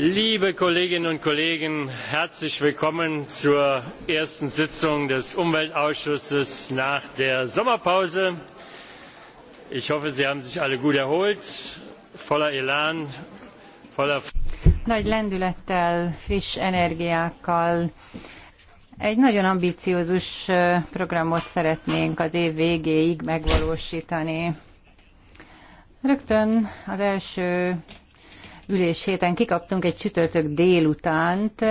Liebe Kolleginnen und Kollegen, herzlich willkommen zur ersten Sitzung des Umweltausschusses nach der Sommerpause. Ich hoffe, Sie haben sich alle gut erholt, voller Elan, voller. Nagy lendülettel, friss energiákkal. Egy nagyon ambiciózus programot szeretnénk az év végéig megvalóstani. Rögtön az első ülés héten kikaptunk egy csütörtök délutánt,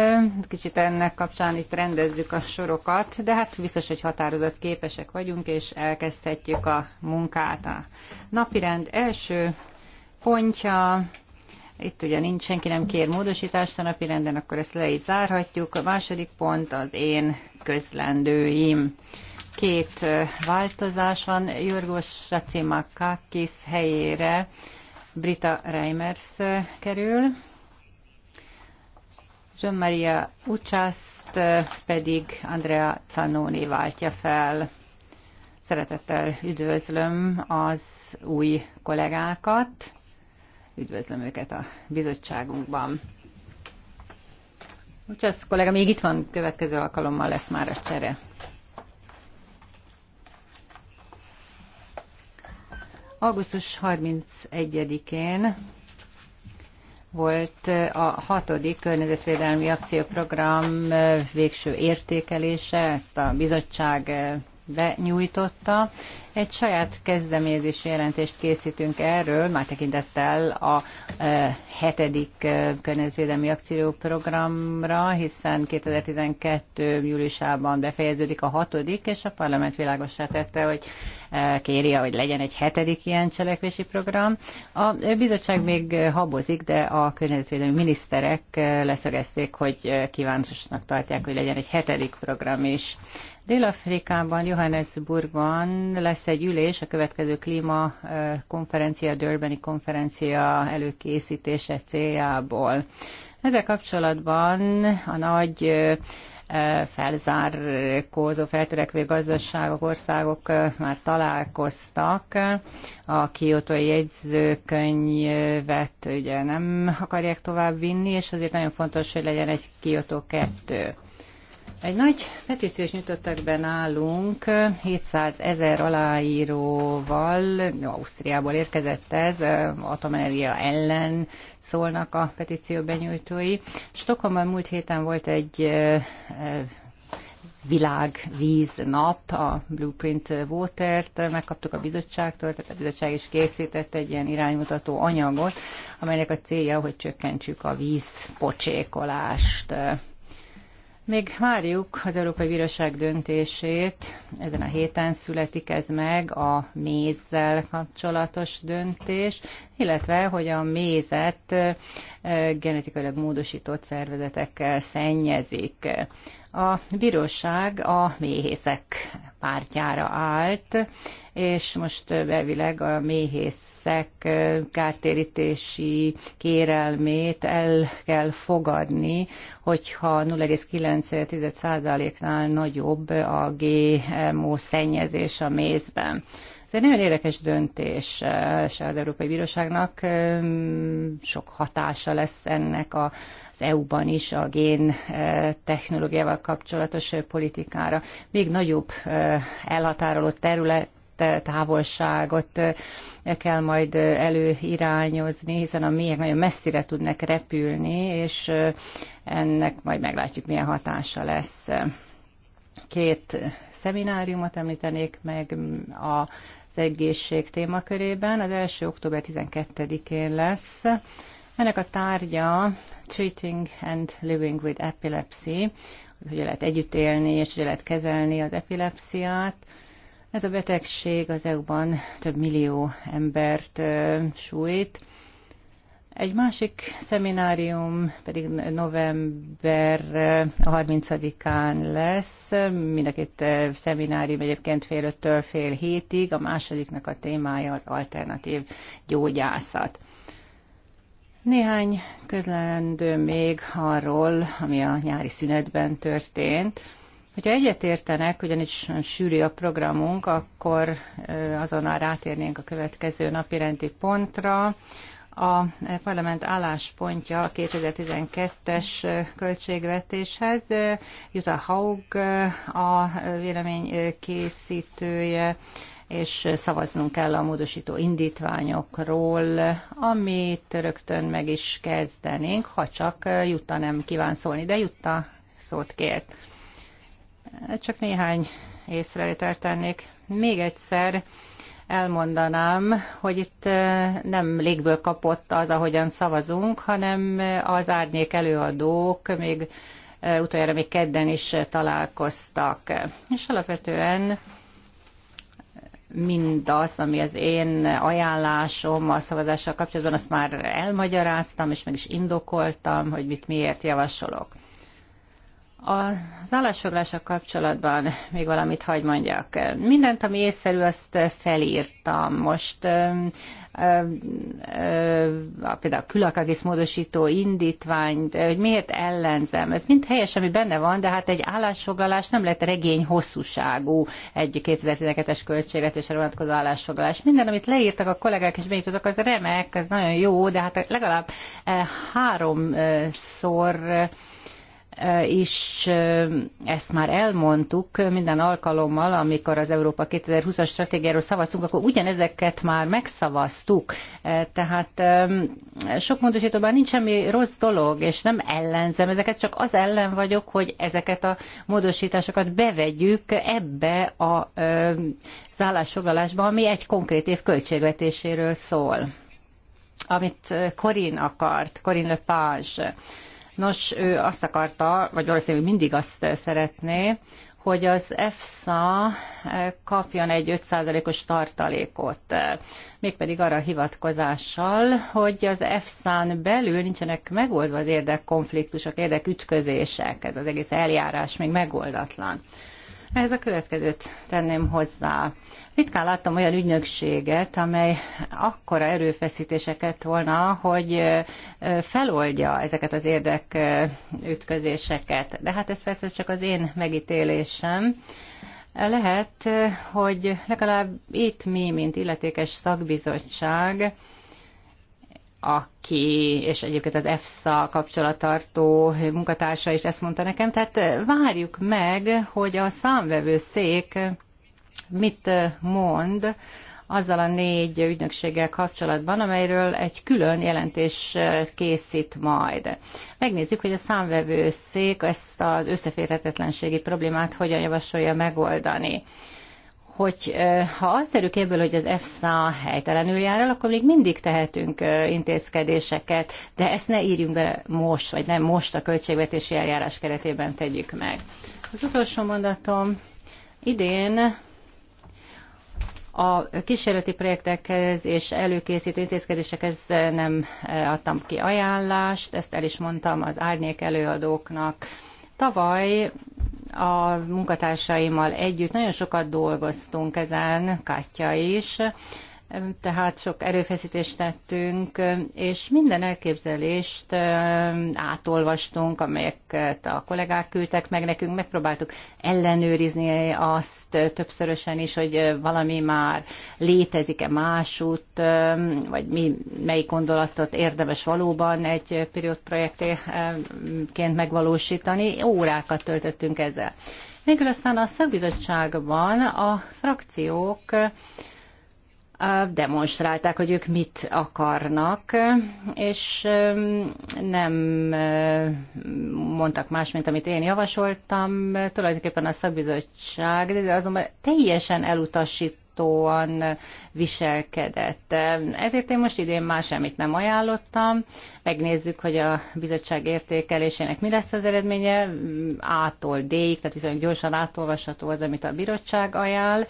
kicsit ennek kapcsán itt rendezzük a sorokat, de hát biztos, hogy határozott képesek vagyunk, és elkezdhetjük a munkát. A napirend első pontja, itt ugye nincs, senki nem kér módosítást a napirenden, akkor ezt le is zárhatjuk. A második pont az én közlendőim két változás van. Jörgos Sacimakakis helyére Brita Reimers eh, kerül, John Maria Ucsászt eh, pedig Andrea Cannoni váltja fel. Szeretettel üdvözlöm az új kollégákat, üdvözlöm őket a bizottságunkban. Ucsász kollega még itt van, következő alkalommal lesz már a csere. Augusztus 31-én volt a hatodik környezetvédelmi akcióprogram végső értékelése, ezt a bizottság benyújtotta, egy saját kezdeményezési jelentést készítünk erről, már tekintettel a e, hetedik e, környezetvédelmi akcióprogramra, hiszen 2012. júliusában befejeződik a hatodik, és a parlament világosá tette, hogy e, kéri, hogy legyen egy hetedik ilyen cselekvési program. A bizottság még habozik, de a környezetvédelmi miniszterek leszögezték, hogy kívánatosnak tartják, hogy legyen egy hetedik program is. Dél-Afrikában, Johannesburgban lesz egy ülés, a következő klíma konferencia, Durbani konferencia előkészítése céljából. Ezzel kapcsolatban a nagy felzárkózó, feltörekvő gazdaságok, országok már találkoztak. A kiotói jegyzőkönyvet ugye nem akarják tovább vinni, és azért nagyon fontos, hogy legyen egy kiotó kettő. Egy nagy petíciós nyitottak be nálunk, 700 ezer aláíróval, Ausztriából érkezett ez, atomenergia ellen szólnak a petíció benyújtói. Stockholmban múlt héten volt egy világvíz nap, a Blueprint Water-t megkaptuk a bizottságtól, tehát a bizottság is készített egy ilyen iránymutató anyagot, amelynek a célja, hogy csökkentsük a vízpocsékolást. Még várjuk az Európai Bíróság döntését, ezen a héten születik ez meg a mézzel kapcsolatos döntés, illetve hogy a mézet eh, genetikailag módosított szervezetekkel szennyezik. A bíróság a méhészek pártjára állt, és most elvileg a méhészek kártérítési kérelmét el kell fogadni, hogyha 0,9%-nál nagyobb a GMO szennyezés a mézben. Ez egy nagyon érdekes döntés az Európai Bíróságnak, sok hatása lesz ennek a az EU-ban is a gén eh, technológiával kapcsolatos eh, politikára még nagyobb eh, elhatárolott terület távolságot kell majd előirányozni, hiszen a mélyek nagyon messzire tudnak repülni, és ennek majd meglátjuk, milyen hatása lesz. Két szemináriumot említenék meg a az egészség témakörében. Az első október 12-én lesz, ennek a tárgya Treating and Living with Epilepsy, hogy lehet együtt élni és hogy lehet kezelni az epilepsziát. Ez a betegség az EU-ban több millió embert sújt. Egy másik szeminárium pedig november 30-án lesz. Mind a két szeminárium egyébként fél öttől fél hétig. A másodiknak a témája az alternatív gyógyászat. Néhány közlendő még arról, ami a nyári szünetben történt. Hogyha egyetértenek, ugyanis sűrű a programunk, akkor azonnal rátérnénk a következő napi rendi pontra. A parlament álláspontja a 2012-es költségvetéshez. Jutta Haug a vélemény készítője és szavaznunk kell a módosító indítványokról, amit rögtön meg is kezdenénk, ha csak Jutta nem kíván szólni, de Jutta szót kért. Csak néhány észrevétel tennék. Még egyszer elmondanám, hogy itt nem légből kapott az, ahogyan szavazunk, hanem az árnyék előadók még utoljára még kedden is találkoztak. És alapvetően mindazt, ami az én ajánlásom a szavazással kapcsolatban, azt már elmagyaráztam, és meg is indokoltam, hogy mit miért javasolok. Az állásfoglalással kapcsolatban még valamit hagy mondjak. Mindent, ami észszerű, azt felírtam. Most például a külakagisz módosító indítványt, hogy miért ellenzem. Ez mind helyes, ami benne van, de hát egy állásfoglalás nem lehet regény hosszúságú egy 2012-es költségvetésre vonatkozó állásfoglalás. Minden, amit leírtak a kollégák és tudok, az remek, ez nagyon jó, de hát legalább eh, háromszor eh, eh, Eh, is eh, ezt már elmondtuk minden alkalommal, amikor az Európa 2020-as stratégiáról szavaztunk, akkor ugyanezeket már megszavaztuk. Eh, tehát sok módosítóban nincs semmi rossz dolog, és nem ellenzem ezeket, csak az ellen vagyok, hogy ezeket a módosításokat bevegyük ebbe a az állásfoglalásba, ami egy konkrét év költségvetéséről szól amit Korin akart, Korin Lepage Nos, ő azt akarta, vagy valószínűleg mindig azt szeretné, hogy az EFSA kapjon egy 5%-os tartalékot, mégpedig arra hivatkozással, hogy az EFSA-n belül nincsenek megoldva az érdekkonfliktusok, érdekütközések, ez az egész eljárás még megoldatlan. Ez a következőt tenném hozzá. Ritkán láttam olyan ügynökséget, amely akkora erőfeszítéseket volna, hogy feloldja ezeket az érdekütközéseket. De hát ez persze csak az én megítélésem. Lehet, hogy legalább itt mi, mint illetékes szakbizottság, aki, és egyébként az EFSA kapcsolattartó munkatársa is ezt mondta nekem, tehát várjuk meg, hogy a számvevőszék mit mond azzal a négy ügynökséggel kapcsolatban, amelyről egy külön jelentés készít majd. Megnézzük, hogy a számvevőszék ezt az összeférhetetlenségi problémát hogyan javasolja megoldani hogy ha azt derül ebből, hogy az EFSA helytelenül jár el, akkor még mindig tehetünk intézkedéseket, de ezt ne írjunk be most, vagy nem most a költségvetési eljárás keretében tegyük meg. Az utolsó mondatom, idén a kísérleti projektekhez és előkészítő intézkedésekhez nem adtam ki ajánlást, ezt el is mondtam az árnyék előadóknak. Tavaly a munkatársaimmal együtt nagyon sokat dolgoztunk ezen, Katya is, tehát sok erőfeszítést tettünk, és minden elképzelést átolvastunk, amelyeket a kollégák küldtek meg nekünk, megpróbáltuk ellenőrizni azt többszörösen is, hogy valami már létezik-e másút, vagy mi, melyik gondolatot érdemes valóban egy periód projektéként megvalósítani. Órákat töltöttünk ezzel. Végül aztán a szakbizottságban a frakciók demonstrálták, hogy ők mit akarnak, és nem mondtak más, mint amit én javasoltam. Tulajdonképpen a szakbizottság, de azonban teljesen elutasítóan viselkedett. Ezért én most idén már semmit nem ajánlottam. Megnézzük, hogy a bizottság értékelésének mi lesz az eredménye. Ától D-ig, tehát viszonylag gyorsan átolvasható az, amit a bizottság ajánl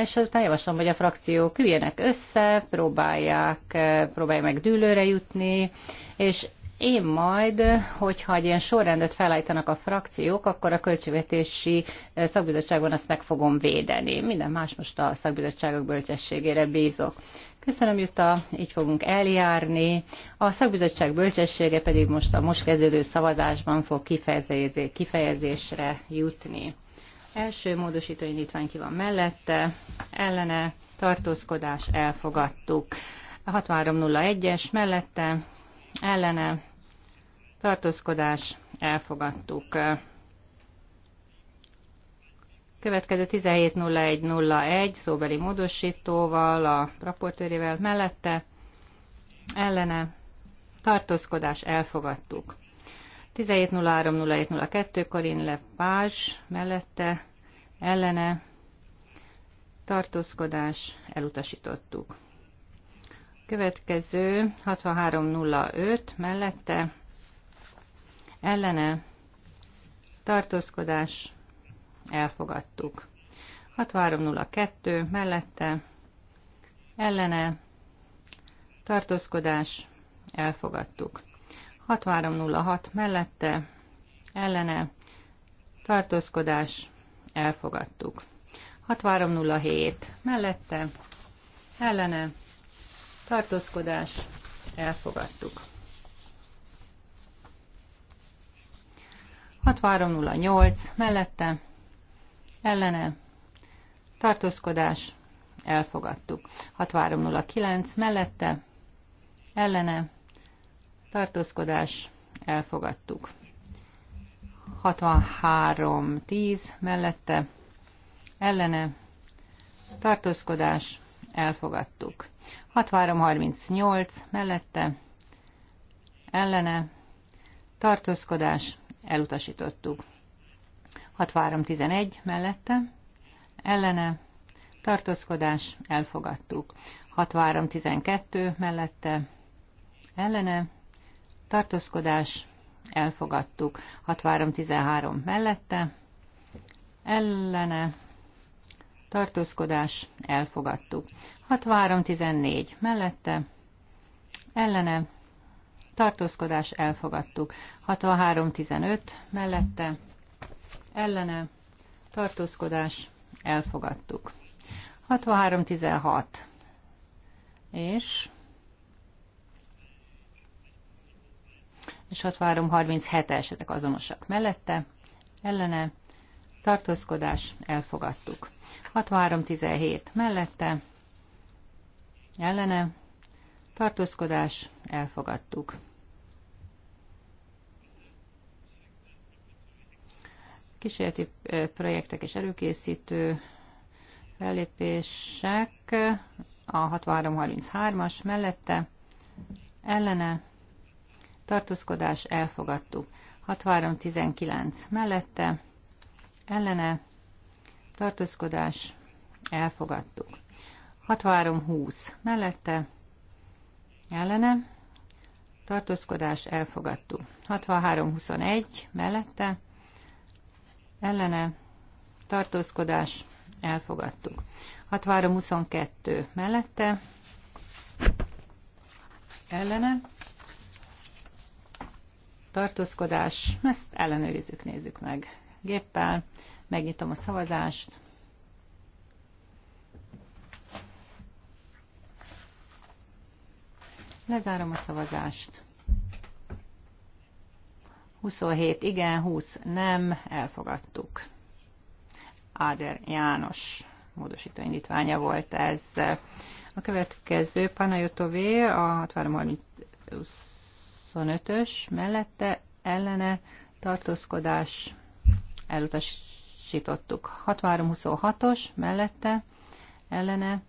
és azután javaslom, hogy a frakciók üljenek össze, próbálják, eh, próbálják meg dűlőre jutni, és én majd, hogyha egy ilyen sorrendet felállítanak a frakciók, akkor a költségvetési eh, szakbizottságban azt meg fogom védeni. Minden más most a szakbizottságok bölcsességére bízok. Köszönöm, Jutta, így fogunk eljárni. A szakbizottság bölcsessége pedig most a most kezdődő szavazásban fog kifejezésre jutni. Első módosító indítvány ki van mellette, ellene, tartózkodás, elfogadtuk. 6301-es mellette, ellene, tartózkodás, elfogadtuk. Következő 170101 szóbeli módosítóval, a raportőrével mellette, ellene, tartózkodás, elfogadtuk. 1703-0702 Karin Lepázs mellette ellene tartózkodás elutasítottuk. Következő 6305 mellette ellene tartózkodás elfogadtuk. 6302 mellette ellene tartózkodás elfogadtuk. 6306 mellette, ellene, tartózkodás, elfogadtuk. 6307 mellette, ellene, tartózkodás, elfogadtuk. 6308 mellette, ellene, tartózkodás, elfogadtuk. 6309 mellette, ellene, tartózkodás, elfogadtuk. 63-10 mellette, ellene, tartózkodás, elfogadtuk. 63-38 mellette, ellene, tartózkodás, elutasítottuk. 63-11 mellette, ellene, tartózkodás, elfogadtuk. 63-12 mellette, ellene, tartózkodás, elfogadtuk. 63-13 mellette, ellene, tartózkodás, elfogadtuk. 63-14 mellette, ellene, tartózkodás, elfogadtuk. 63-15 mellette, ellene, tartózkodás, elfogadtuk. 63-16 és és 63 37 esetek azonosak mellette, ellene, tartózkodás, elfogadtuk. 63-17 mellette, ellene, tartózkodás, elfogadtuk. Kísérleti projektek és előkészítő fellépések a 6333 as mellette, ellene, tartózkodás elfogadtuk. 63-19 mellette, ellene, tartózkodás elfogadtuk. 63-20 mellette, ellene, tartózkodás elfogadtuk. 63-21 mellette, ellene, tartózkodás elfogadtuk. 63-22 mellette, ellene, tartózkodás, ezt ellenőrizzük, nézzük meg géppel, megnyitom a szavazást, lezárom a szavazást. 27 igen, 20 nem, elfogadtuk. Áder János módosító indítványa volt ez. A következő Panajotové a 6330 25-ös mellette ellene tartózkodás elutasítottuk. 6326 os mellette ellene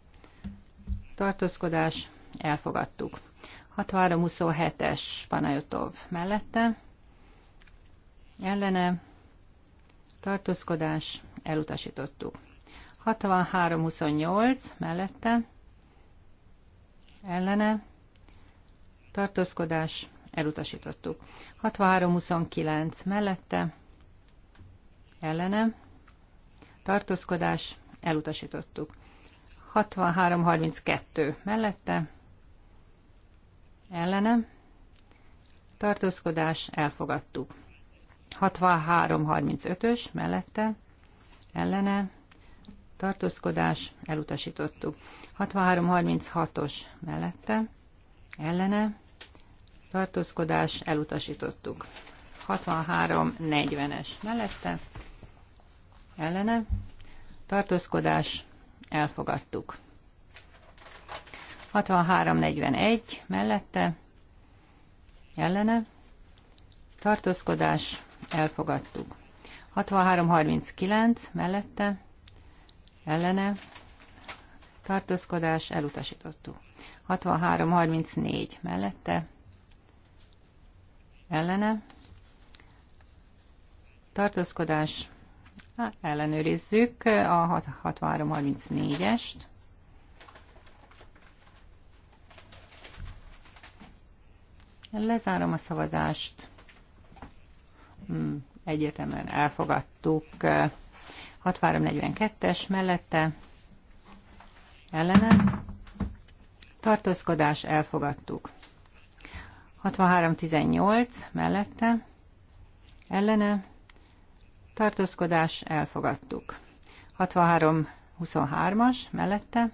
tartózkodás elfogadtuk. 6327 es Panajotov mellette ellene tartózkodás elutasítottuk. 6328 mellette ellene tartózkodás elutasítottuk. 63-29 mellette, ellene, tartózkodás, elutasítottuk. 63-32 mellette, ellene, tartózkodás, elfogadtuk. 63-35-ös mellette, ellene, tartózkodás, elutasítottuk. 63-36-os mellette, ellene, tartózkodás, elutasítottuk. 63-40-es mellette, ellene, tartózkodás, elfogadtuk. 63-41 mellette, ellene, tartózkodás, elfogadtuk. 63-39 mellette, ellene, tartózkodás, elutasítottuk. 63-34 mellette, ellene. Tartózkodás, ellenőrizzük a 6334-est. Lezárom a szavazást. Hmm, Egyetemen elfogadtuk 6342-es mellette ellene. Tartózkodás elfogadtuk. 63-18 mellette, ellene, tartózkodás, elfogadtuk. 63-23-as mellette,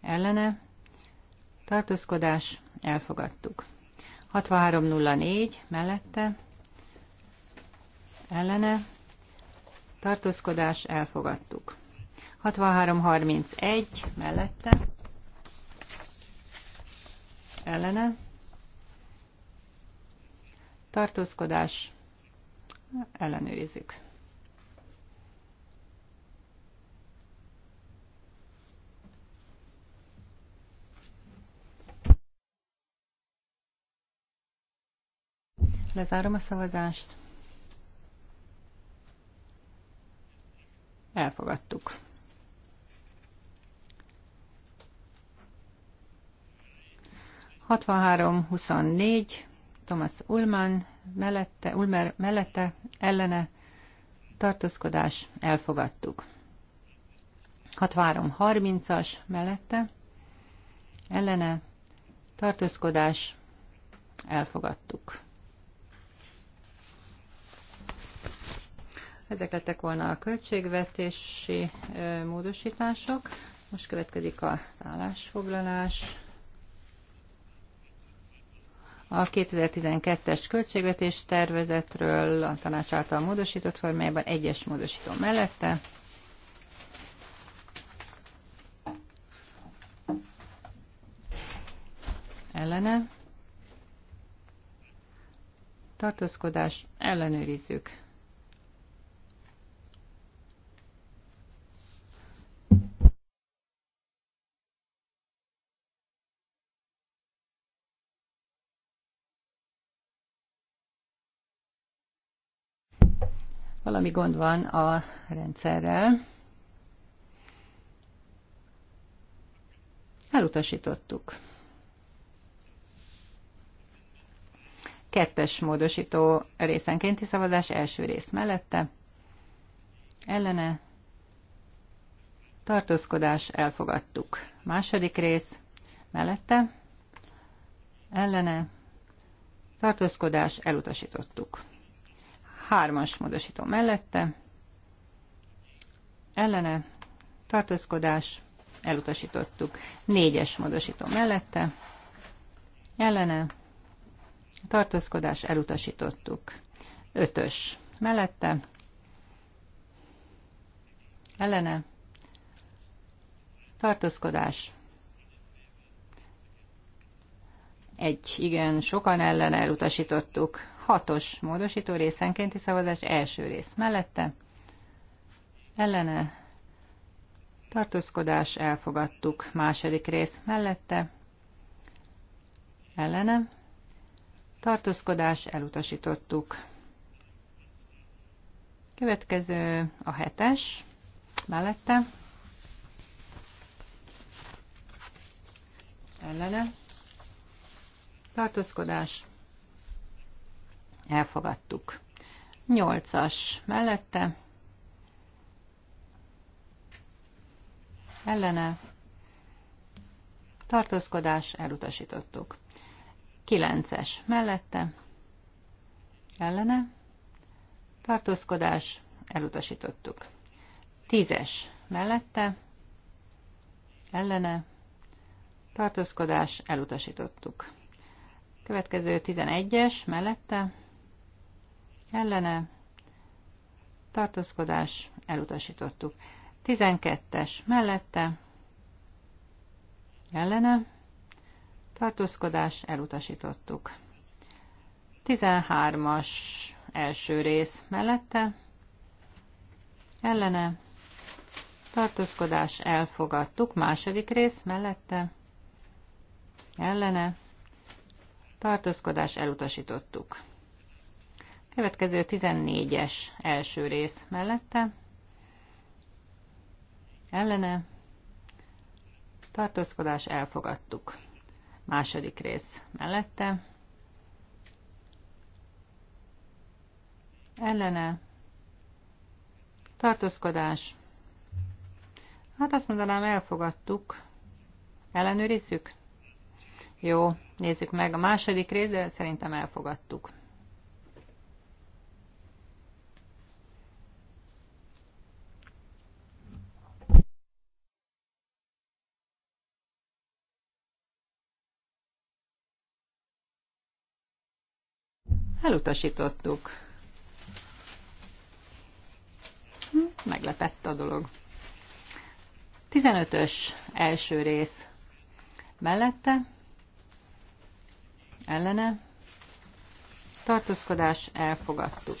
ellene, tartózkodás, elfogadtuk. 63-04 mellette, ellene, tartózkodás, elfogadtuk. 63-31 mellette, ellene, tartózkodás, ellenőrizzük. Lezárom a szavazást. Elfogadtuk. Hatvanhárom, huszonnégy Thomas Ulman mellette, Ulmer mellette ellene tartózkodás elfogadtuk. 6330 as mellette ellene tartózkodás elfogadtuk. Ezek lettek volna a költségvetési módosítások. Most következik a állásfoglalás. A 2012-es költségvetés tervezetről a tanács által módosított formájában egyes módosító mellette. Ellene. Tartózkodás ellenőrizzük. Valami gond van a rendszerrel. Elutasítottuk. Kettes módosító részenkénti szavazás első rész mellette. Ellene. Tartózkodás elfogadtuk. Második rész mellette. Ellene. Tartózkodás elutasítottuk. Hármas módosító mellette, ellene, tartózkodás, elutasítottuk. Négyes módosító mellette, ellene, tartózkodás, elutasítottuk. Ötös mellette, ellene, tartózkodás, egy, igen, sokan ellen elutasítottuk hatos módosító részenkénti szavazás első rész mellette. Ellene tartózkodás elfogadtuk második rész mellette. Ellene tartózkodás elutasítottuk. Következő a hetes mellette. Ellene tartózkodás elfogadtuk. Nyolcas mellette, ellene, tartózkodás, elutasítottuk. Kilences mellette, ellene, tartózkodás, elutasítottuk. Tízes mellette, ellene, tartózkodás, elutasítottuk. Következő 11-es mellette, ellene, tartózkodás, elutasítottuk. 12-es mellette, ellene, tartózkodás, elutasítottuk. 13-as első rész mellette, ellene, tartózkodás, elfogadtuk. Második rész mellette, ellene, tartózkodás, elutasítottuk. Következő 14-es első rész mellette. Ellene. Tartózkodás elfogadtuk. Második rész mellette. Ellene. Tartózkodás. Hát azt mondanám, elfogadtuk. Ellenőrizzük? Jó, nézzük meg a második részt, de szerintem elfogadtuk. Elutasítottuk. Hm, meglepett a dolog. 15-ös első rész. Mellette, ellene, tartózkodás, elfogadtuk.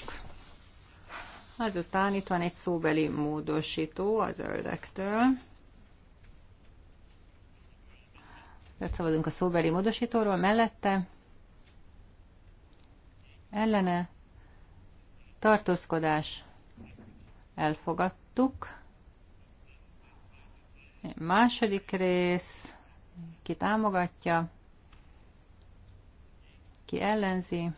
Azután itt van egy szóbeli módosító a zöldektől. Tehát szabadunk a szóbeli módosítóról mellette, ellene tartózkodás elfogadtuk. Második rész, ki támogatja, ki ellenzi.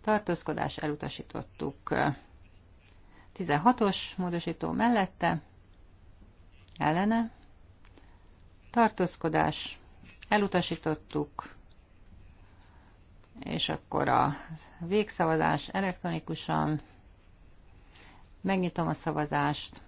Tartózkodás elutasítottuk. 16-os módosító mellette, ellene. Tartózkodás elutasítottuk és akkor a végszavazás elektronikusan. Megnyitom a szavazást.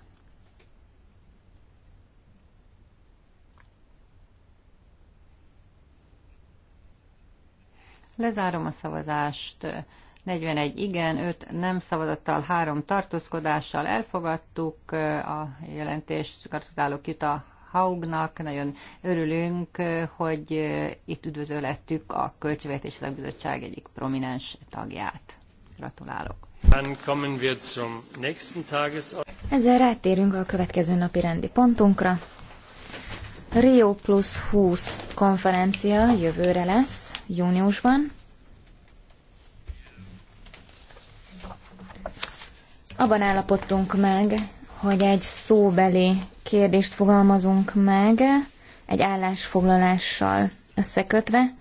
Lezárom a szavazást. 41 igen, 5 nem szavazattal, 3 tartózkodással elfogadtuk a jelentést. Gratulálok itt a Haugnak. Nagyon örülünk, hogy eh, itt üdvözölettük a Költségvetési Bizottság egyik prominens tagját. Gratulálok! Ezzel rátérünk a következő napi rendi pontunkra. Rio Plus 20 konferencia jövőre lesz, júniusban. Abban állapodtunk meg hogy egy szóbeli kérdést fogalmazunk meg, egy állásfoglalással összekötve.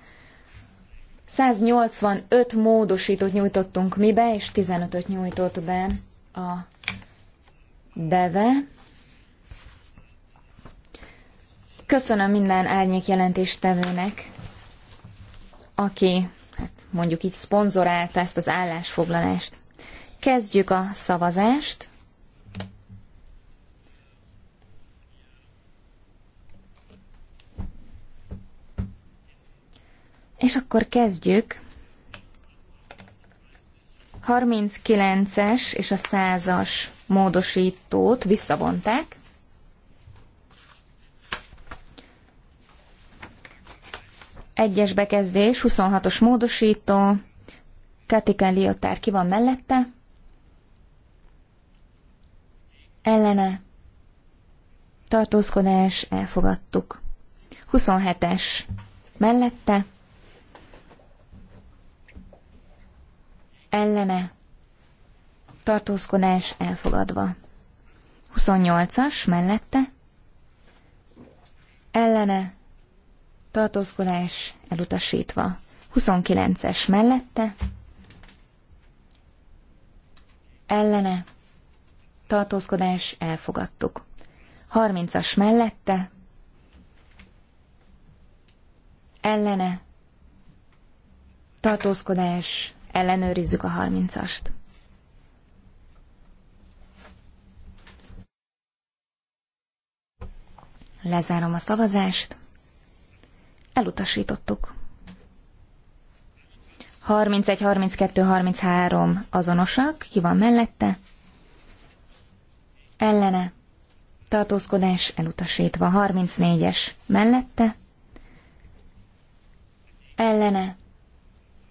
185 módosítót nyújtottunk mi be, és 15-öt nyújtott be a DEVE. Köszönöm minden árnyék jelentéstevőnek, aki hát mondjuk így szponzorálta ezt az állásfoglalást. Kezdjük a szavazást. És akkor kezdjük. 39-es és a 100-as módosítót visszavonták. Egyes bekezdés, 26-os módosító, Katika Liotár ki van mellette? Ellene. Tartózkodás, elfogadtuk. 27-es mellette ellene, tartózkodás elfogadva. 28-as mellette, ellene, tartózkodás elutasítva. 29-es mellette, ellene, tartózkodás elfogadtuk. 30-as mellette, ellene, tartózkodás ellenőrizzük a 30-ast. Lezárom a szavazást. Elutasítottuk. 31, 32, 33 azonosak. Ki van mellette? Ellene. Tartózkodás elutasítva. 34-es mellette. Ellene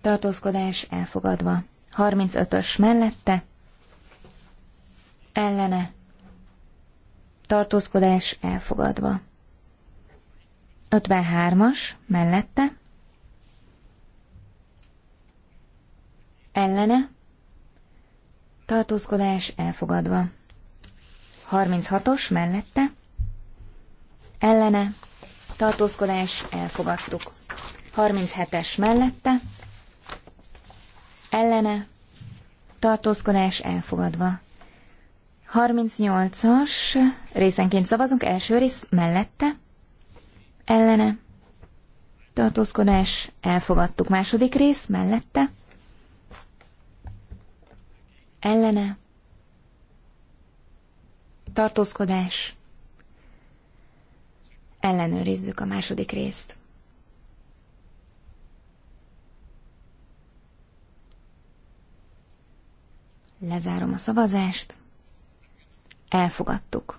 tartózkodás elfogadva. 35-ös mellette, ellene, tartózkodás elfogadva. 53-as mellette, ellene, tartózkodás elfogadva. 36-os mellette, ellene, tartózkodás elfogadtuk. 37-es mellette, ellene, tartózkodás elfogadva. 38-as részenként szavazunk, első rész mellette, ellene, tartózkodás elfogadtuk, második rész mellette, ellene, tartózkodás, ellenőrizzük a második részt. Lezárom a szavazást. Elfogadtuk.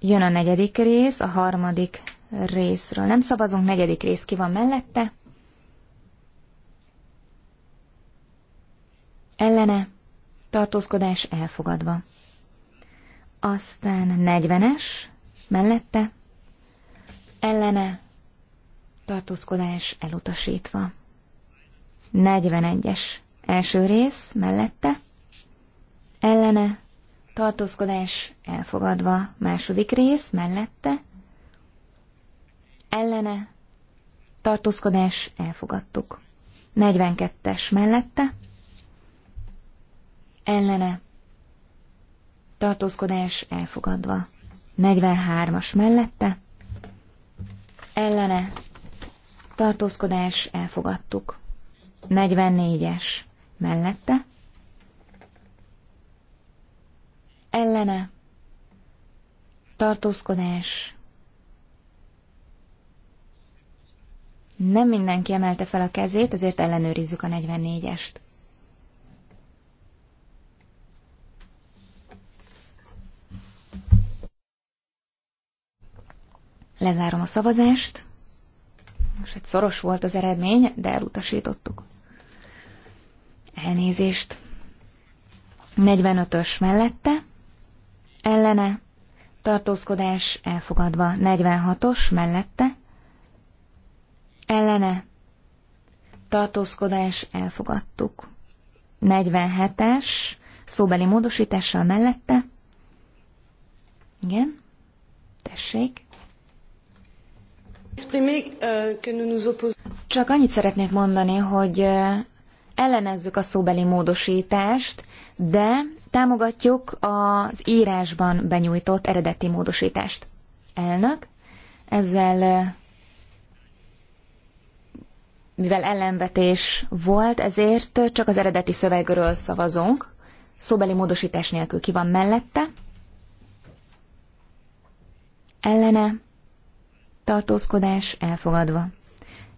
Jön a negyedik rész, a harmadik részről nem szavazunk, negyedik rész ki van mellette. Ellene, tartózkodás elfogadva. Aztán 40-es, mellette, ellene, tartózkodás elutasítva. 41-es első rész mellette, ellene, tartózkodás elfogadva, második rész mellette, ellene, tartózkodás elfogadtuk. 42-es mellette, ellene, tartózkodás elfogadva. 43-as mellette, ellene, tartózkodás elfogadtuk. 44-es mellette, ellene, tartózkodás, nem mindenki emelte fel a kezét, ezért ellenőrizzük a 44-est. Lezárom a szavazást. Most egy szoros volt az eredmény, de elutasítottuk. Elnézést. 45-ös mellette, ellene, tartózkodás elfogadva. 46-os mellette, ellene, tartózkodás elfogadtuk. 47-es, szóbeli módosítással mellette. Igen, tessék. Euh, Csak annyit szeretnék mondani, hogy euh, ellenezzük a szóbeli módosítást, de támogatjuk az írásban benyújtott eredeti módosítást. Elnök, ezzel mivel ellenvetés volt, ezért csak az eredeti szövegről szavazunk. Szóbeli módosítás nélkül ki van mellette. Ellene. Tartózkodás elfogadva.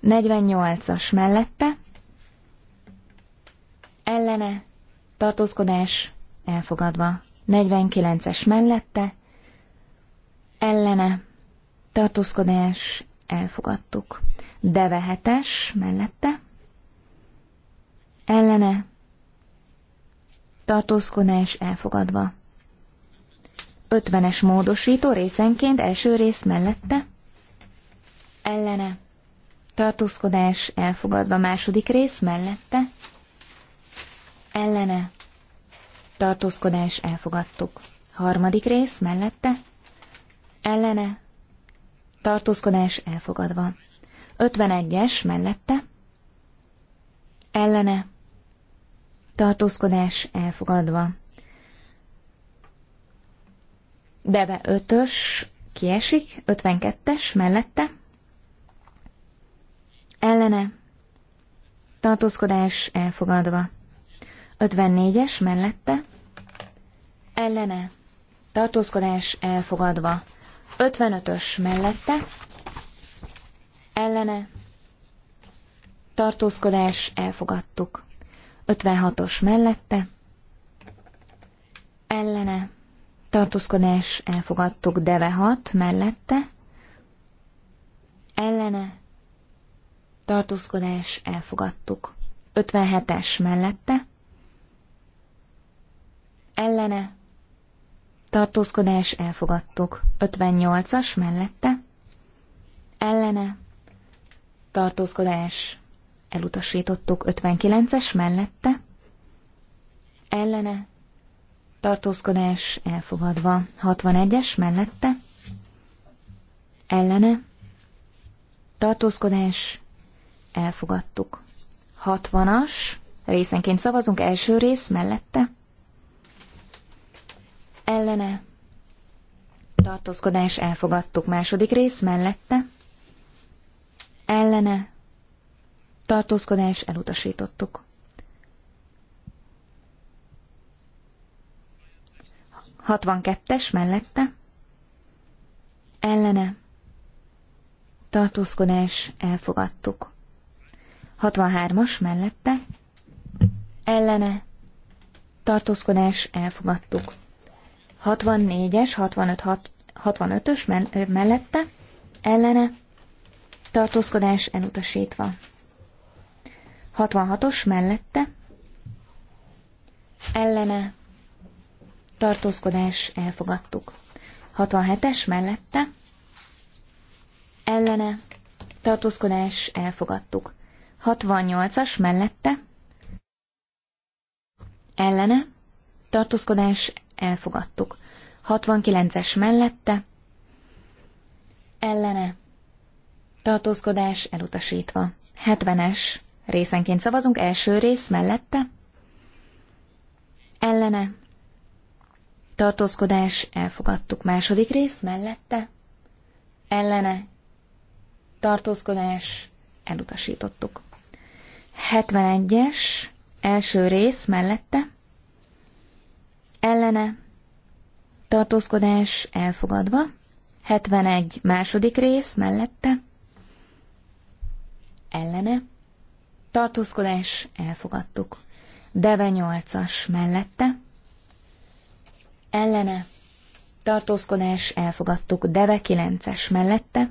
48-as mellette ellene, tartózkodás elfogadva. 49-es mellette, ellene, tartózkodás elfogadtuk. Devehetes mellette, ellene, tartózkodás elfogadva. 50-es módosító részenként első rész mellette, ellene, tartózkodás elfogadva második rész mellette, ellene, tartózkodás elfogadtuk. Harmadik rész mellette, ellene, tartózkodás elfogadva. 51-es mellette, ellene, tartózkodás elfogadva. Beve 5-ös kiesik, 52-es mellette, ellene, tartózkodás elfogadva. 54-es mellette, ellene, tartózkodás elfogadva. 55-ös mellette, ellene, tartózkodás elfogadtuk. 56-os mellette, ellene, tartózkodás elfogadtuk. Deve 6 mellette, ellene, tartózkodás elfogadtuk. 57-es mellette, ellene, tartózkodás elfogadtuk. 58-as mellette, ellene, tartózkodás elutasítottuk. 59-es mellette, ellene, tartózkodás elfogadva. 61-es mellette, ellene, tartózkodás elfogadtuk. 60-as, részenként szavazunk, első rész mellette, ellene tartózkodás elfogadtuk. Második rész mellette ellene tartózkodás elutasítottuk. Hatvankettes mellette ellene tartózkodás elfogadtuk. 63-as mellette ellene tartózkodás elfogadtuk. 64-es, 65, 65-ös mellette, ellene, tartózkodás elutasítva. 66-os mellette, ellene, tartózkodás elfogadtuk. 67-es mellette, ellene, tartózkodás elfogadtuk. 68-as mellette, ellene, tartózkodás elfogadtuk. 69-es mellette, ellene, tartózkodás elutasítva. 70-es részenként szavazunk, első rész mellette, ellene, tartózkodás elfogadtuk. Második rész mellette, ellene, tartózkodás elutasítottuk. 71-es első rész mellette, ellene, tartózkodás elfogadva, 71 második rész mellette, ellene, tartózkodás elfogadtuk, deve 8-as mellette, ellene, tartózkodás elfogadtuk, deve 9-es mellette,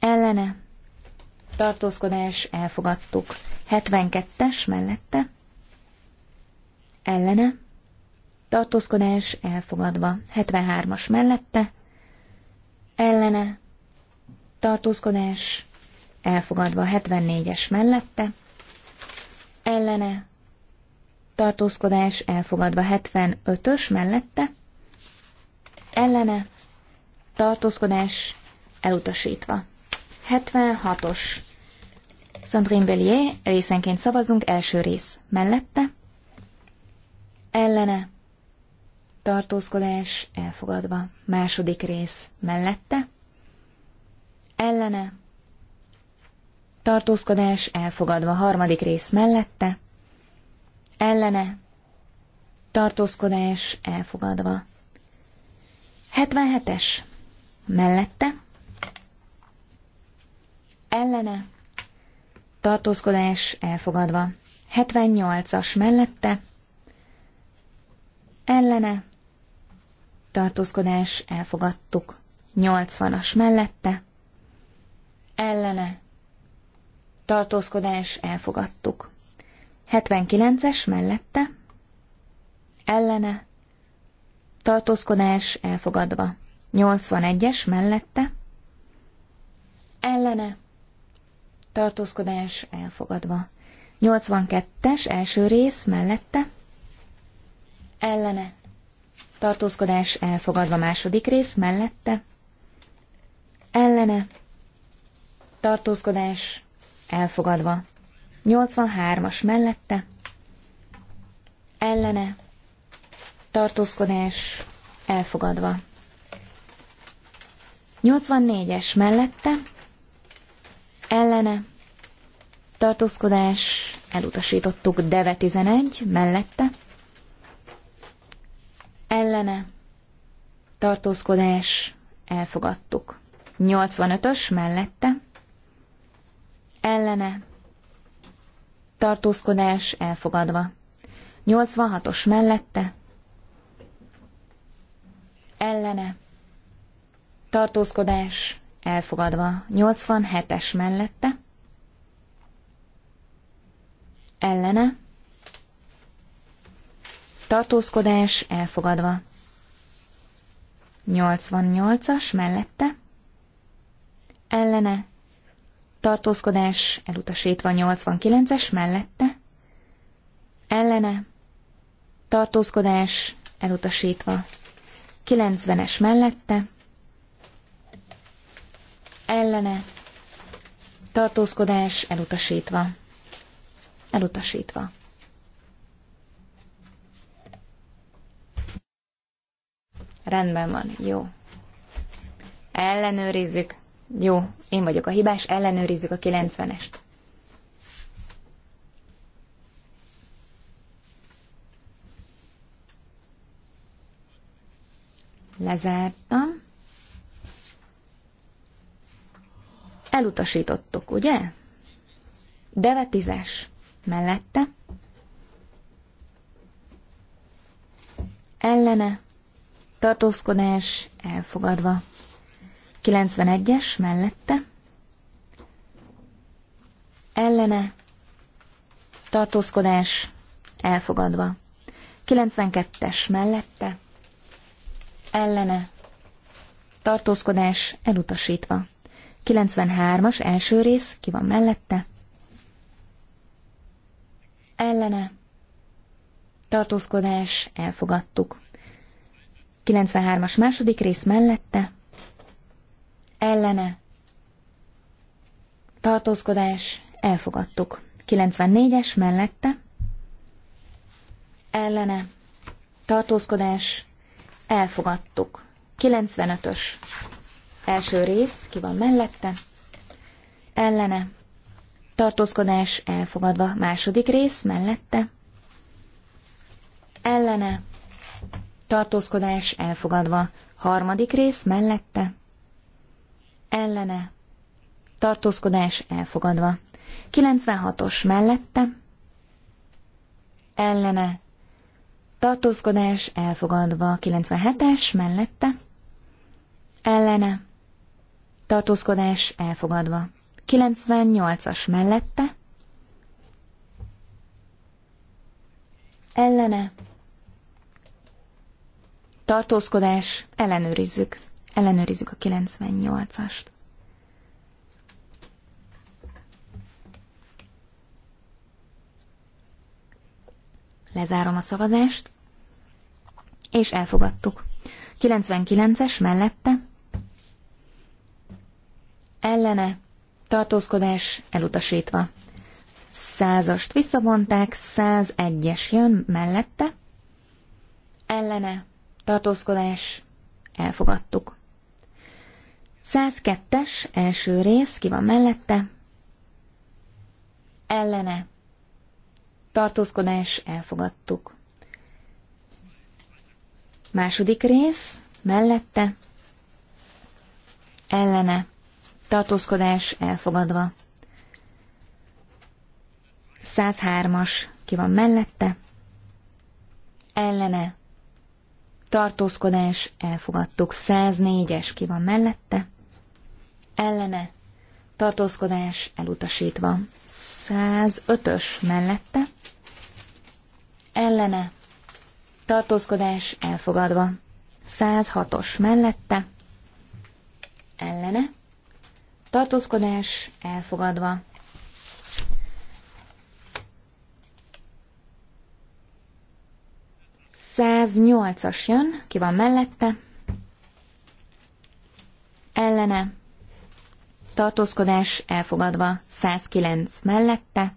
ellene, tartózkodás elfogadtuk, 72-es mellette, ellene, tartózkodás elfogadva. 73-as mellette, ellene, tartózkodás elfogadva. 74-es mellette, ellene, tartózkodás elfogadva. 75-ös mellette, ellene, tartózkodás elutasítva. 76-os Sandrine Bellier, részenként szavazunk, első rész. Mellette? Ellene tartózkodás elfogadva. Második rész mellette, ellene, tartózkodás elfogadva. Harmadik rész mellette, ellene, tartózkodás elfogadva. 77-es mellette, ellene, tartózkodás elfogadva. 78-as mellette, ellene, tartózkodás, elfogadtuk. 80-as mellette, ellene, tartózkodás, elfogadtuk. 79-es mellette, ellene, tartózkodás, elfogadva. 81-es mellette, ellene, tartózkodás, elfogadva. 82-es első rész mellette, ellene, tartózkodás elfogadva második rész mellette, ellene, tartózkodás elfogadva 83-as mellette, ellene, tartózkodás elfogadva 84-es mellette, ellene, tartózkodás elutasítottuk Deve 11 mellette, ellene, tartózkodás, elfogadtuk. 85-ös mellette, ellene, tartózkodás, elfogadva. 86-os mellette, ellene, tartózkodás, elfogadva. 87-es mellette, ellene, tartózkodás elfogadva. 88-as mellette, ellene, tartózkodás elutasítva 89-es mellette, ellene, tartózkodás elutasítva 90-es mellette, ellene, tartózkodás elutasítva, elutasítva. Rendben van, jó. Ellenőrizzük. Jó, én vagyok a hibás, ellenőrizzük a 90-est. Lezártam. Elutasítottuk, ugye? Devetizás Mellette. Ellene tartózkodás elfogadva. 91-es mellette, ellene, tartózkodás elfogadva. 92-es mellette, ellene, tartózkodás elutasítva. 93-as első rész, ki van mellette? Ellene, tartózkodás elfogadtuk. 93-as második rész mellette, ellene, tartózkodás, elfogadtuk. 94-es mellette, ellene, tartózkodás, elfogadtuk. 95-ös első rész, ki van mellette, ellene, tartózkodás elfogadva, második rész mellette, ellene, tartózkodás elfogadva. Harmadik rész mellette, ellene, tartózkodás elfogadva. 96-os mellette, ellene, tartózkodás elfogadva. 97-es mellette, ellene, tartózkodás elfogadva. 98-as mellette, ellene, tartózkodás, ellenőrizzük. Ellenőrizzük a 98-ast. Lezárom a szavazást, és elfogadtuk. 99-es mellette, ellene, tartózkodás elutasítva. Százast visszavonták, 101-es jön mellette, ellene, tartózkodás, elfogadtuk. 102-es első rész, ki van mellette? Ellene. Tartózkodás, elfogadtuk. Második rész, mellette. Ellene. Tartózkodás, elfogadva. 103-as, ki van mellette? Ellene tartózkodás, elfogadtuk. 104-es ki van mellette, ellene, tartózkodás, elutasítva. 105-ös mellette, ellene, tartózkodás, elfogadva. 106-os mellette, ellene, tartózkodás, elfogadva. 108-as jön, ki van mellette, ellene, tartózkodás elfogadva, 109 mellette,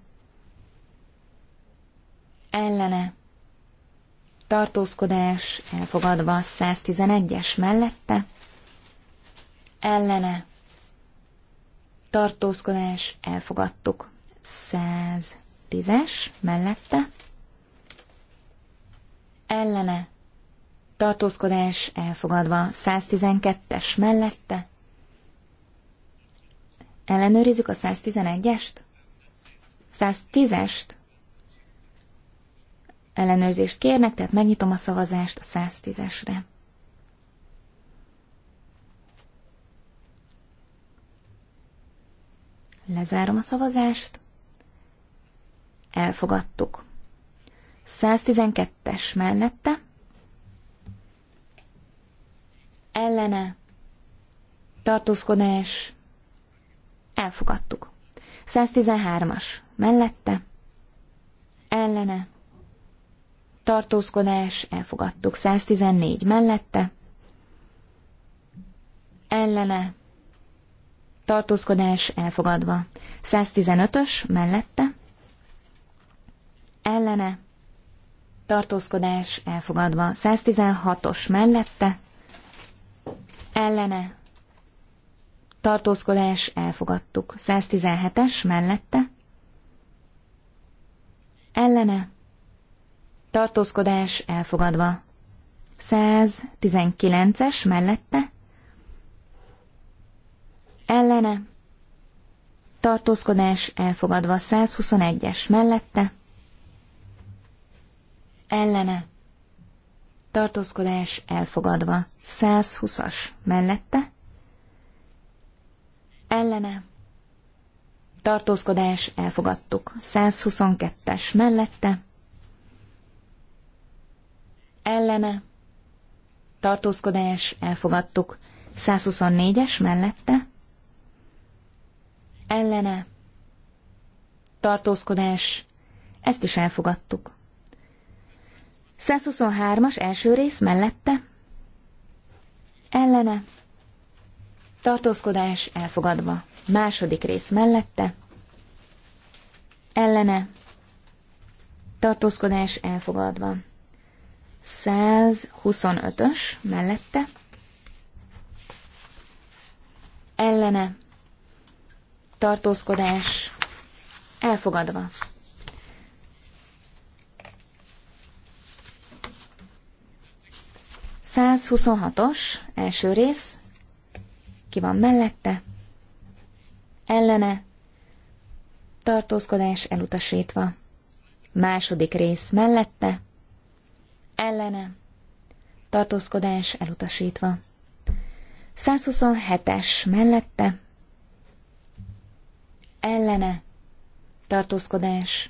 ellene, tartózkodás elfogadva, 111-es mellette, ellene, tartózkodás elfogadtuk, 110-es mellette, ellene, tartózkodás elfogadva, 112-es mellette. Ellenőrizzük a 111-est? 110-est? Ellenőrzést kérnek, tehát megnyitom a szavazást a 110-esre. Lezárom a szavazást. Elfogadtuk. 112-es mellette, ellene, tartózkodás, elfogadtuk. 113-as mellette, ellene, tartózkodás, elfogadtuk. 114 mellette, ellene, tartózkodás, elfogadva. 115-ös mellette, ellene, tartózkodás elfogadva. 116-os mellette, ellene, tartózkodás elfogadtuk. 117-es mellette, ellene, tartózkodás elfogadva. 119-es mellette, ellene, tartózkodás elfogadva 121-es mellette, ellene, tartózkodás elfogadva, 120-as mellette, ellene, tartózkodás elfogadtuk, 122-es mellette, ellene, tartózkodás elfogadtuk, 124-es mellette, ellene, tartózkodás, ezt is elfogadtuk. 123-as első rész mellette, ellene, tartózkodás elfogadva. Második rész mellette, ellene, tartózkodás elfogadva. 125-ös mellette, ellene, tartózkodás elfogadva. 126-os első rész, ki van mellette, ellene, tartózkodás elutasítva. Második rész mellette, ellene, tartózkodás elutasítva. 127-es mellette, ellene, tartózkodás,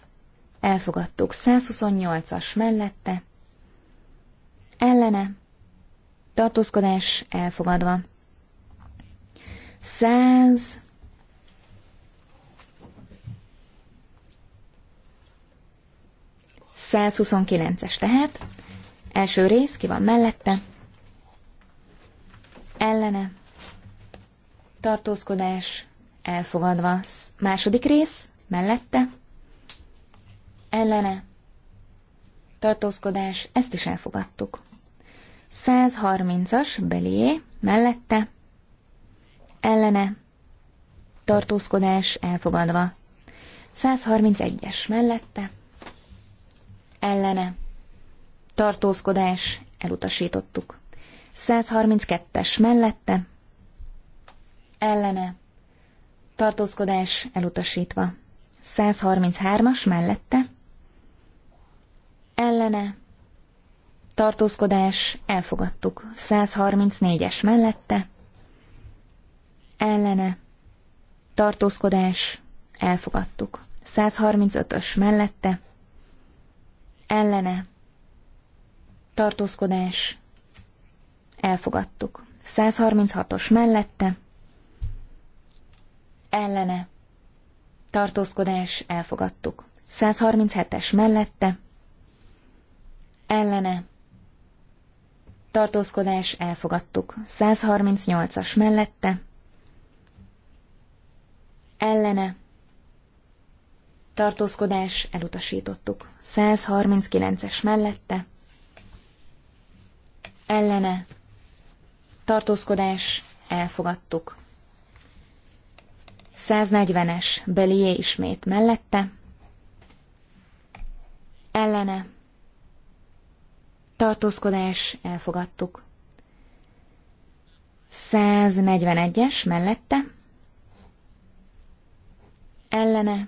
elfogadtuk. 128-as mellette, ellene, tartózkodás elfogadva. 100 129-es tehát. Első rész, ki van mellette? Ellene. Tartózkodás elfogadva. Második rész, mellette? Ellene. Tartózkodás, ezt is elfogadtuk. 130-as belé mellette ellene tartózkodás elfogadva. 131-es mellette ellene tartózkodás elutasítottuk. 132-es mellette ellene tartózkodás elutasítva. 133-as mellette ellene tartózkodás, elfogadtuk. 134-es mellette, ellene, tartózkodás, elfogadtuk. 135-ös mellette, ellene, tartózkodás, elfogadtuk. 136-os mellette, ellene, tartózkodás, elfogadtuk. 137-es mellette, ellene, tartózkodás elfogadtuk. 138-as mellette, ellene, tartózkodás elutasítottuk. 139-es mellette, ellene, tartózkodás elfogadtuk. 140-es Belié ismét mellette, ellene, tartózkodás, elfogadtuk. 141-es mellette, ellene,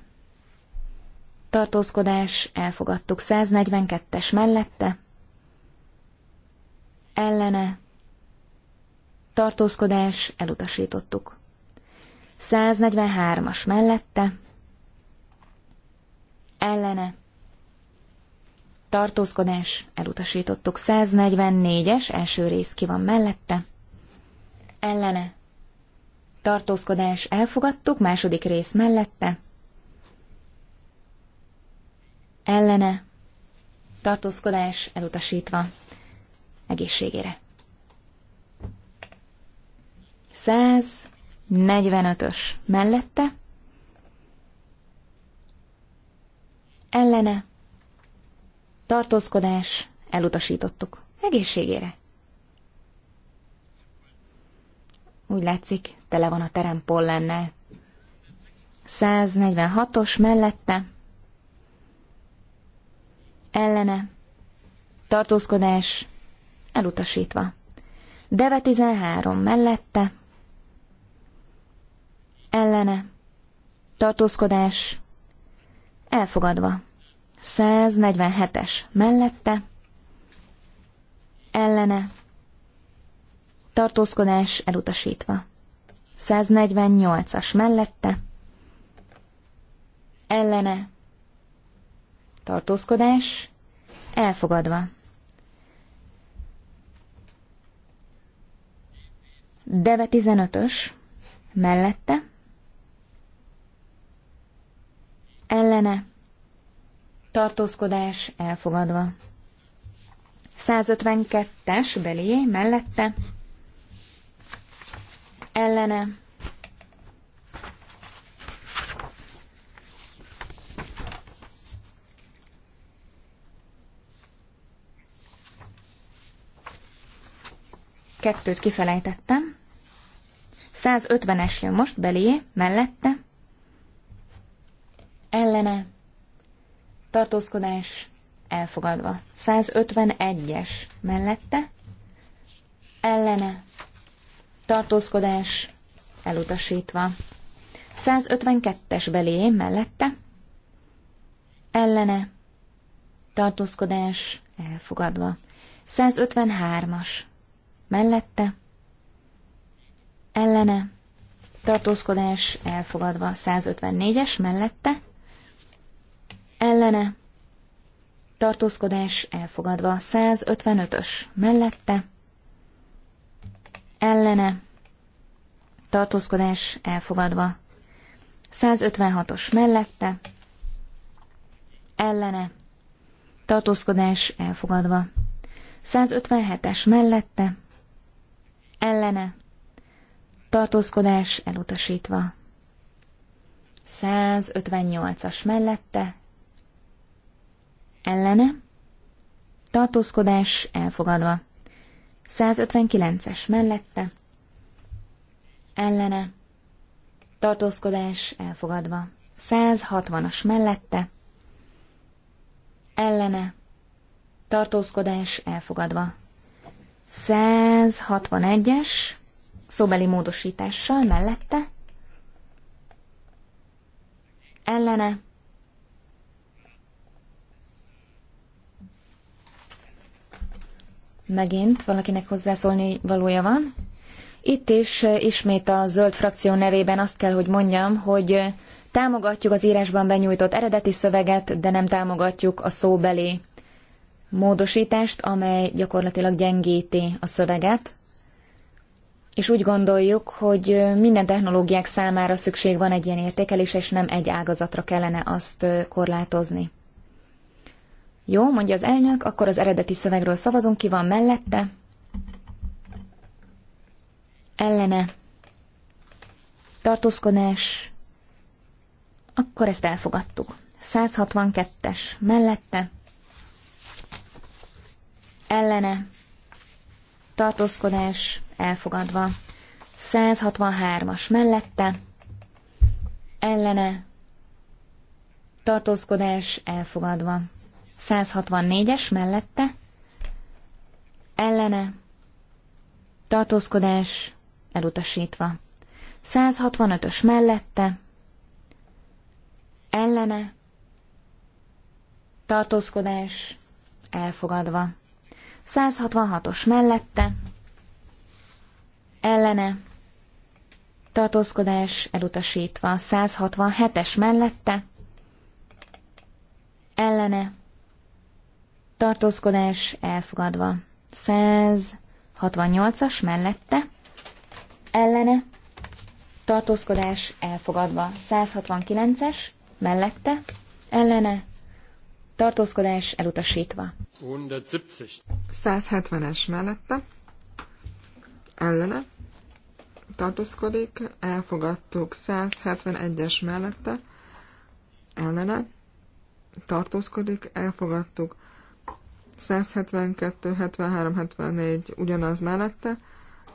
tartózkodás, elfogadtuk. 142-es mellette, ellene, tartózkodás, elutasítottuk. 143-as mellette, ellene, tartózkodás, elutasítottuk. 144-es, első rész ki van mellette, ellene, tartózkodás, elfogadtuk, második rész mellette, ellene, tartózkodás, elutasítva, egészségére. 145-ös mellette, ellene, tartózkodás, elutasítottuk. Egészségére! Úgy látszik, tele van a terem pollennel. 146-os mellette, ellene, tartózkodás, elutasítva. Deve 13 mellette, ellene, tartózkodás, elfogadva. 147-es mellette, ellene, tartózkodás elutasítva. 148-as mellette, ellene, tartózkodás elfogadva. Deve 15-ös mellette, ellene, tartózkodás elfogadva. 152-es belé mellette ellene kettőt kifelejtettem. 150-es jön most belé, mellette, ellene, tartózkodás elfogadva. 151-es mellette, ellene, tartózkodás elutasítva. 152-es belé mellette, ellene, tartózkodás elfogadva. 153-as mellette, ellene, tartózkodás elfogadva. 154-es mellette, ellene, tartózkodás elfogadva. 155-ös mellette, ellene, tartózkodás elfogadva. 156-os mellette, ellene, tartózkodás elfogadva. 157-es mellette, ellene, tartózkodás elutasítva. 158-as mellette, ellene, tartózkodás elfogadva. 159-es mellette, ellene, tartózkodás elfogadva. 160-as mellette, ellene, tartózkodás elfogadva. 161-es szóbeli módosítással mellette, ellene, Megint valakinek hozzászólni valója van. Itt is eh, ismét a zöld frakció nevében azt kell, hogy mondjam, hogy eh, támogatjuk az írásban benyújtott eredeti szöveget, de nem támogatjuk a szóbeli módosítást, amely gyakorlatilag gyengíti a szöveget. És úgy gondoljuk, hogy eh, minden technológiák számára szükség van egy ilyen értékelés, és nem egy ágazatra kellene azt korlátozni. Jó, mondja az elnök, akkor az eredeti szövegről szavazunk, ki van mellette? Ellene. Tartózkodás. Akkor ezt elfogadtuk. 162-es mellette. Ellene. Tartózkodás elfogadva. 163-as mellette. Ellene. Tartózkodás elfogadva. 164-es mellette, ellene, tartózkodás elutasítva. 165-ös mellette, ellene, tartózkodás elfogadva. 166-os mellette, ellene, tartózkodás elutasítva. 167-es mellette, ellene, tartózkodás elfogadva. 168-as mellette, ellene, tartózkodás elfogadva. 169-es mellette, ellene, tartózkodás elutasítva. 170-es mellette, ellene, tartózkodik, elfogadtuk 171-es mellette, ellene, tartózkodik, elfogadtuk 172, 73, 74 ugyanaz mellette,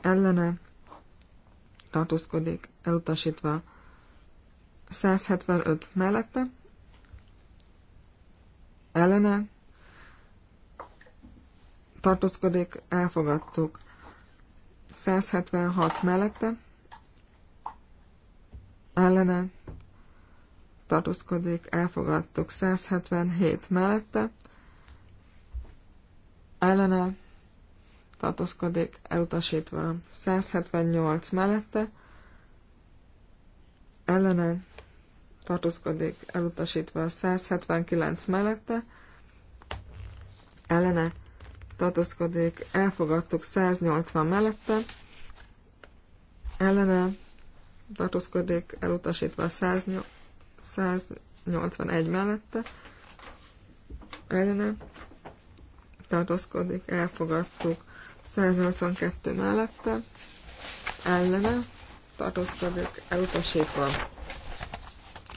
ellene tartózkodik, elutasítva 175 mellette, ellene tartózkodik, elfogadtuk 176 mellette, ellene tartózkodik, elfogadtuk 177 mellette, ellene tartózkodik, elutasítva 178 mellette, ellene tartózkodik, elutasítva 179 mellette, ellene tartózkodik, elfogadtuk 180 mellette, ellene tartózkodik, elutasítva 181 mellette, ellene tartózkodik, elfogadtuk. 182 mellette, ellene, tartózkodik, elutasítva.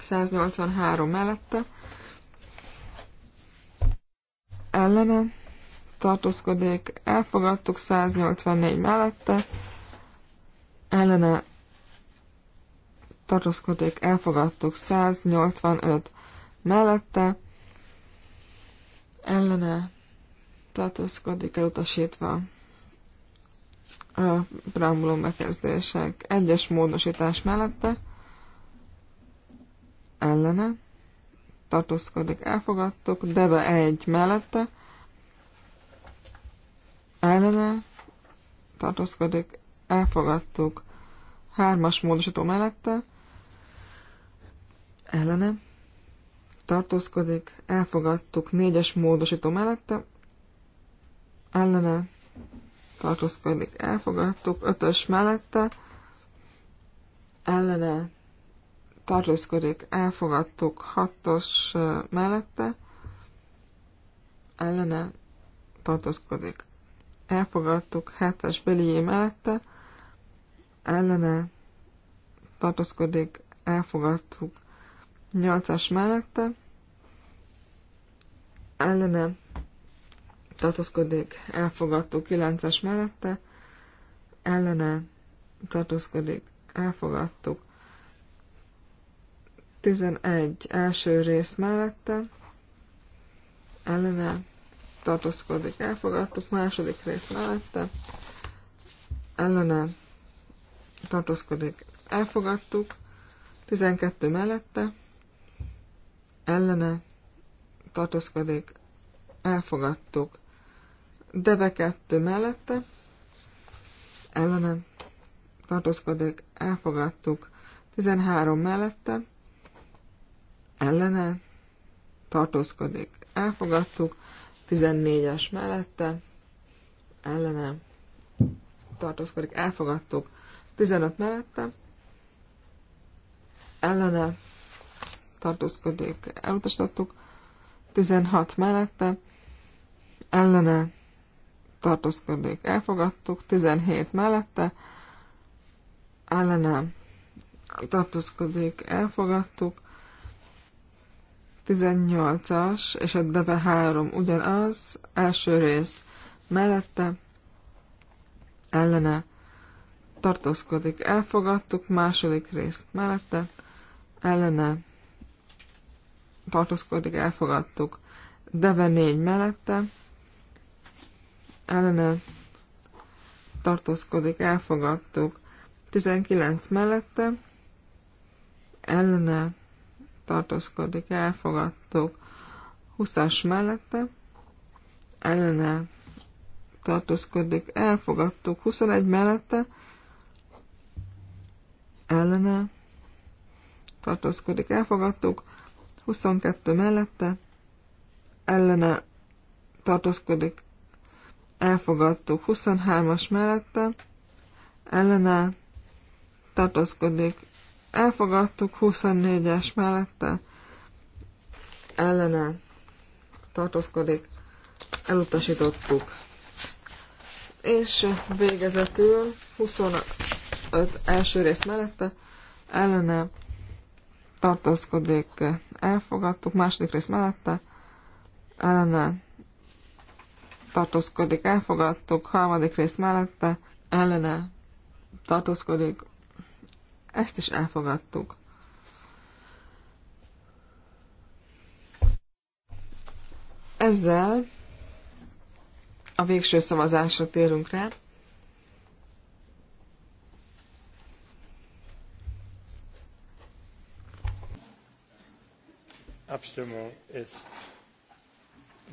183 mellette, ellene, tartózkodik, elfogadtuk 184 mellette, ellene tartózkodik, elfogadtuk 185 mellette, ellene tartózkodik elutasítva a preambulum bekezdések egyes módosítás mellette ellene tartózkodik elfogadtuk, deve egy mellette ellene tartózkodik elfogadtuk hármas módosító mellette ellene tartózkodik elfogadtuk négyes módosító mellette ellene tartózkodik, elfogadtuk, ötös mellette, ellene tartózkodik, elfogadtuk, hatos mellette, ellene tartózkodik, elfogadtuk, hetes belié mellette, ellene tartózkodik, elfogadtuk, nyolcas mellette, ellene tartózkodik, elfogadó 9-es mellette, ellene tartózkodik, elfogadtuk. 11 első rész mellette, ellene tartózkodik, elfogadtuk, második rész mellette, ellene tartózkodik, elfogadtuk, 12 mellette, ellene tartózkodik, elfogadtuk, Deve 2 mellette, ellenem, tartózkodik, elfogadtuk. 13 mellette, ellene tartózkodik, elfogadtuk. 14-es mellette, ellenem, tartózkodik, elfogadtuk. 15 mellette, ellene tartózkodik, elutasítottuk. 16 mellette, ellene tartózkodik. Elfogadtuk 17 mellette, ellenem tartózkodik. Elfogadtuk 18-as, és a Deve 3 ugyanaz, első rész mellette, ellene tartózkodik. Elfogadtuk második rész mellette, ellene tartózkodik, elfogadtuk. Deve 4 mellette, ellene tartózkodik, elfogadtuk. 19 mellette ellene tartózkodik, elfogadtuk. 20-as mellette ellene tartózkodik, elfogadtuk. 21 mellette ellene tartózkodik, elfogadtuk. 22 mellette ellene tartózkodik, elfogadtuk 23-as mellette, ellene tartózkodik, elfogadtuk 24-es mellette, ellene tartózkodik, elutasítottuk. És végezetül 25 első rész mellette, ellene tartózkodik, elfogadtuk, második rész mellette, ellene tartózkodik, elfogadtuk, harmadik rész mellette, ellene tartózkodik, ezt is elfogadtuk. Ezzel a végső szavazásra térünk rá. Abstimmung ist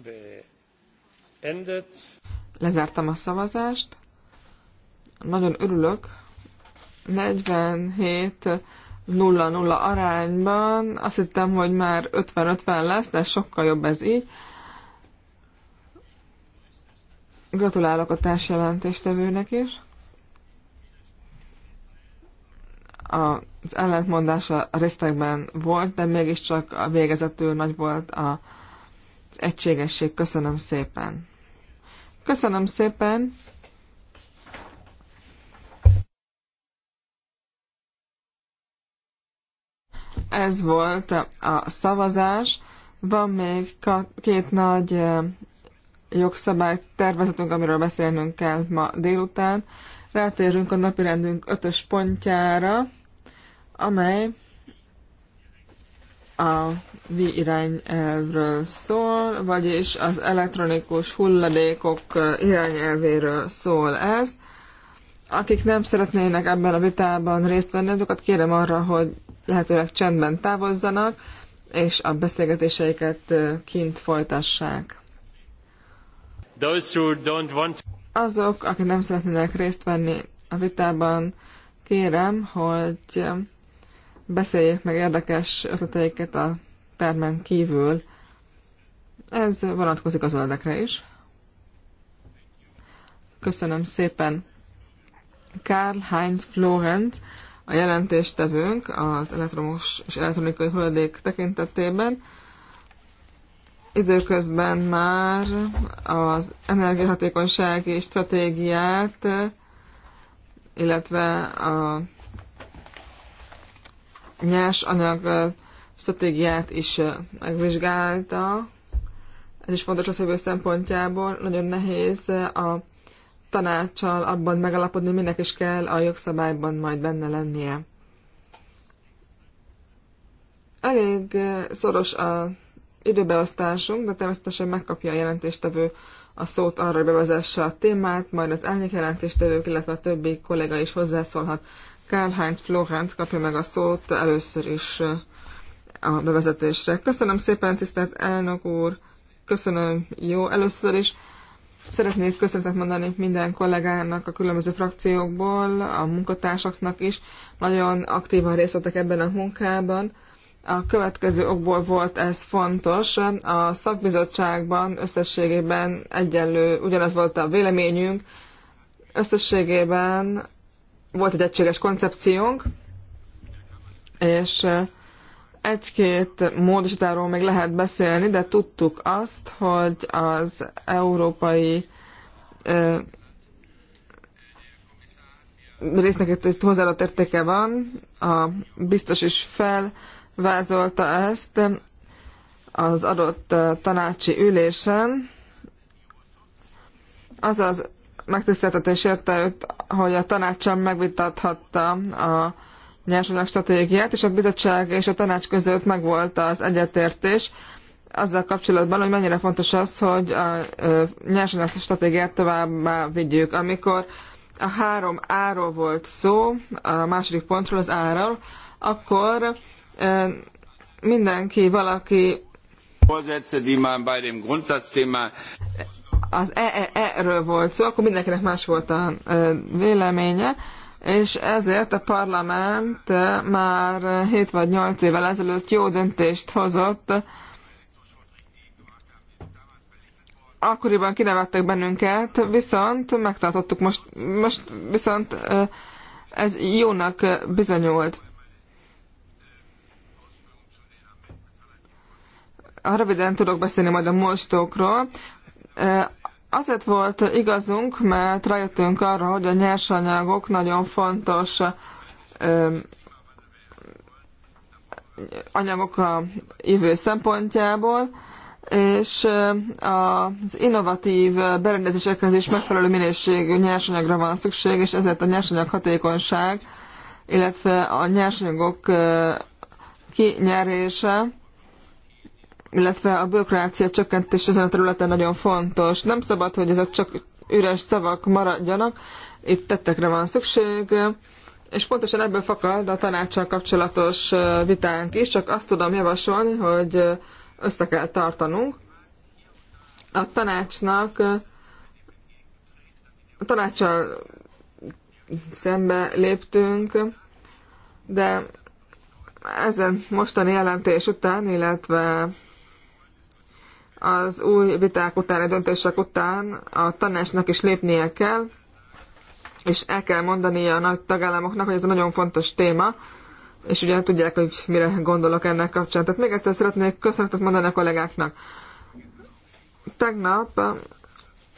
beendet. Lezártam a szavazást. Nagyon örülök. 47 0-0 arányban. Azt hittem, hogy már 50-50 lesz, de sokkal jobb ez így. Gratulálok a társjelentéstevőnek is. Az ellentmondása résztekben volt, de mégiscsak a végezetül nagy volt az egységesség. Köszönöm szépen! Köszönöm szépen! Ez volt a szavazás. Van még két nagy jogszabály tervezetünk, amiről beszélnünk kell ma délután. Rátérünk a napirendünk ötös pontjára, amely a V irányelvről szól, vagyis az elektronikus hulladékok eh, irányelvéről szól ez. Akik nem szeretnének ebben a vitában részt venni, azokat kérem arra, hogy lehetőleg csendben távozzanak, és a beszélgetéseiket eh, kint folytassák. Azok, akik nem szeretnének részt venni a vitában, kérem, hogy eh, beszéljék meg érdekes ötleteiket a termen kívül. Ez vonatkozik az öldekre is. Köszönöm szépen Karl Heinz Florent, a jelentéstevőnk az elektromos és elektronikai hulladék tekintetében. Időközben már az energiahatékonysági stratégiát, illetve a nyers anyag stratégiát is megvizsgálta. Ez is fontos a szövő szempontjából. Nagyon nehéz a tanácsal abban megalapodni, hogy minek is kell a jogszabályban majd benne lennie. Elég szoros a időbeosztásunk, de természetesen megkapja a jelentéstevő a szót arra, hogy bevezesse a témát, majd az elnyék jelentéstevők, illetve a többi kollega is hozzászólhat. Karl-Heinz Florenz kapja meg a szót először is eh, a bevezetésre. Köszönöm szépen, tisztelt elnök úr, köszönöm jó először is. Szeretnék köszönetet mondani minden kollégának a különböző frakciókból, a munkatársaknak is. Nagyon aktívan részt vettek ebben a munkában. A következő okból volt ez fontos. A szakbizottságban összességében egyenlő, ugyanaz volt a véleményünk, összességében volt egy egységes koncepciónk, és egy-két módosítáról még lehet beszélni, de tudtuk azt, hogy az európai résznek egy hozzáadott értéke van, a biztos is felvázolta ezt az adott tanácsi ülésen. Az az megtiszteltetés érte őt, hogy a tanácsom megvitathatta a nyersanyag stratégiát, és a bizottság és a tanács között megvolt az egyetértés azzal kapcsolatban, hogy mennyire fontos az, hogy a nyersanyag stratégiát továbbá vigyük. Amikor a három áról volt szó, a második pontról, az áról, akkor mindenki valaki Vorsätze, die man bei dem Grundsatzthema az EEE-ről volt szó, akkor mindenkinek más volt a véleménye, és ezért a parlament már 7 vagy 8 évvel ezelőtt jó döntést hozott, akkoriban kinevettek bennünket, viszont megtartottuk most, most viszont ez jónak bizonyult. Röviden tudok beszélni majd a mostókról. Azért volt igazunk, mert rájöttünk arra, hogy a nyersanyagok nagyon fontos anyagok a jövő szempontjából, és az innovatív berendezésekhez is megfelelő minőségű nyersanyagra van szükség, és ezért a nyersanyag hatékonyság, illetve a nyersanyagok kinyerése illetve a bürokrácia csökkentés ezen a területen nagyon fontos. Nem szabad, hogy ezek csak üres szavak maradjanak, itt tettekre van szükség, és pontosan ebből fakad a tanácssal kapcsolatos vitánk is, csak azt tudom javasolni, hogy össze kell tartanunk. A tanácsnak a tanácssal szembe léptünk, de ezen mostani jelentés után, illetve az új viták utáni döntések után a tanácsnak is lépnie kell, és el kell mondania a nagy tagállamoknak, hogy ez egy nagyon fontos téma, és ugye tudják, hogy mire gondolok ennek kapcsán. Tehát még egyszer szeretnék köszönetet mondani a kollégáknak. Tegnap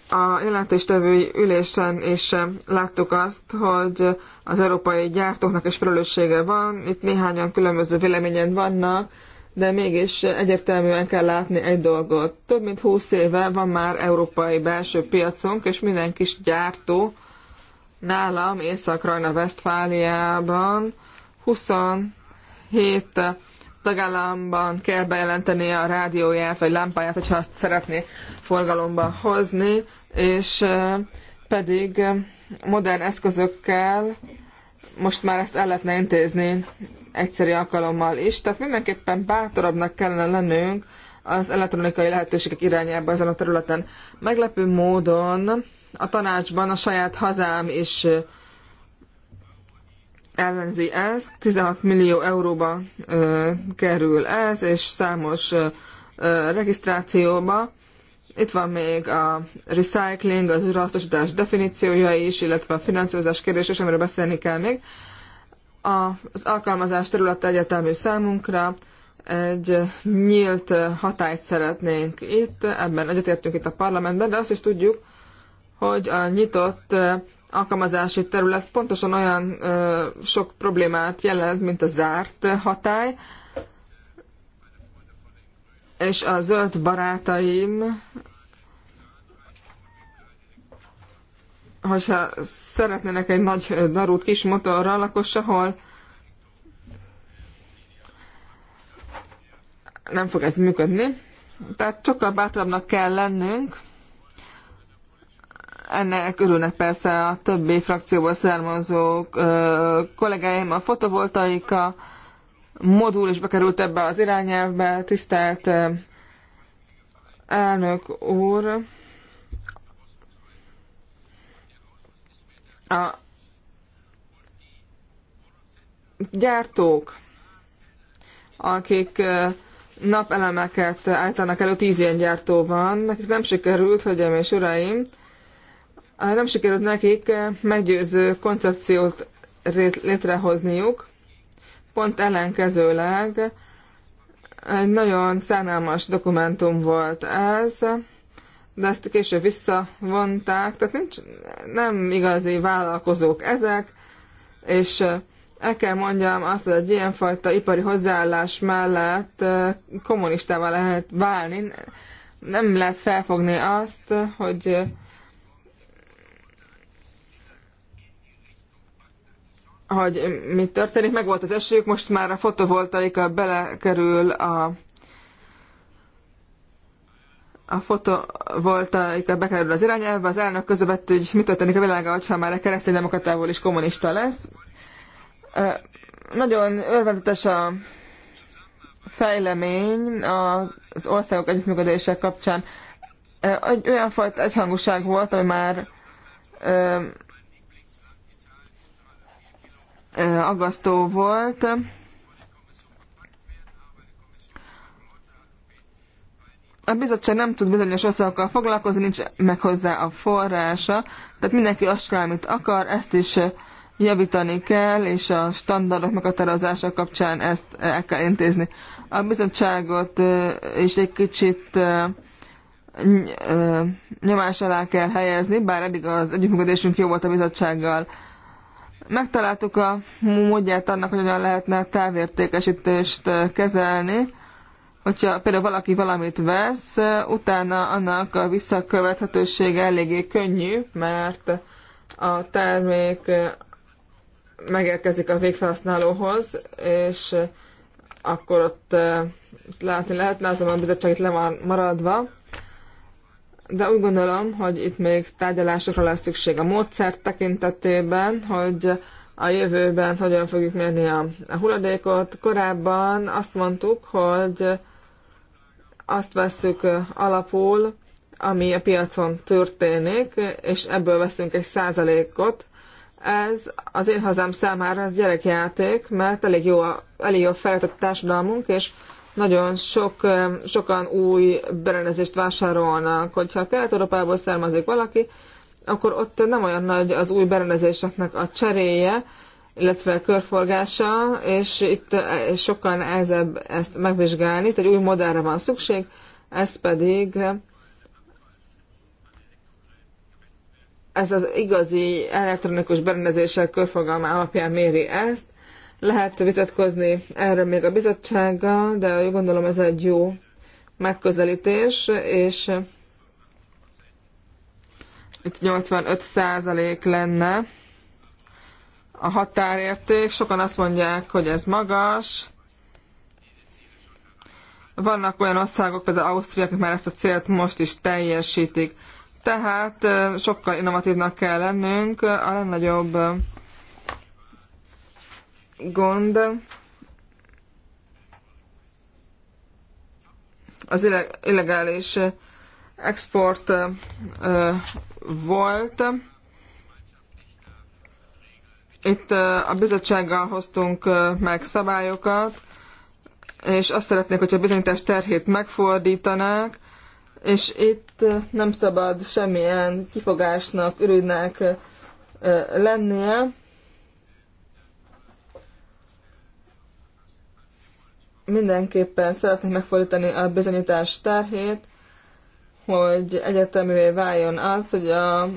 a jelentéstevői ülésen is láttuk azt, hogy az európai gyártóknak is felelőssége van, itt néhányan különböző véleményen vannak, de mégis egyértelműen kell látni egy dolgot. Több mint 20 éve van már európai belső piacunk, és minden kis gyártó nálam Észak-Rajna-Vesztfáliában 27 tagállamban kell bejelenteni a rádióját vagy lámpáját, hogyha azt szeretné forgalomba hozni, és pedig modern eszközökkel most már ezt el lehetne intézni egyszerű alkalommal is, tehát mindenképpen bátorabbnak kellene lennünk az elektronikai lehetőségek irányába ezen a területen. Meglepő módon a tanácsban a saját hazám is ellenzi ezt, 16 millió euróba ö, kerül ez, és számos ö, regisztrációba. Itt van még a recycling, az újrahasznosítás definíciója is, illetve a finanszírozás kérdés, és amiről beszélni kell még az alkalmazás területe egyetemű számunkra, egy nyílt hatályt szeretnénk itt, ebben egyetértünk itt a parlamentben, de azt is tudjuk, hogy a nyitott alkalmazási terület pontosan olyan sok problémát jelent, mint a zárt hatály, és a zöld barátaim hogyha szeretnének egy nagy darút kis motorral, akkor sehol nem fog ez működni. Tehát sokkal bátrabbnak kell lennünk. Ennek örülnek persze a többi frakcióból származó kollégáim. A fotovoltaika modul is bekerült ebbe az irányelvbe, tisztelt elnök úr. A gyártók, akik napelemeket állítanak elő, tíz ilyen gyártó van, nekik nem sikerült, hölgyeim és uraim, nem sikerült nekik meggyőző koncepciót létrehozniuk, pont ellenkezőleg egy nagyon szánalmas dokumentum volt ez, de ezt később visszavonták, tehát nincs, nem igazi vállalkozók ezek, és el kell mondjam azt, hogy egy ilyenfajta ipari hozzáállás mellett kommunistával lehet válni. Nem lehet felfogni azt, hogy hogy mi történik, meg volt az esők, most már a fotovoltaika belekerül a a fotovoltaika bekerül az irányelvbe, az elnök közövett, hogy mi történik a világa, ha már a keresztény demokratából is kommunista lesz. Nagyon örvendetes a fejlemény az országok együttműködése kapcsán. Egy olyan fajta egyhangúság volt, ami már aggasztó volt. a bizottság nem tud bizonyos országokkal foglalkozni, nincs meg hozzá a forrása, tehát mindenki azt csinál, amit akar, ezt is eh, javítani kell, és a standardok meghatározása kapcsán ezt eh, el kell intézni. A bizottságot eh, is egy kicsit nyomás alá kell helyezni, bár eddig az együttműködésünk jó volt a bizottsággal. Megtaláltuk a módját annak, hogy hogyan lehetne a távértékesítést kezelni, hogyha például valaki valamit vesz, utána annak a visszakövethetősége eléggé könnyű, mert a termék megérkezik a végfelhasználóhoz, és akkor ott eh, látni lehetne, azonban a bizottság itt le van maradva. De úgy gondolom, hogy itt még tárgyalásokra lesz szükség a módszer tekintetében, hogy a jövőben hogyan fogjuk mérni a, a hulladékot. Korábban azt mondtuk, hogy azt vesszük alapul, ami a piacon történik, és ebből veszünk egy százalékot, ez az én hazám számára az gyerekjáték, mert elég jó, a, elég jó feltett társadalmunk, és nagyon sok, sokan új berendezést vásárolnak. Hogyha Kelet-Európából származik valaki, akkor ott nem olyan nagy az új berendezéseknek a cseréje, illetve körforgása, és itt eh, sokkal nehezebb ezt megvizsgálni. tehát egy új modellre van szükség, ez pedig ez az igazi elektronikus berendezések körforgalma alapján méri ezt. Lehet vitatkozni erről még a bizottsággal, de úgy gondolom ez egy jó megközelítés, és itt 85% lenne a határérték. Sokan azt mondják, hogy ez magas. Vannak olyan országok, például Ausztria, akik már ezt a célt most is teljesítik. Tehát sokkal innovatívnak kell lennünk. A legnagyobb gond az illegális export volt itt a bizottsággal hoztunk meg szabályokat, és azt szeretnék, hogyha a bizonyítás terhét megfordítanák, és itt nem szabad semmilyen kifogásnak, ürügynek lennie. Mindenképpen szeretnék megfordítani a bizonyítás terhét, hogy egyeteművé váljon az, hogy a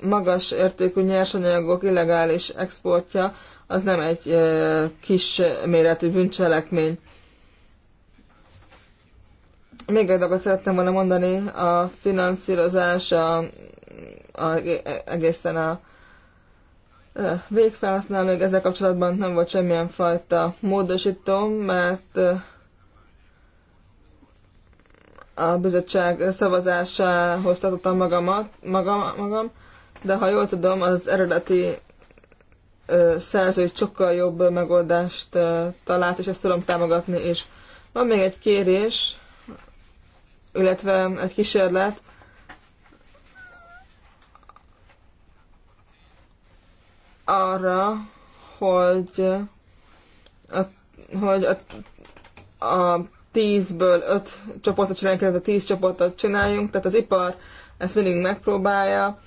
magas értékű nyersanyagok illegális exportja az nem egy kis méretű bűncselekmény. Még egy dolgot szerettem volna mondani, a finanszírozás a, a, egészen a végfelhasználóig ezzel kapcsolatban nem volt semmilyen fajta módosító, mert a bizottság szavazásához tartottam magamat, magam, magam, de ha jól tudom, az eredeti ö, szerző sokkal jobb megoldást ö, talált, és ezt tudom támogatni is. Van még egy kérés, illetve egy kísérlet, arra, hogy a, hogy a, a tízből öt csoportot csináljunk, a tíz csoportot csináljunk, tehát az ipar ezt mindig megpróbálja,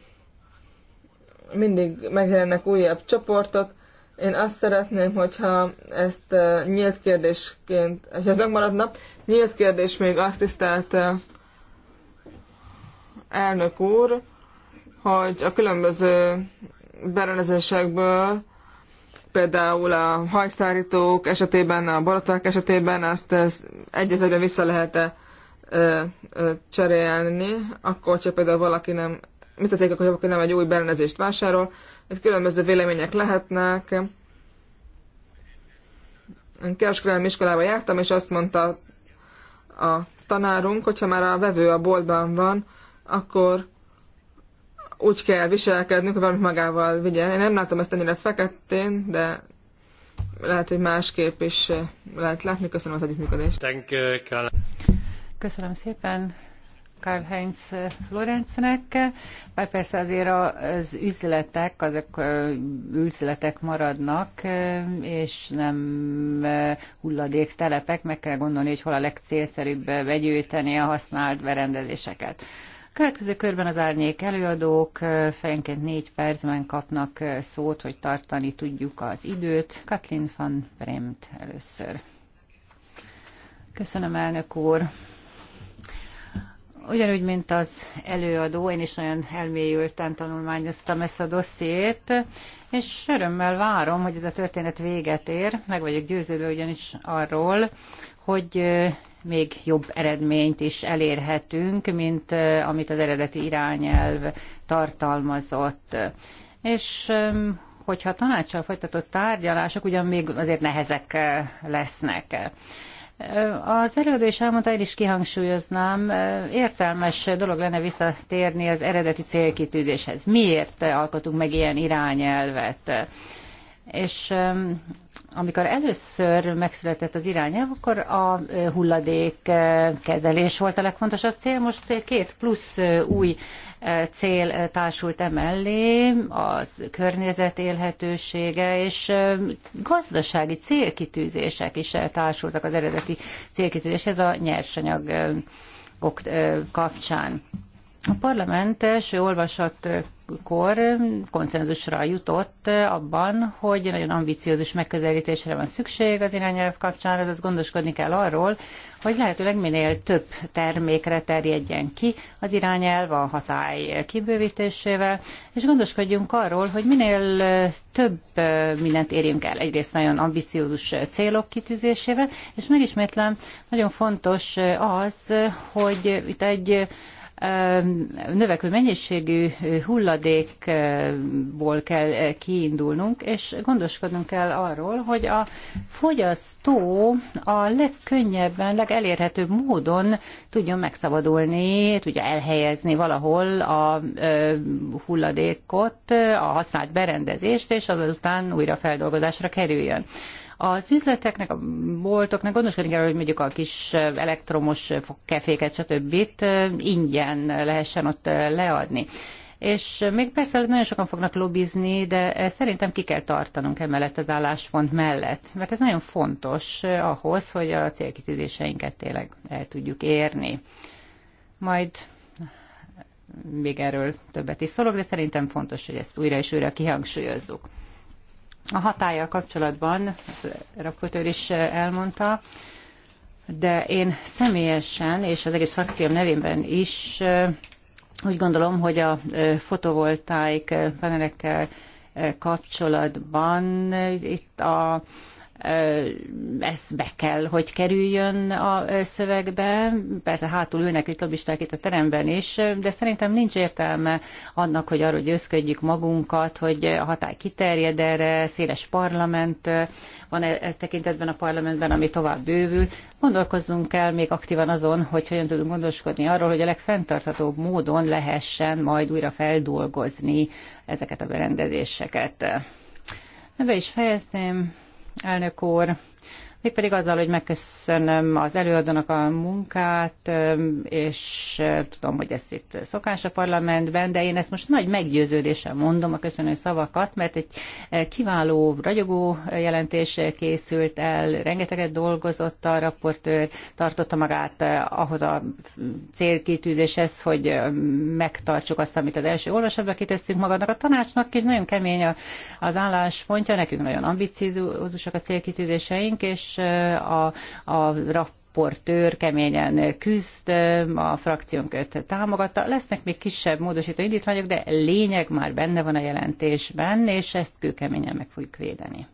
mindig megjelennek újabb csoportok. Én azt szeretném, hogyha ezt nyílt kérdésként, és ez megmaradna, nyílt kérdés még azt tisztelt elnök úr, hogy a különböző berendezésekből, például a hajszárítók esetében, a borotvák esetében azt ez egy vissza lehet -e, cserélni, akkor, hogyha például valaki nem Mit vezetékek, hogy nem egy új berendezést vásárol. Itt különböző vélemények lehetnek. Én kereskedelmi iskolába jártam, és azt mondta a tanárunk, hogyha már a vevő a boltban van, akkor úgy kell viselkednünk, hogy valamit magával vigyen. Én nem látom ezt ennyire feketén, de lehet, hogy másképp is lehet látni. Köszönöm az együttműködést. Köszönöm szépen. Karl-Heinz Lorenznek, bár persze azért az üzletek, azok üzletek maradnak, és nem hulladék telepek, meg kell gondolni, hogy hol a legcélszerűbb begyűjteni a használt berendezéseket. Következő körben az árnyék előadók fejenként négy percben kapnak szót, hogy tartani tudjuk az időt. Katlin van Bremt először. Köszönöm, elnök úr! Ugyanúgy, mint az előadó, én is nagyon elmélyülten tanulmányoztam ezt a dossziét, és örömmel várom, hogy ez a történet véget ér, meg vagyok győződve ugyanis arról, hogy még jobb eredményt is elérhetünk, mint amit az eredeti irányelv tartalmazott. És hogyha a tanácssal folytatott tárgyalások ugyan még azért nehezek lesznek. Az előadó is elmondta, én is kihangsúlyoznám, értelmes dolog lenne visszatérni az eredeti célkitűzéshez. Miért alkotunk meg ilyen irányelvet? és amikor először megszületett az irányelv, akkor a hulladék kezelés volt a legfontosabb cél. Most két plusz új cél társult emellé, a környezet élhetősége és gazdasági célkitűzések is társultak az eredeti célkitűzéshez a nyersanyag kapcsán. A parlament első olvasatkor konszenzusra jutott abban, hogy nagyon ambiciózus megközelítésre van szükség az irányelv kapcsán, azaz gondoskodni kell arról, hogy lehetőleg minél több termékre terjedjen ki az irányelv a hatály kibővítésével, és gondoskodjunk arról, hogy minél több mindent érjünk el. Egyrészt nagyon ambiciózus célok kitűzésével, és megismétlem, nagyon fontos az, hogy itt egy növekvő mennyiségű hulladékból kell kiindulnunk, és gondoskodnunk kell arról, hogy a fogyasztó a legkönnyebben, legelérhetőbb módon tudjon megszabadulni, tudja elhelyezni valahol a hulladékot, a használt berendezést, és azután újra feldolgozásra kerüljön. Az üzleteknek, a boltoknak gondoskodni kell, hogy mondjuk a kis elektromos keféket, stb. ingyen lehessen ott leadni. És még persze nagyon sokan fognak lobbizni, de szerintem ki kell tartanunk emellett az álláspont mellett, mert ez nagyon fontos ahhoz, hogy a célkitűzéseinket tényleg el tudjuk érni. Majd még erről többet is szólok, de szerintem fontos, hogy ezt újra és újra kihangsúlyozzuk. A hatája kapcsolatban, ezt a raportőr is elmondta, de én személyesen és az egész frakcióm nevében is úgy gondolom, hogy a fotovoltaik panelekkel kapcsolatban itt a ez be kell, hogy kerüljön a szövegbe. Persze hátul ülnek itt lobbisták itt a teremben is, de szerintem nincs értelme annak, hogy arról győzködjük magunkat, hogy a hatály kiterjed erre, széles parlament van e, ez tekintetben a parlamentben, ami tovább bővül. Gondolkozzunk el még aktívan azon, hogy hogyan tudunk gondoskodni arról, hogy a legfenntarthatóbb módon lehessen majd újra feldolgozni ezeket a berendezéseket. Ebbe is fejezném elnök úr! mégpedig azzal, hogy megköszönöm az előadónak a munkát, és tudom, hogy ez itt szokás a parlamentben, de én ezt most nagy meggyőződéssel mondom a köszönő szavakat, mert egy kiváló, ragyogó jelentés készült el, rengeteget dolgozott a raportőr, tartotta magát ahhoz a célkitűzéshez, hogy megtartsuk azt, amit az első olvasatban kitesztünk magadnak a tanácsnak, és nagyon kemény az álláspontja, nekünk nagyon ambiciózusak a célkitűzéseink, és és a, a rap portőr keményen küzd, a frakciónk őt támogatta. Lesznek még kisebb módosító indítványok, de lényeg már benne van a jelentésben, és ezt kőkeményen meg fogjuk védeni.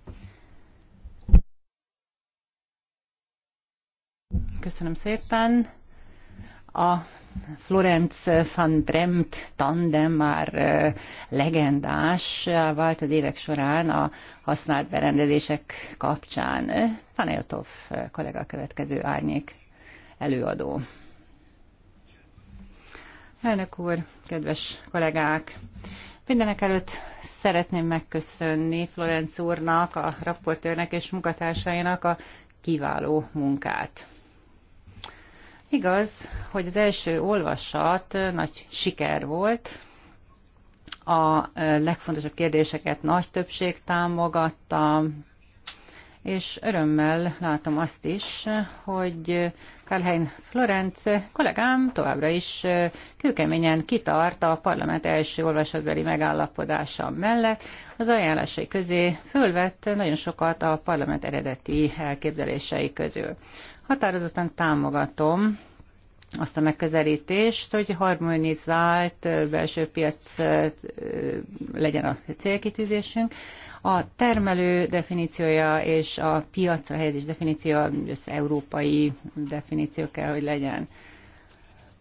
Köszönöm szépen. A Florenz van Bremt tandem már legendás vált az évek során a használt berendezések kapcsán. Panajotov kollega a következő árnyék előadó. Elnök úr, kedves kollégák! Mindenek előtt szeretném megköszönni Florenc úrnak, a raportőrnek és munkatársainak a kiváló munkát. Igaz, hogy az első olvasat nagy siker volt, a legfontosabb kérdéseket nagy többség támogatta, és örömmel látom azt is, hogy Karlhein Florenc kollégám továbbra is kőkeményen kitart a parlament első olvasatbeli megállapodása mellett. Az ajánlásai közé fölvett nagyon sokat a parlament eredeti elképzelései közül. Határozottan támogatom azt a megközelítést, hogy harmonizált belső piac legyen a célkitűzésünk. A termelő definíciója és a piacra helyezés definíciója az európai definíció kell, hogy legyen.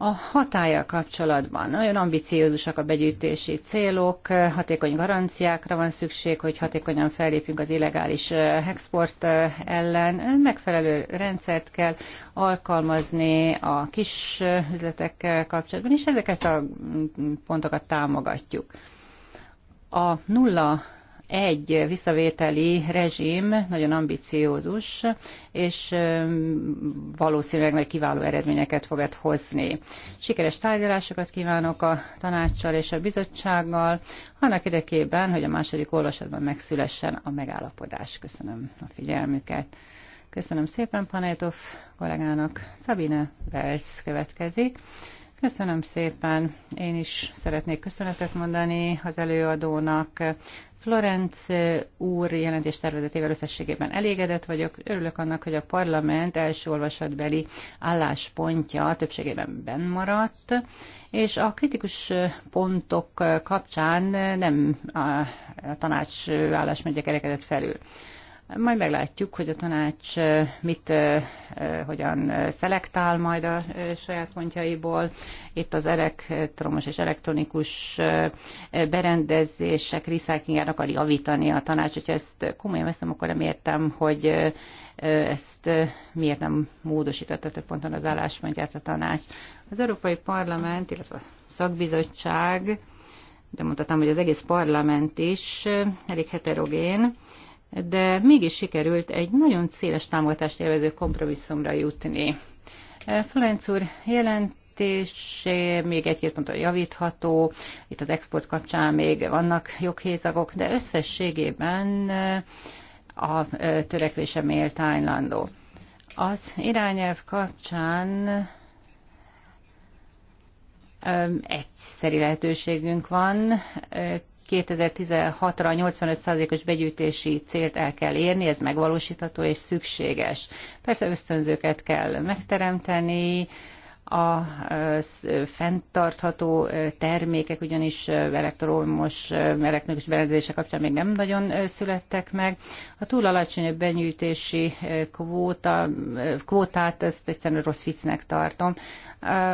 A hatája kapcsolatban nagyon ambiciózusak a begyűjtési célok, hatékony garanciákra van szükség, hogy hatékonyan fellépjünk az illegális export ellen. Megfelelő rendszert kell alkalmazni a kis üzletekkel kapcsolatban, és ezeket a pontokat támogatjuk. A nulla egy visszavételi rezsim nagyon ambiciózus, és valószínűleg nagy kiváló eredményeket fog hozni. Sikeres tárgyalásokat kívánok a tanácssal és a bizottsággal, annak érdekében, hogy a második olvasatban megszülessen a megállapodás. Köszönöm a figyelmüket. Köszönöm szépen Panajtov kollégának. Szabine Velsz következik. Köszönöm szépen. Én is szeretnék köszönetet mondani az előadónak. Florenc eh, úr jelentés tervezetével összességében elégedett vagyok. Örülök annak, hogy a parlament első olvasatbeli álláspontja többségében benn maradt, és a kritikus eh, pontok kapcsán eh, nem a tanács álláspontja kerekedett felül. Majd meglátjuk, hogy a tanács mit, hogyan szelektál majd a saját pontjaiból. Itt az elektromos és elektronikus berendezések recyclingjának akar javítani a tanács. Hogyha ezt komolyan veszem, akkor nem értem, hogy ezt miért nem módosította több ponton az álláspontját a tanács. Az Európai Parlament, illetve a szakbizottság, de mondhatom, hogy az egész parlament is elég heterogén, de mégis sikerült egy nagyon széles támogatást élvező kompromisszumra jutni. Eh, Florenc úr jelentés még egy-két ponton javítható, itt az export kapcsán még vannak joghézagok, de összességében eh, a eh, törekvése méltánylandó. Az irányelv kapcsán egyszeri lehetőségünk van, 2016-ra 85%-os begyűjtési célt el kell érni, ez megvalósítható és szükséges. Persze ösztönzőket kell megteremteni, a fenntartható termékek, ugyanis elektromos, elektronikus berendezése kapcsán még nem nagyon születtek meg. A túl alacsony benyűjtési kvóta, kvótát, ezt egyszerűen rossz viccnek tartom.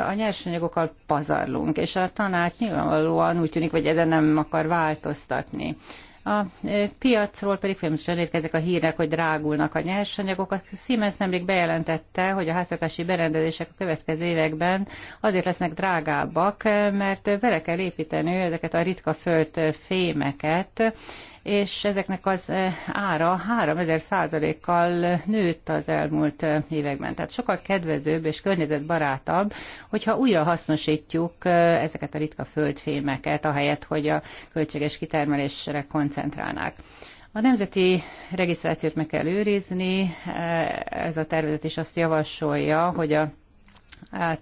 A nyersanyagokkal pazarlunk, és a tanács nyilvánvalóan úgy tűnik, hogy ezen nem akar változtatni. A e, piacról pedig folyamatosan érkezik a hírek, hogy drágulnak a nyersanyagok. A Siemens nemrég bejelentette, hogy a háztartási berendezések a következő években azért lesznek drágábbak, e, mert vele kell építeni ezeket a ritka földfémeket, e, és ezeknek az eh, ára 3000 százalékkal eh, nőtt az elmúlt eh, években. Tehát sokkal kedvezőbb és környezetbarátabb, hogyha újra hasznosítjuk ezeket a ritka földfémeket, ahelyett, hogy a költséges kitermelésre koncentrálnák. A nemzeti regisztrációt meg kell őrizni, ez a tervezet is azt javasolja, hogy a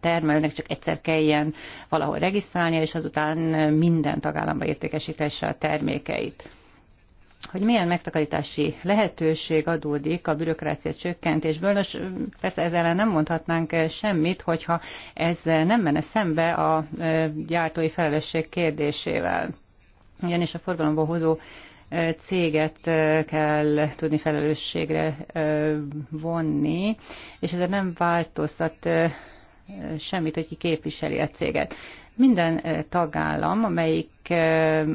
termelőnek csak egyszer kelljen valahol regisztrálnia, és azután minden tagállamba értékesítesse a termékeit hogy milyen megtakarítási lehetőség adódik a bürokrácia csökkentésből. Nos, persze ezzel nem mondhatnánk semmit, hogyha ez nem menne szembe a gyártói felelősség kérdésével. Ugyanis a forgalomba hozó céget kell tudni felelősségre vonni, és ez nem változtat semmit, hogy ki képviseli a céget. Minden tagállam, amelyik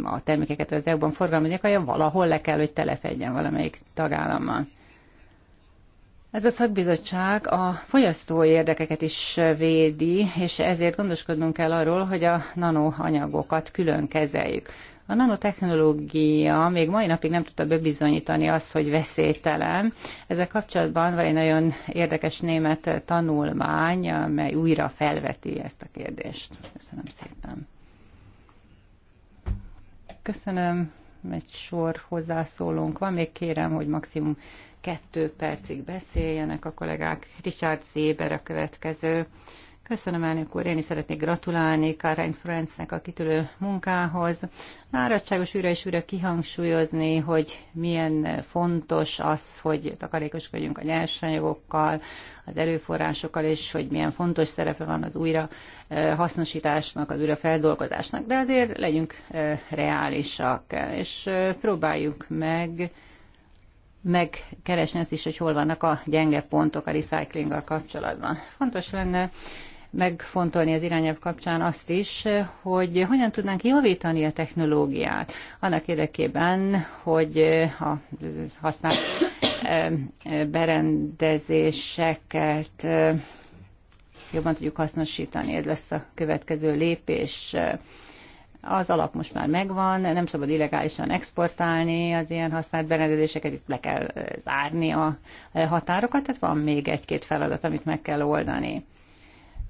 a termékeket az EU-ban forgalmazni akarja, valahol le kell, hogy telefedjen valamelyik tagállammal. Ez a szakbizottság a fogyasztói érdekeket is védi, és ezért gondoskodnunk kell arról, hogy a nanoanyagokat külön kezeljük. A nanotechnológia még mai napig nem tudta bebizonyítani azt, hogy veszélytelen. Ezzel kapcsolatban van egy nagyon érdekes német tanulmány, amely újra felveti ezt a kérdést. Köszönöm szépen. Köszönöm. Egy sor hozzászólónk van. Még kérem, hogy maximum kettő percig beszéljenek a kollégák. Richard Zéber a következő. Köszönöm, elnök úr. Én is szeretnék gratulálni Karen Francnek a kitülő munkához. Náradságos újra és újra kihangsúlyozni, hogy milyen fontos az, hogy takarékoskodjunk a nyersanyagokkal, az erőforrásokkal, és hogy milyen fontos szerepe van az újra eh, hasznosításnak, az újra feldolgozásnak. De azért legyünk eh, reálisak, és eh, próbáljuk meg megkeresni azt is, hogy hol vannak a gyenge pontok a recyclinggal kapcsolatban. Fontos lenne megfontolni az irányelv kapcsán azt is, hogy hogyan tudnánk javítani a technológiát annak érdekében, hogy a használt berendezéseket jobban tudjuk hasznosítani. Ez lesz a következő lépés az alap most már megvan, nem szabad illegálisan exportálni az ilyen használt berendezéseket, itt le kell zárni a határokat, tehát van még egy-két feladat, amit meg kell oldani.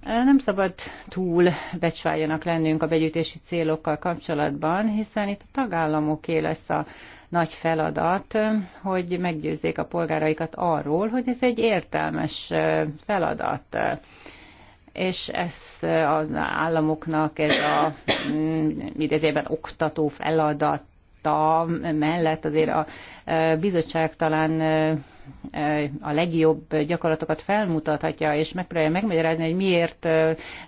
Nem szabad túl becsvágyanak lennünk a begyűjtési célokkal kapcsolatban, hiszen itt a tagállamoké lesz a nagy feladat, hogy meggyőzzék a polgáraikat arról, hogy ez egy értelmes feladat. És ez az államoknak ez a mindezében mm, oktató feladat vita mellett azért a e, bizottság talán e, e, a legjobb gyakorlatokat felmutathatja, és megpróbálja megmagyarázni, hogy miért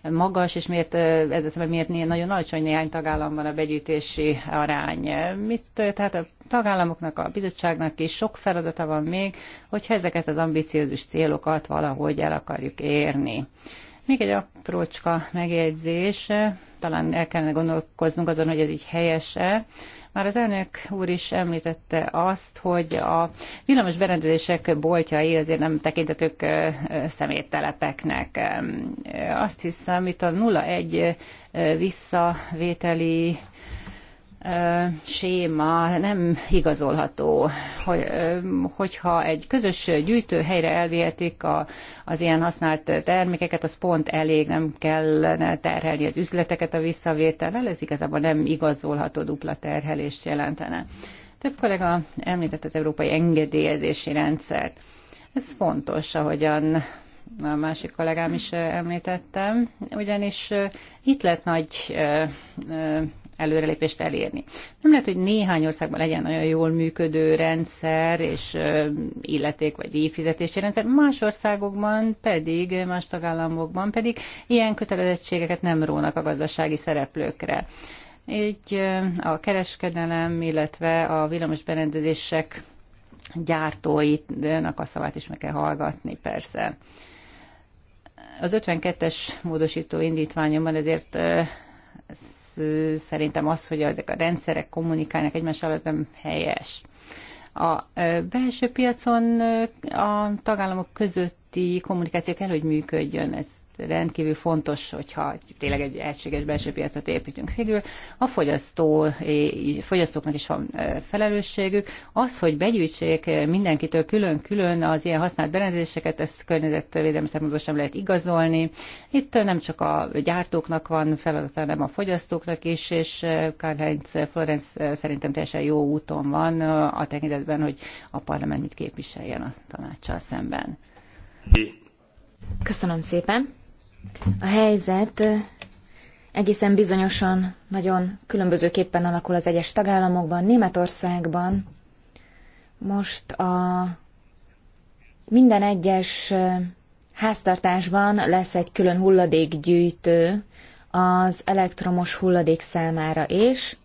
magas, és miért, ez az, miért nagyon alacsony néhány tagállamban a begyűjtési arány. Mit, tehát a tagállamoknak, a bizottságnak is sok feladata van még, hogyha ezeket az ambiciózus célokat valahogy el akarjuk érni. Még egy aprócska megjegyzés, talán el kellene gondolkoznunk azon, hogy ez így helyese. Már az elnök úr is említette azt, hogy a villamos berendezések boltjai azért nem tekintetők szeméttelepeknek. Azt hiszem, itt a 01 visszavételi séma nem igazolható, hogy, hogyha egy közös gyűjtőhelyre elvihetik a, az ilyen használt termékeket, az pont elég, nem kellene terhelni az üzleteket a visszavétellel, ez igazából nem igazolható dupla terhelést jelentene. Több kollega említett az európai engedélyezési rendszert. Ez fontos, ahogyan a másik kollégám is említettem, ugyanis itt lett nagy előrelépést elérni. Nem lehet, hogy néhány országban legyen nagyon jól működő rendszer és illeték vagy díjfizetési rendszer, más országokban pedig, más tagállamokban pedig ilyen kötelezettségeket nem rónak a gazdasági szereplőkre. Így a kereskedelem, illetve a villamos berendezések gyártóinak a szavát is meg kell hallgatni, persze. Az 52-es módosító indítványomban ezért szerintem az, hogy ezek a rendszerek kommunikálnak egymással, nem helyes. A belső piacon a tagállamok közötti kommunikáció kell, hogy működjön, ez rendkívül fontos, hogyha tényleg egy egységes belső piacot építünk. Végül a fogyasztó, fogyasztóknak is van felelősségük. Az, hogy begyűjtsék mindenkitől külön-külön az ilyen használt berendezéseket, ezt környezetvédelmi szempontból sem lehet igazolni. Itt nem csak a gyártóknak van feladata, hanem a fogyasztóknak is, és Karl-Heinz Florenz szerintem teljesen jó úton van a tekintetben, hogy a parlament mit képviseljen a tanácssal szemben. Köszönöm szépen! A helyzet egészen bizonyosan nagyon különbözőképpen alakul az egyes tagállamokban. Németországban most a minden egyes háztartásban lesz egy külön hulladékgyűjtő az elektromos hulladék számára is,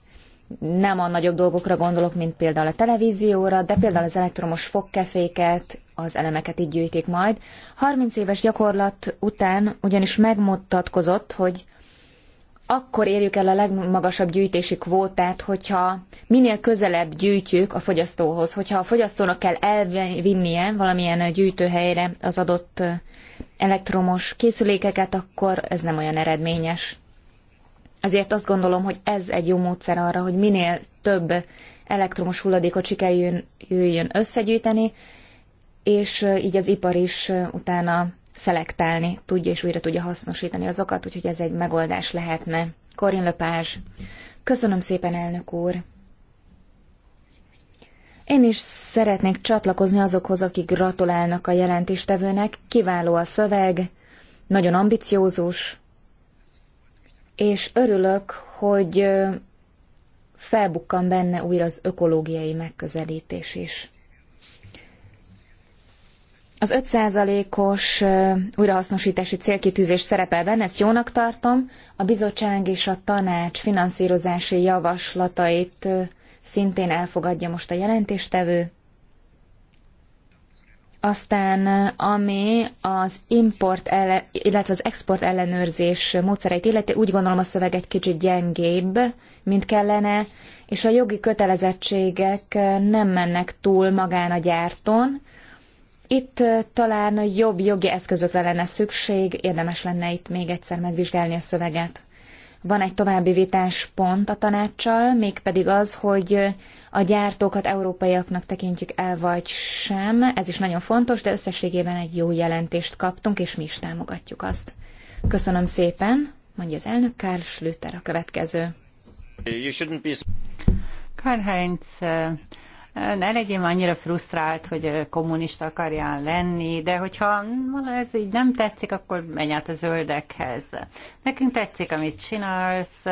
nem a nagyobb dolgokra gondolok, mint például a televízióra, de például az elektromos fogkeféket, az elemeket így gyűjtik majd. 30 éves gyakorlat után ugyanis megmutatkozott, hogy akkor érjük el a legmagasabb gyűjtési kvótát, hogyha minél közelebb gyűjtjük a fogyasztóhoz, hogyha a fogyasztónak kell elvinnie valamilyen gyűjtőhelyre az adott elektromos készülékeket, akkor ez nem olyan eredményes. Ezért azt gondolom, hogy ez egy jó módszer arra, hogy minél több elektromos hulladékot sikerüljön jöjjön összegyűjteni, és így az ipar is utána szelektálni tudja, és újra tudja hasznosítani azokat, úgyhogy ez egy megoldás lehetne. Korin Lepázs. Köszönöm szépen, elnök úr! Én is szeretnék csatlakozni azokhoz, akik gratulálnak a jelentéstevőnek. Kiváló a szöveg, nagyon ambiciózus, és örülök, hogy felbukkan benne újra az ökológiai megközelítés is. Az 5%-os újrahasznosítási célkitűzés szerepel benne, ezt jónak tartom. A bizottság és a tanács finanszírozási javaslatait szintén elfogadja most a jelentéstevő. Aztán ami az import, ele, illetve az export ellenőrzés módszereit illeti, úgy gondolom a szöveg egy kicsit gyengébb, mint kellene, és a jogi kötelezettségek nem mennek túl magán a gyárton. Itt talán jobb jogi eszközökre lenne szükség, érdemes lenne itt még egyszer megvizsgálni a szöveget. Van egy további vitáspont a tanácssal, mégpedig az, hogy a gyártókat európaiaknak tekintjük el, vagy sem. Ez is nagyon fontos, de összességében egy jó jelentést kaptunk, és mi is támogatjuk azt. Köszönöm szépen, mondja az elnök Karl Schlüter a következő. Karl Heinz, ne legyél annyira frusztrált, hogy kommunista akarjál lenni, de hogyha ez így nem tetszik, akkor menj át a zöldekhez. Nekünk tetszik, amit csinálsz,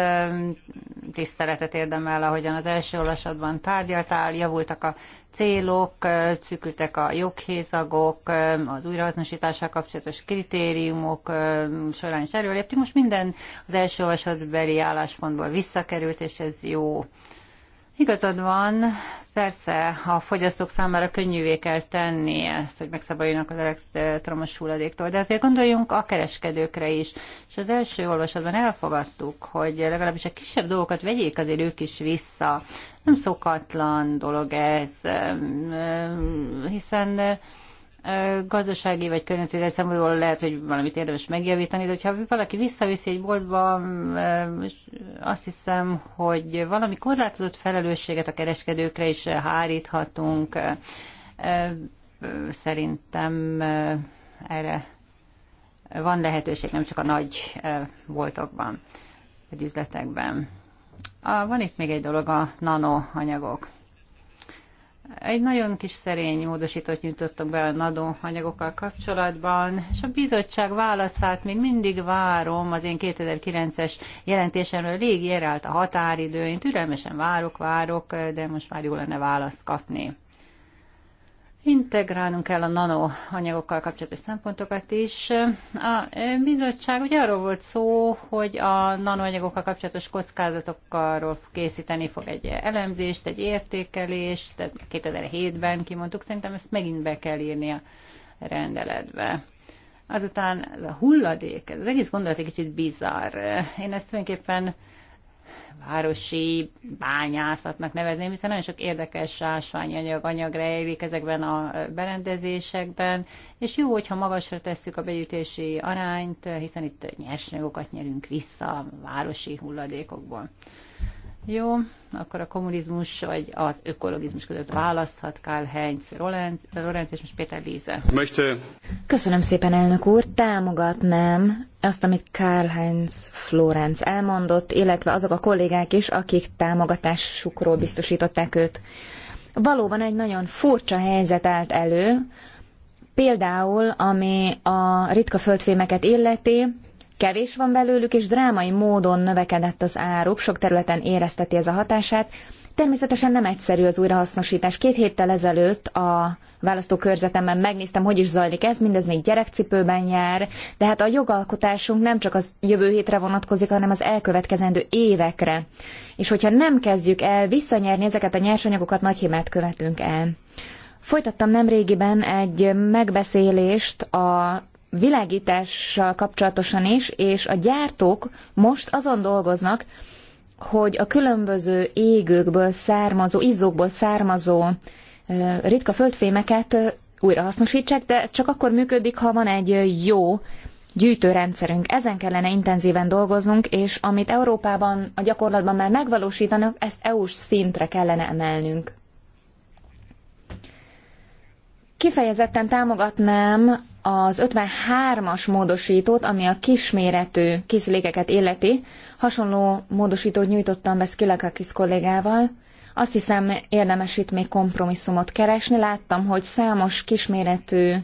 tiszteletet érdemel, ahogyan az első olvasatban tárgyaltál, javultak a célok, szűkültek a joghézagok, az újrahasznosítással kapcsolatos kritériumok során is erről léptünk. Most minden az első olvasatbeli álláspontból visszakerült, és ez jó. Igazad van, persze a fogyasztók számára könnyűvé kell tenni ezt, hogy megszabaduljanak az elektromos hulladéktól, de azért gondoljunk a kereskedőkre is. És az első olvasatban elfogadtuk, hogy legalábbis a kisebb dolgokat vegyék azért ők is vissza. Nem szokatlan dolog ez, ehm, ehm, hiszen gazdasági vagy környezeti szempontból lehet, hogy valamit érdemes megjavítani, de hogyha valaki visszaviszi egy boltba, azt hiszem, hogy valami korlátozott felelősséget a kereskedőkre is háríthatunk. Szerintem erre van lehetőség, nem csak a nagy boltokban, vagy üzletekben. Van itt még egy dolog, a nanoanyagok. Egy nagyon kis szerény módosítót nyújtottak be a NADO anyagokkal kapcsolatban, és a bizottság válaszát még mindig várom, az én 2009-es jelentésemről rég a határidő, én türelmesen várok, várok, de most már jó lenne választ kapni. Integrálnunk kell a nanoanyagokkal kapcsolatos szempontokat is. A bizottság ugye arról volt szó, hogy a nanoanyagokkal kapcsolatos kockázatokkal készíteni fog egy elemzést, egy értékelést, tehát 2007-ben kimondtuk, szerintem ezt megint be kell írni a rendeletbe. Azután ez a hulladék, ez az egész gondolat egy kicsit bizarr. Én ezt tulajdonképpen városi bányászatnak nevezném, hiszen nagyon sok érdekes ásványanyag anyag rejlik ezekben a berendezésekben, és jó, hogyha magasra tesszük a begyűjtési arányt, hiszen itt nyersanyagokat nyerünk vissza a városi hulladékokból. Jó, akkor a kommunizmus vagy az ökologizmus között választhat Karl Heinz Lorenz és most Péter Líze. Möchte. Köszönöm szépen, elnök úr. Támogatnám azt, amit Karl Heinz Florenz elmondott, illetve azok a kollégák is, akik támogatásukról biztosították őt. Valóban egy nagyon furcsa helyzet állt elő, például ami a ritka földfémeket illeti, Kevés van belőlük, és drámai módon növekedett az áruk, sok területen érezteti ez a hatását. Természetesen nem egyszerű az újrahasznosítás. Két héttel ezelőtt a választókörzetemben megnéztem, hogy is zajlik ez, mindez még gyerekcipőben jár, de hát a jogalkotásunk nem csak az jövő hétre vonatkozik, hanem az elkövetkezendő évekre. És hogyha nem kezdjük el visszanyerni ezeket a nyersanyagokat, nagy hibát követünk el. Folytattam nemrégiben egy megbeszélést a világítással kapcsolatosan is, és a gyártók most azon dolgoznak, hogy a különböző égőkből származó, izzókból származó ritka földfémeket újrahasznosítsák, de ez csak akkor működik, ha van egy jó gyűjtőrendszerünk. Ezen kellene intenzíven dolgoznunk, és amit Európában a gyakorlatban már megvalósítanak, ezt EU-s szintre kellene emelnünk. Kifejezetten támogatnám az 53-as módosítót, ami a kisméretű készülékeket illeti. Hasonló módosítót nyújtottam be Skilakakis kollégával. Azt hiszem, érdemes itt még kompromisszumot keresni. Láttam, hogy számos kisméretű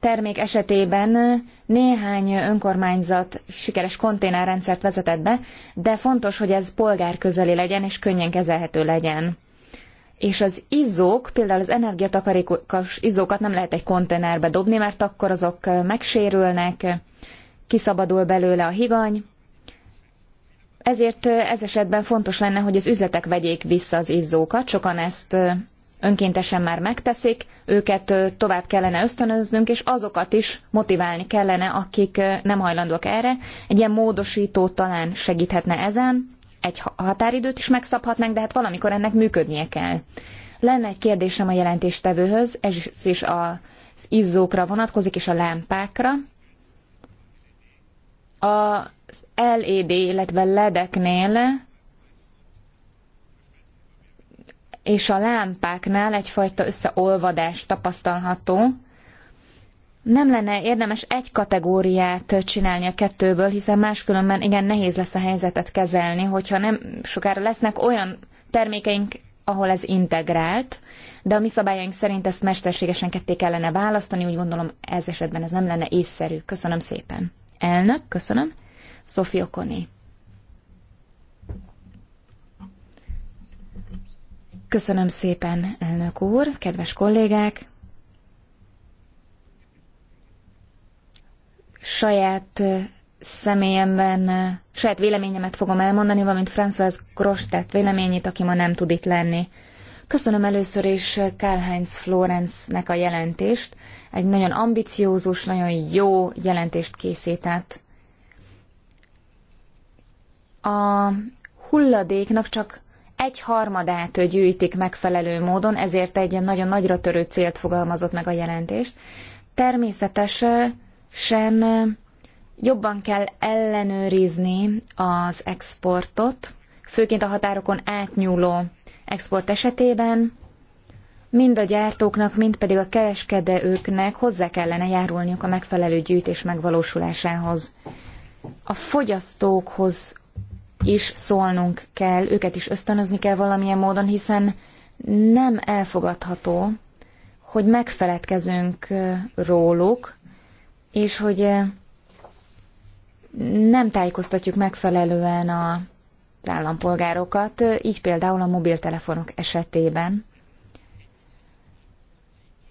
termék esetében néhány önkormányzat sikeres konténerrendszert vezetett be, de fontos, hogy ez polgárközeli legyen és könnyen kezelhető legyen és az izzók, például az energiatakarékos izzókat nem lehet egy konténerbe dobni, mert akkor azok megsérülnek, kiszabadul belőle a higany, ezért ez esetben fontos lenne, hogy az üzletek vegyék vissza az izzókat, sokan ezt önkéntesen már megteszik, őket tovább kellene ösztönöznünk, és azokat is motiválni kellene, akik nem hajlandók erre. Egy ilyen módosító talán segíthetne ezen egy határidőt is megszabhatnánk, de hát valamikor ennek működnie kell. Lenne egy kérdésem a jelentéstevőhöz, ez is az izzókra vonatkozik, és a lámpákra. Az LED, illetve ledeknél és a lámpáknál egyfajta összeolvadás tapasztalható, nem lenne érdemes egy kategóriát csinálni a kettőből, hiszen máskülönben igen nehéz lesz a helyzetet kezelni, hogyha nem sokára lesznek olyan termékeink, ahol ez integrált, de a mi szabályaink szerint ezt mesterségesen ketté kellene választani, úgy gondolom ez esetben ez nem lenne észszerű. Köszönöm szépen. Elnök, köszönöm. Sofia Koné. Köszönöm szépen, elnök úr, kedves kollégák! saját személyemben, saját véleményemet fogom elmondani, valamint François Grostet véleményét, aki ma nem tud itt lenni. Köszönöm először is Karl-Heinz Florence-nek a jelentést. Egy nagyon ambiciózus, nagyon jó jelentést készített. A hulladéknak csak egy harmadát gyűjtik megfelelő módon, ezért egy nagyon nagyra törő célt fogalmazott meg a jelentést. Természetesen sem jobban kell ellenőrizni az exportot, főként a határokon átnyúló export esetében, mind a gyártóknak, mind pedig a kereskedőknek hozzá kellene járulniuk a megfelelő gyűjtés megvalósulásához. A fogyasztókhoz is szólnunk kell, őket is ösztönözni kell valamilyen módon, hiszen nem elfogadható, hogy megfeledkezünk róluk, és hogy nem tájékoztatjuk megfelelően a állampolgárokat, így például a mobiltelefonok esetében.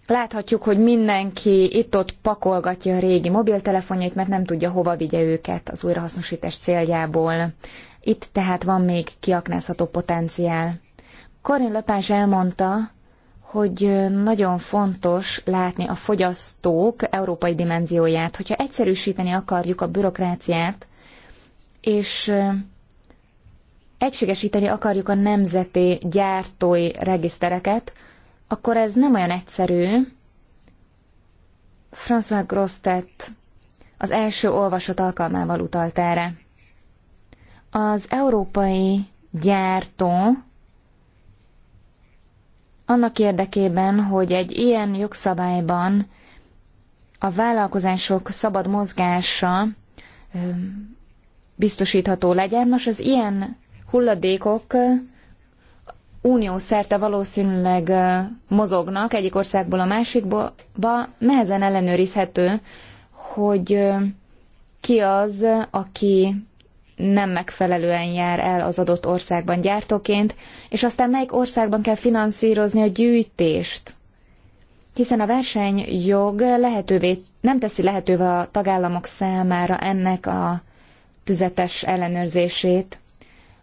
Láthatjuk, hogy mindenki itt-ott pakolgatja a régi mobiltelefonjait, mert nem tudja, hova vigye őket az újrahasznosítás céljából. Itt tehát van még kiaknázható potenciál. Corinne Lepage elmondta, hogy nagyon fontos látni a fogyasztók európai dimenzióját. Hogyha egyszerűsíteni akarjuk a bürokráciát, és egységesíteni akarjuk a nemzeti gyártói regisztereket, akkor ez nem olyan egyszerű. François Grostet az első olvasat alkalmával utalt erre. Az európai gyártó annak érdekében, hogy egy ilyen jogszabályban a vállalkozások szabad mozgása biztosítható legyen. Nos, az ilyen hulladékok unió szerte valószínűleg mozognak egyik országból a másikba, nehezen ellenőrizhető, hogy ki az, aki nem megfelelően jár el az adott országban gyártóként, és aztán melyik országban kell finanszírozni a gyűjtést. Hiszen a versenyjog lehetővé, nem teszi lehetővé a tagállamok számára ennek a tüzetes ellenőrzését,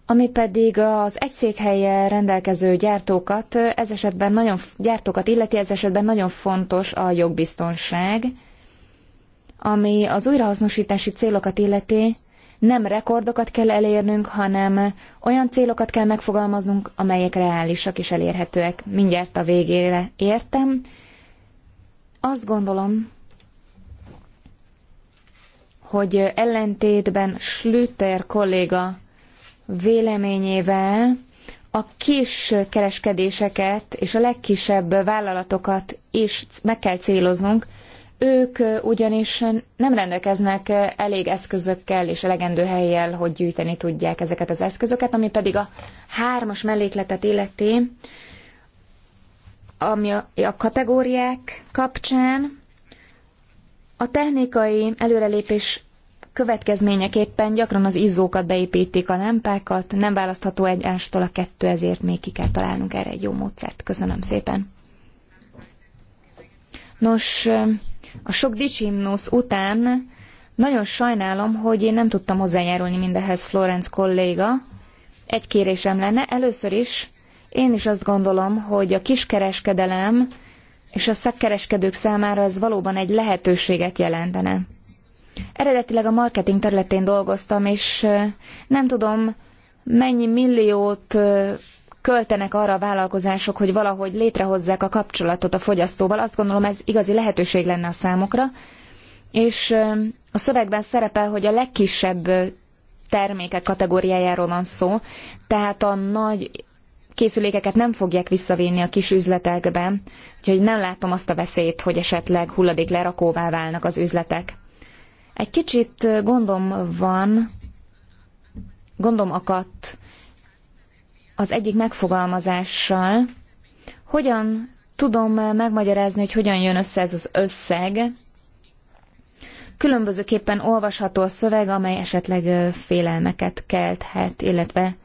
ami pedig az egy székhelyen rendelkező gyártókat, ez esetben nagyon, gyártókat illeti, ez esetben nagyon fontos a jogbiztonság, ami az újrahasznosítási célokat illeti, nem rekordokat kell elérnünk, hanem olyan célokat kell megfogalmaznunk, amelyek reálisak és elérhetőek. Mindjárt a végére értem. Azt gondolom, hogy ellentétben Schlüter kolléga véleményével a kis kereskedéseket és a legkisebb vállalatokat is meg kell céloznunk, ők ugyanis nem rendelkeznek elég eszközökkel és elegendő helyjel, hogy gyűjteni tudják ezeket az eszközöket, ami pedig a hármas mellékletet illeti, ami a kategóriák kapcsán a technikai előrelépés következményeképpen gyakran az izzókat beépítik a lámpákat, nem választható egyástól a kettő, ezért még ki kell találnunk erre egy jó módszert. Köszönöm szépen. Nos, a sok dicsimnusz után nagyon sajnálom, hogy én nem tudtam hozzájárulni mindehez Florence kolléga. Egy kérésem lenne, először is én is azt gondolom, hogy a kiskereskedelem és a szakkereskedők számára ez valóban egy lehetőséget jelentene. Eredetileg a marketing területén dolgoztam, és nem tudom, mennyi milliót költenek arra a vállalkozások, hogy valahogy létrehozzák a kapcsolatot a fogyasztóval. Azt gondolom, ez igazi lehetőség lenne a számokra. És a szövegben szerepel, hogy a legkisebb termékek kategóriájáról van szó, tehát a nagy készülékeket nem fogják visszavinni a kis üzletekbe, úgyhogy nem látom azt a veszélyt, hogy esetleg hulladék lerakóvá válnak az üzletek. Egy kicsit gondom van, gondom akadt az egyik megfogalmazással, hogyan tudom megmagyarázni, hogy hogyan jön össze ez az összeg, különbözőképpen olvasható a szöveg, amely esetleg félelmeket kelthet, illetve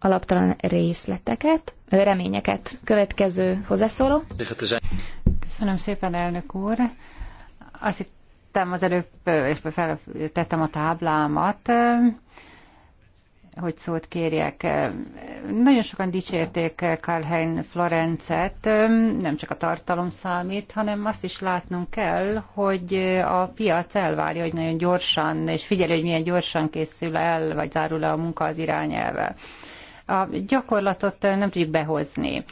alaptalan részleteket, reményeket. Következő hozzászóló. Köszönöm szépen, elnök úr. Azt hittem az előbb, és feltettem a táblámat, hogy szót kérjek. Nagyon sokan dicsérték Karlhein Florencet, nem csak a tartalom számít, hanem azt is látnunk kell, hogy a piac elvárja, hogy nagyon gyorsan, és figyelj, hogy milyen gyorsan készül el, vagy zárul le a munka az irányelve a gyakorlatot nem tudjuk behozni.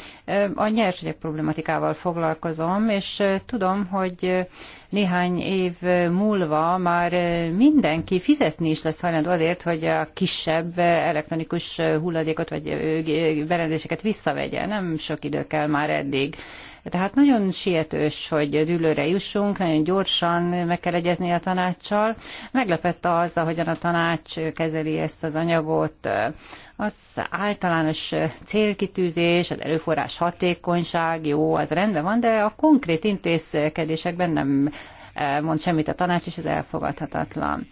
A nyersanyag problematikával foglalkozom, és tudom, hogy néhány év múlva már mindenki fizetni is lesz hajlandó azért, hogy a kisebb elektronikus hulladékot vagy berendezéseket visszavegye. Nem sok idő kell már eddig. Tehát nagyon sietős, hogy rülőre jussunk, nagyon gyorsan meg kell egyezni a tanácssal. Meglepett az, ahogyan a tanács kezeli ezt az anyagot. Az általános célkitűzés, az erőforrás hatékonyság, jó, az rendben van, de a konkrét intézkedésekben nem eh, mond semmit a tanács, és ez elfogadhatatlan.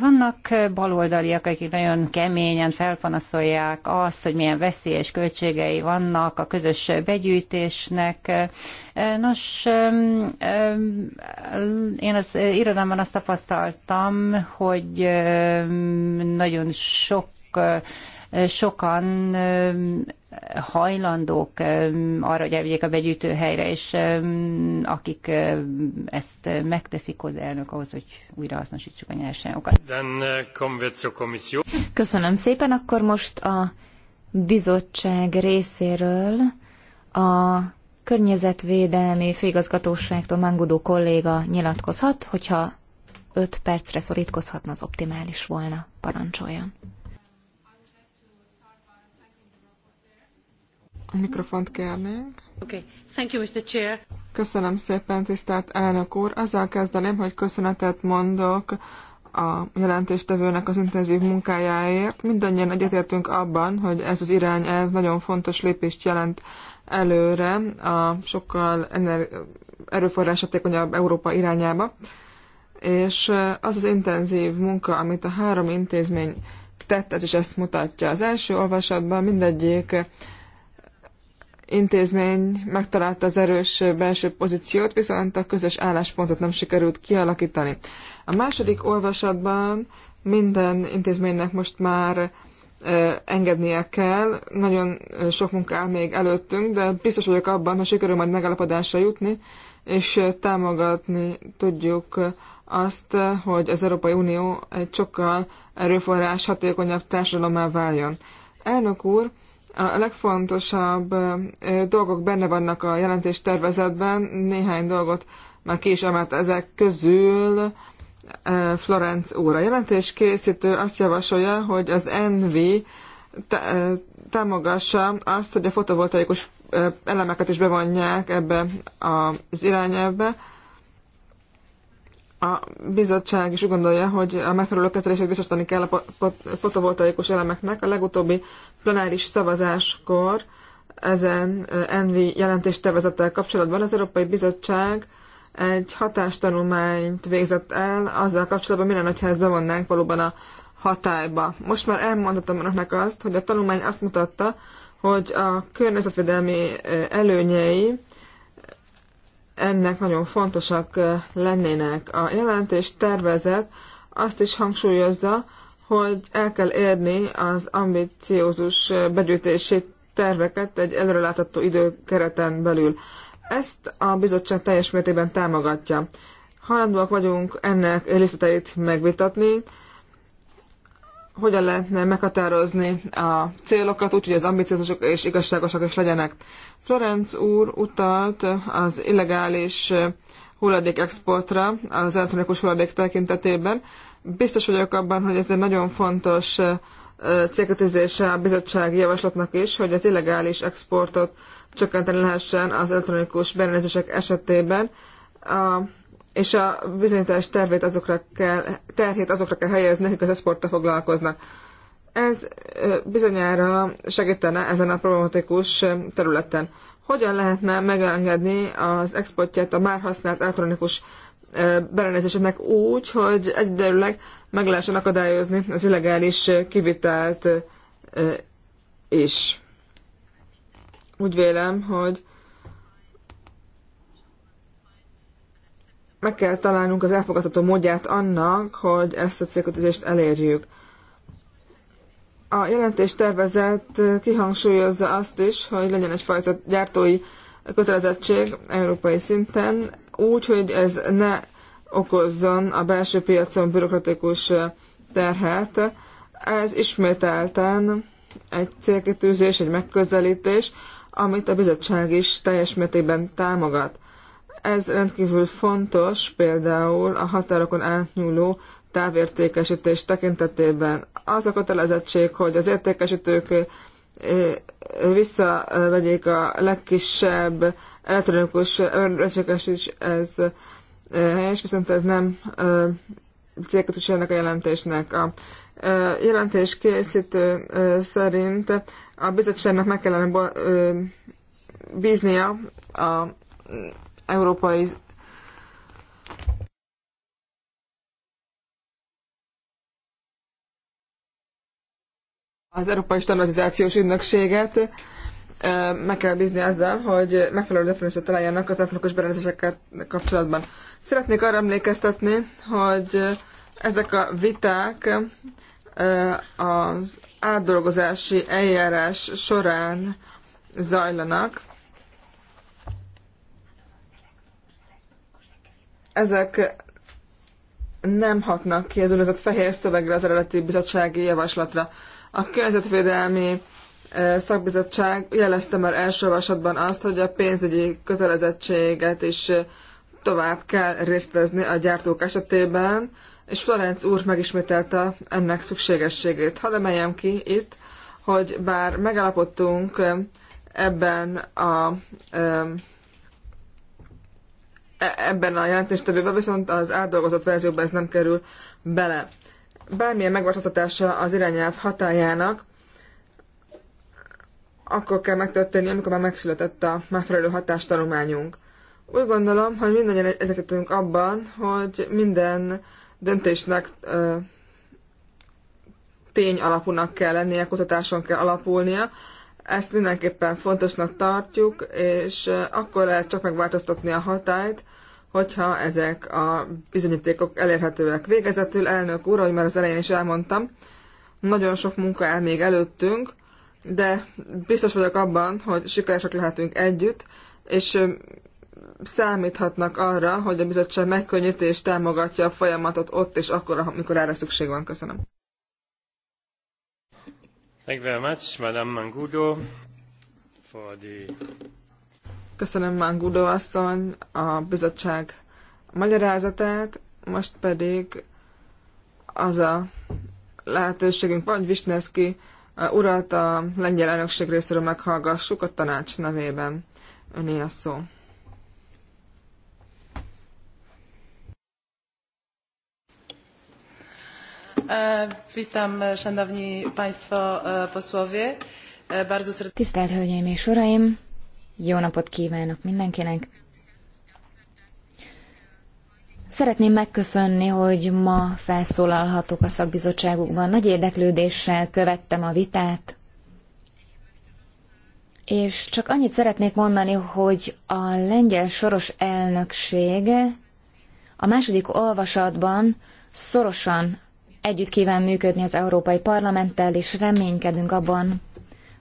Vannak baloldaliak, akik nagyon keményen felpanaszolják azt, hogy milyen veszélyes költségei vannak a közös begyűjtésnek. Nos, én az irodámban azt tapasztaltam, hogy nagyon sok sokan hajlandók arra, hogy elvigyék a begyűjtőhelyre, és akik ezt megteszik hozzá elnök ahhoz, hogy hasznosítsuk a nyersanyagokat. Uh, Köszönöm szépen, akkor most a bizottság részéről a környezetvédelmi főigazgatóságtól Mangudó kolléga nyilatkozhat, hogyha öt percre szorítkozhatna, az optimális volna. Parancsoljon. Mikrofont kérnénk. Okay. Thank you, Mr. Chair. Köszönöm szépen, tisztelt elnök úr. Azzal kezdeném, hogy köszönetet mondok a jelentéstevőnek az intenzív munkájáért. Mindannyian egyetértünk abban, hogy ez az irány ez nagyon fontos lépést jelent előre a sokkal erőforrás hatékonyabb Európa irányába. És az az intenzív munka, amit a három intézmény tett, ez is ezt mutatja. Az első olvasatban mindegyik intézmény megtalálta az erős belső pozíciót, viszont a közös álláspontot nem sikerült kialakítani. A második olvasatban minden intézménynek most már engednie kell. Nagyon sok munka áll még előttünk, de biztos vagyok abban, hogy sikerül majd megalapodásra jutni, és támogatni tudjuk azt, hogy az Európai Unió egy sokkal erőforrás hatékonyabb társadalommal váljon. Elnök úr, a legfontosabb dolgok benne vannak a jelentés tervezetben, néhány dolgot már ki is emelt ezek közül Florence úr. A jelentés készítő azt javasolja, hogy az NV támogassa azt, hogy a fotovoltaikus elemeket is bevonják ebbe az irányelvbe, a bizottság is úgy gondolja, hogy a megfelelő kezelését biztosítani kell a fotovoltaikus elemeknek. A legutóbbi plenáris szavazáskor ezen ENVI jelentéstervezettel kapcsolatban az Európai Bizottság egy hatástanulmányt végzett el azzal kapcsolatban, mi lenne, ha ezt bevonnánk valóban a hatályba. Most már elmondhatom önöknek azt, hogy a tanulmány azt mutatta, hogy a környezetvédelmi előnyei ennek nagyon fontosak lennének. A jelentés tervezet azt is hangsúlyozza, hogy el kell érni az ambiciózus begyűjtési terveket egy előrelátható időkereten belül. Ezt a bizottság teljes mértékben támogatja. Hajlandóak vagyunk ennek részleteit megvitatni, hogyan lehetne meghatározni a célokat, úgyhogy az ambiciózusok és igazságosak is legyenek. Florenc úr utalt az illegális hulladék exportra az elektronikus hulladék tekintetében. Biztos vagyok abban, hogy ez egy nagyon fontos célkötőzése a bizottsági javaslatnak is, hogy az illegális exportot csökkenteni lehessen az elektronikus berendezések esetében. A és a bizonyítás tervét azokra kell, terhét azokra kell helyezni, akik az eszporttal foglalkoznak. Ez bizonyára segítene ezen a problematikus területen. Hogyan lehetne megengedni az exportját a már használt elektronikus berendezéseknek úgy, hogy egyedülleg meg lehessen akadályozni az illegális kivitelt is. Úgy vélem, hogy meg kell találnunk az elfogadható módját annak, hogy ezt a célkötözést elérjük. A jelentés tervezett kihangsúlyozza azt is, hogy legyen egyfajta gyártói kötelezettség európai szinten, úgy, hogy ez ne okozzon a belső piacon bürokratikus terhet. Ez ismételten egy célkitűzés, egy megközelítés, amit a bizottság is teljes mértékben támogat. Ez rendkívül fontos például a határokon átnyúló távértékesítés tekintetében. Az a kötelezettség, hogy az értékesítők eh, eh, visszavegyék a legkisebb elektronikus örökséges is ez eh, helyes, viszont ez nem célkot is a jelentésnek. A jelentés készítő szerint a bizottságnak meg kellene bíznia a európai az Európai Standardizációs Ügynökséget meg kell bízni ezzel, hogy megfelelő definíciót találjanak az átlagos berendezésekkel kapcsolatban. Szeretnék arra emlékeztetni, hogy ezek a viták az átdolgozási eljárás során zajlanak, ezek nem hatnak ki az úgynevezett fehér szövegre az eredeti bizottsági javaslatra. A környezetvédelmi szakbizottság jelezte már első olvasatban azt, hogy a pénzügyi kötelezettséget is tovább kell részletezni a gyártók esetében, és Florenc úr megismételte ennek szükségességét. Hadd emeljem ki itt, hogy bár megalapodtunk ebben a E, ebben a jelentéstevőben, viszont az átdolgozott verzióban ez nem kerül bele. Bármilyen megváltoztatása az irányelv hatájának, akkor kell megtörténni, amikor már megszületett a megfelelő hatástanulmányunk. Úgy gondolom, hogy mindannyian egyetértünk abban, hogy minden döntésnek ö, tény alapúnak kell lennie, kutatáson kell alapulnia, ezt mindenképpen fontosnak tartjuk, és akkor lehet csak megváltoztatni a hatályt, hogyha ezek a bizonyítékok elérhetőek. Végezetül, elnök úr, ahogy már az elején is elmondtam, nagyon sok munka el még előttünk, de biztos vagyok abban, hogy sikeresek lehetünk együtt, és számíthatnak arra, hogy a bizottság megkönnyítés támogatja a folyamatot ott és akkor, amikor erre szükség van. Köszönöm. Köszönöm Mangudo asszony a bizottság magyarázatát, most pedig az a lehetőségünk, vagy Visneszki urat a lengyel elnökség részéről meghallgassuk a tanács nevében. Öné a szó. E, witam, szanowni państwo e, posłowie. E, bardzo serdecznie. Tisztelt Hölgyeim és Uraim! Jó napot kívánok mindenkinek! Szeretném megköszönni, hogy ma felszólalhatok a szakbizottságukban. Nagy érdeklődéssel követtem a vitát, és csak annyit szeretnék mondani, hogy a lengyel soros elnökség a második olvasatban szorosan Együtt kíván működni az Európai Parlamenttel, és reménykedünk abban,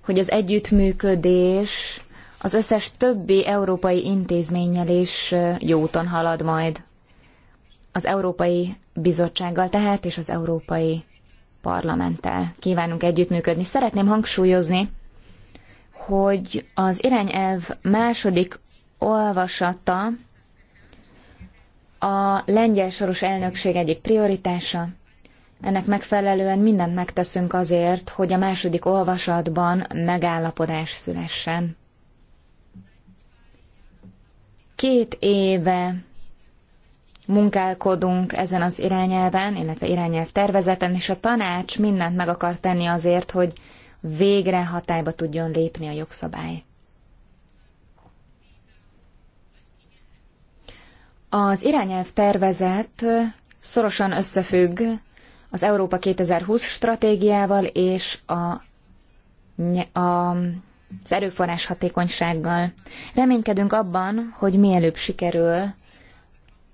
hogy az együttműködés az összes többi európai intézménnyel is jó úton halad majd. Az Európai Bizottsággal tehát, és az Európai Parlamenttel kívánunk együttműködni. Szeretném hangsúlyozni, hogy az irányelv második olvasata a lengyel soros elnökség egyik prioritása, ennek megfelelően mindent megteszünk azért, hogy a második olvasatban megállapodás szülessen. Két éve munkálkodunk ezen az irányelven, illetve irányelv tervezeten, és a tanács mindent meg akar tenni azért, hogy végre hatályba tudjon lépni a jogszabály. Az irányelv tervezet szorosan összefügg az Európa 2020 stratégiával és a, a az erőforrás hatékonysággal. Reménykedünk abban, hogy mielőbb sikerül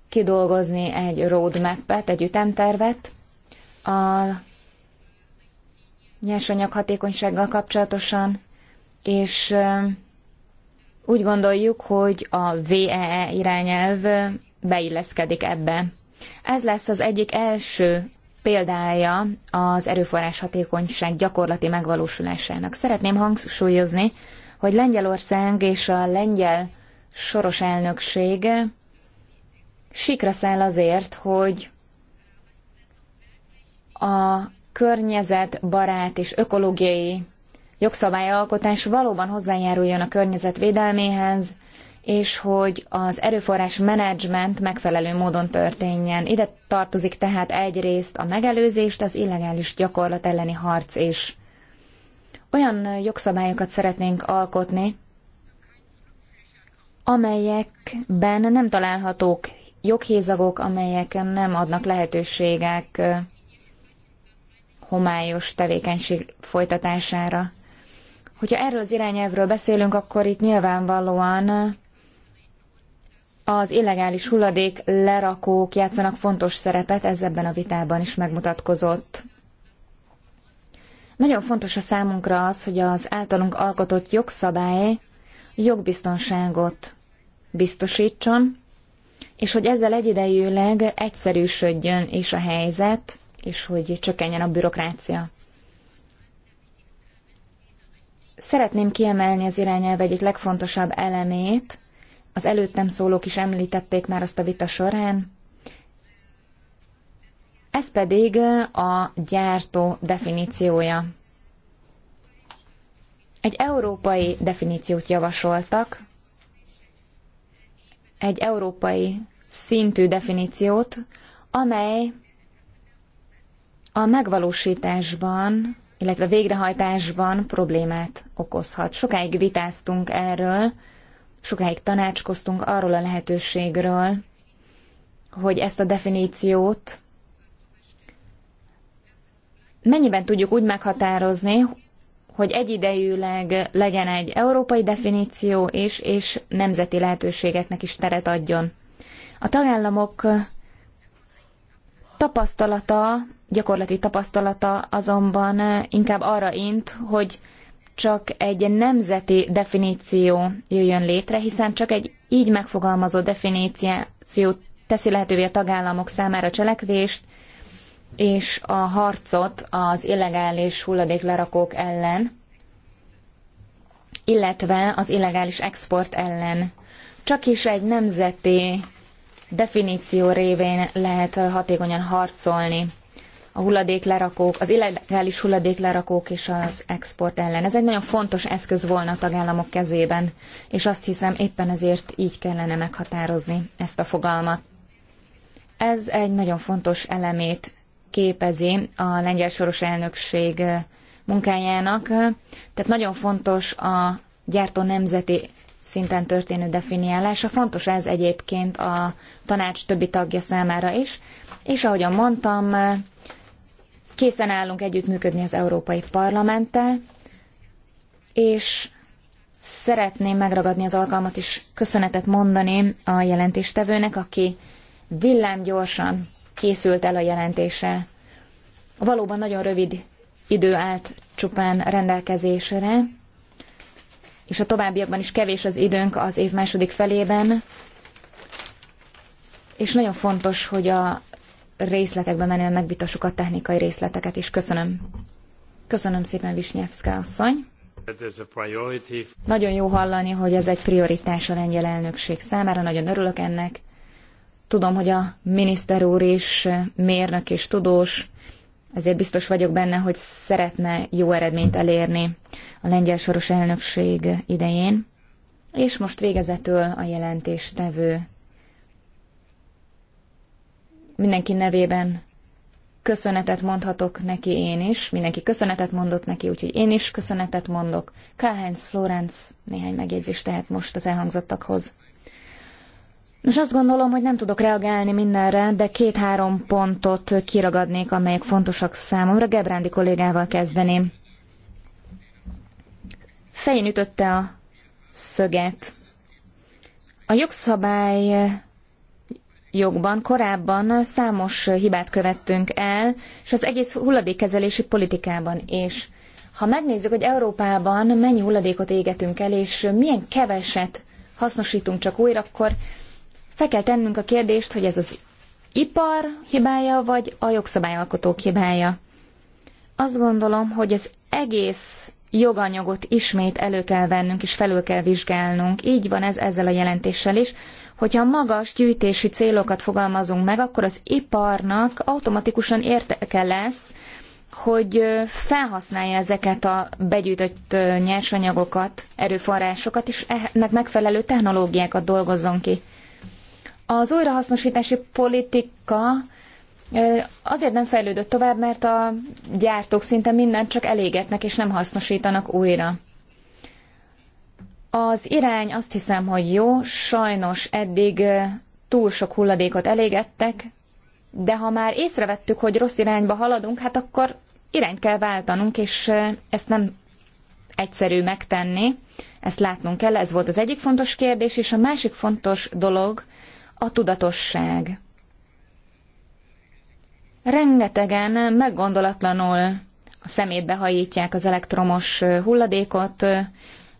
kidolgozni egy roadmap-et, egy ütemtervet a nyersanyag hatékonysággal kapcsolatosan, és úgy gondoljuk, hogy a VEE e irányelv beilleszkedik ebbe. Ez lesz az egyik első példája az erőforrás hatékonyság gyakorlati megvalósulásának. Szeretném hangsúlyozni, hogy Lengyelország és a lengyel soros elnökség sikra száll azért, hogy a környezet, barát és ökológiai jogszabályalkotás valóban hozzájáruljon a környezet védelméhez, és hogy az erőforrás menedzsment megfelelő módon történjen. Ide tartozik tehát egyrészt a megelőzést, az illegális gyakorlat elleni harc is. Olyan jogszabályokat szeretnénk alkotni, amelyekben nem találhatók joghézagok, amelyek nem adnak lehetőségek homályos tevékenység folytatására. Hogyha erről az irányelvről beszélünk, akkor itt nyilvánvalóan az illegális hulladék lerakók játszanak fontos szerepet, ez ebben a vitában is megmutatkozott. Nagyon fontos a számunkra az, hogy az általunk alkotott jogszabály jogbiztonságot biztosítson, és hogy ezzel egyidejűleg egyszerűsödjön is a helyzet, és hogy csökkenjen a bürokrácia. Szeretném kiemelni az irányelv egyik legfontosabb elemét, az előttem szólók is említették már azt a vita során. Ez pedig a gyártó definíciója. Egy európai definíciót javasoltak, egy európai szintű definíciót, amely a megvalósításban, illetve végrehajtásban problémát okozhat. Sokáig vitáztunk erről, Sokáig tanácskoztunk arról a lehetőségről, hogy ezt a definíciót mennyiben tudjuk úgy meghatározni, hogy egyidejűleg legyen egy európai definíció is, és nemzeti lehetőségeknek is teret adjon. A tagállamok tapasztalata, gyakorlati tapasztalata azonban inkább arra int, hogy csak egy nemzeti definíció jöjjön létre, hiszen csak egy így megfogalmazott definíció teszi lehetővé a tagállamok számára cselekvést, és a harcot az illegális hulladéklerakók ellen, illetve az illegális export ellen. Csak is egy nemzeti definíció révén lehet hatékonyan harcolni a hulladéklerakók, az illegális hulladéklerakók és az export ellen. Ez egy nagyon fontos eszköz volna a tagállamok kezében, és azt hiszem éppen ezért így kellene meghatározni ezt a fogalmat. Ez egy nagyon fontos elemét képezi a lengyel soros elnökség munkájának, tehát nagyon fontos a gyártó nemzeti szinten történő definiálása. Fontos ez egyébként a tanács többi tagja számára is, és ahogyan mondtam, Készen állunk együttműködni az Európai Parlamenttel, és szeretném megragadni az alkalmat és köszönetet mondani a jelentéstevőnek, aki villámgyorsan készült el a jelentéssel. Valóban nagyon rövid idő állt csupán rendelkezésre, és a továbbiakban is kevés az időnk az év második felében, és nagyon fontos, hogy a részletekbe menően megvitassuk a technikai részleteket is. Köszönöm. Köszönöm szépen, Visnyevszka asszony. Nagyon jó hallani, hogy ez egy prioritás a lengyel elnökség számára, nagyon örülök ennek. Tudom, hogy a miniszter úr is mérnök és tudós, ezért biztos vagyok benne, hogy szeretne jó eredményt elérni a lengyel soros elnökség idején. És most végezetül a jelentéstevő mindenki nevében köszönetet mondhatok neki én is. Mindenki köszönetet mondott neki, úgyhogy én is köszönetet mondok. Káhánc Florence néhány megjegyzést tehet most az elhangzottakhoz. Nos, azt gondolom, hogy nem tudok reagálni mindenre, de két-három pontot kiragadnék, amelyek fontosak számomra. Gebrándi kollégával kezdeném. Fején ütötte a szöget. A jogszabály jogban korábban számos hibát követtünk el, és az egész hulladékkezelési politikában is. Ha megnézzük, hogy Európában mennyi hulladékot égetünk el, és milyen keveset hasznosítunk csak újra, akkor fel kell tennünk a kérdést, hogy ez az ipar hibája, vagy a jogszabályalkotók hibája. Azt gondolom, hogy az egész joganyagot ismét elő kell vennünk és felül kell vizsgálnunk. Így van ez ezzel a jelentéssel is. Hogyha magas gyűjtési célokat fogalmazunk meg, akkor az iparnak automatikusan érteke lesz, hogy felhasználja ezeket a begyűjtött nyersanyagokat, erőforrásokat, és ennek megfelelő technológiákat dolgozzon ki. Az újrahasznosítási politika azért nem fejlődött tovább, mert a gyártók szinte mindent csak elégetnek és nem hasznosítanak újra. Az irány azt hiszem, hogy jó, sajnos eddig túl sok hulladékot elégettek, de ha már észrevettük, hogy rossz irányba haladunk, hát akkor irányt kell váltanunk, és ezt nem egyszerű megtenni. Ezt látnunk kell, ez volt az egyik fontos kérdés, és a másik fontos dolog a tudatosság. Rengetegen meggondolatlanul a szemétbe hajítják az elektromos hulladékot,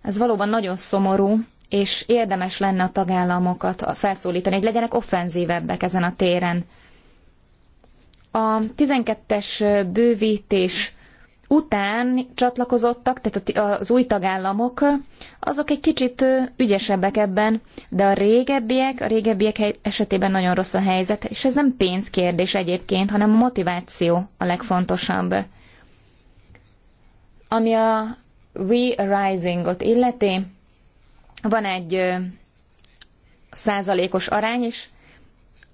ez valóban nagyon szomorú, és érdemes lenne a tagállamokat felszólítani, hogy legyenek offenzívebbek ezen a téren. A 12-es bővítés után csatlakozottak, tehát az új tagállamok, azok egy kicsit ügyesebbek ebben, de a régebbiek, a régebbiek esetében nagyon rossz a helyzet, és ez nem pénzkérdés egyébként, hanem a motiváció a legfontosabb. Ami a We Rising-ot illeti, van egy százalékos arány is.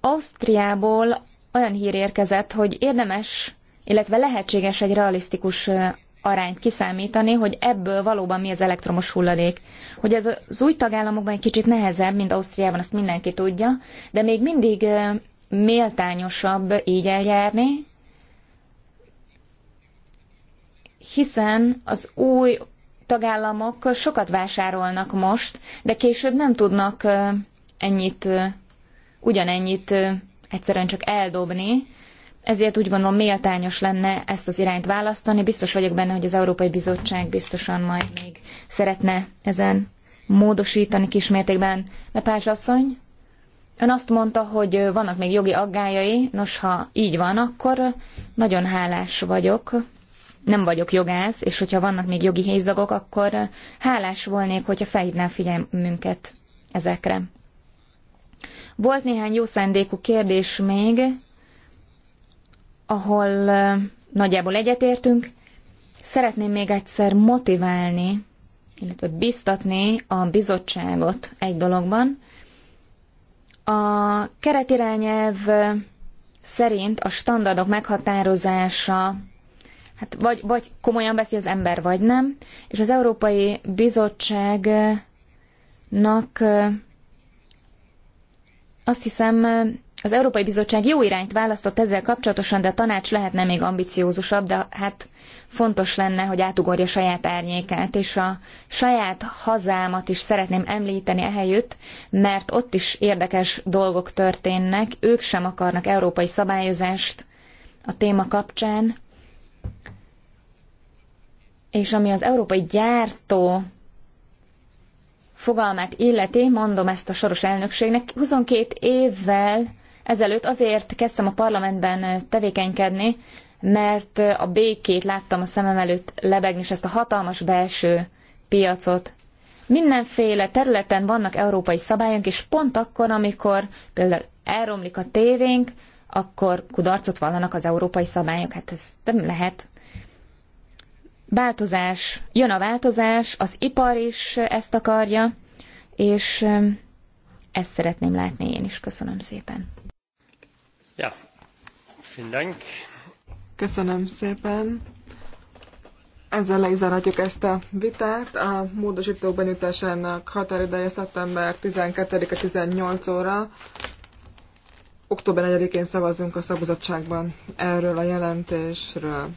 Ausztriából olyan hír érkezett, hogy érdemes, illetve lehetséges egy realisztikus arányt kiszámítani, hogy ebből valóban mi az elektromos hulladék. Hogy ez az új tagállamokban egy kicsit nehezebb, mint Ausztriában, azt mindenki tudja, de még mindig méltányosabb így eljárni, hiszen az új tagállamok sokat vásárolnak most, de később nem tudnak ennyit, ugyanennyit egyszerűen csak eldobni, ezért úgy gondolom méltányos lenne ezt az irányt választani. Biztos vagyok benne, hogy az Európai Bizottság biztosan majd még szeretne ezen módosítani kismértékben. De Pázs asszony, ön azt mondta, hogy vannak még jogi aggályai, nos, ha így van, akkor nagyon hálás vagyok nem vagyok jogász, és hogyha vannak még jogi hézagok, akkor eh, hálás volnék, hogyha felhívná figyelmünket ezekre. Volt néhány jó szándékú kérdés még, ahol eh, nagyjából egyetértünk. Szeretném még egyszer motiválni, illetve biztatni a bizottságot egy dologban. A keretirányelv eh, szerint a standardok meghatározása hát vagy, vagy komolyan veszi az ember, vagy nem, és az Európai Bizottságnak azt hiszem, az Európai Bizottság jó irányt választott ezzel kapcsolatosan, de a tanács lehetne még ambiciózusabb, de hát fontos lenne, hogy átugorja saját árnyékát, és a saját hazámat is szeretném említeni ehelyütt, mert ott is érdekes dolgok történnek, ők sem akarnak európai szabályozást a téma kapcsán, és ami az európai gyártó fogalmát illeti, mondom ezt a soros elnökségnek, 22 évvel ezelőtt azért kezdtem a parlamentben tevékenykedni, mert a békét láttam a szemem előtt lebegni, és ezt a hatalmas belső piacot. Mindenféle területen vannak európai szabályok, és pont akkor, amikor például elromlik a tévénk, akkor kudarcot vallanak az európai szabályok. Hát ez nem lehet. Változás, jön a változás, az ipar is ezt akarja, és um, ezt szeretném látni én is. Köszönöm szépen. Ja, vielen Köszönöm szépen. Ezzel lezárhatjuk ezt a vitát. A módosítók benyújtásának határideje szeptember 12-e 18 óra. Október 4-én szavazunk a szabadságban erről a jelentésről.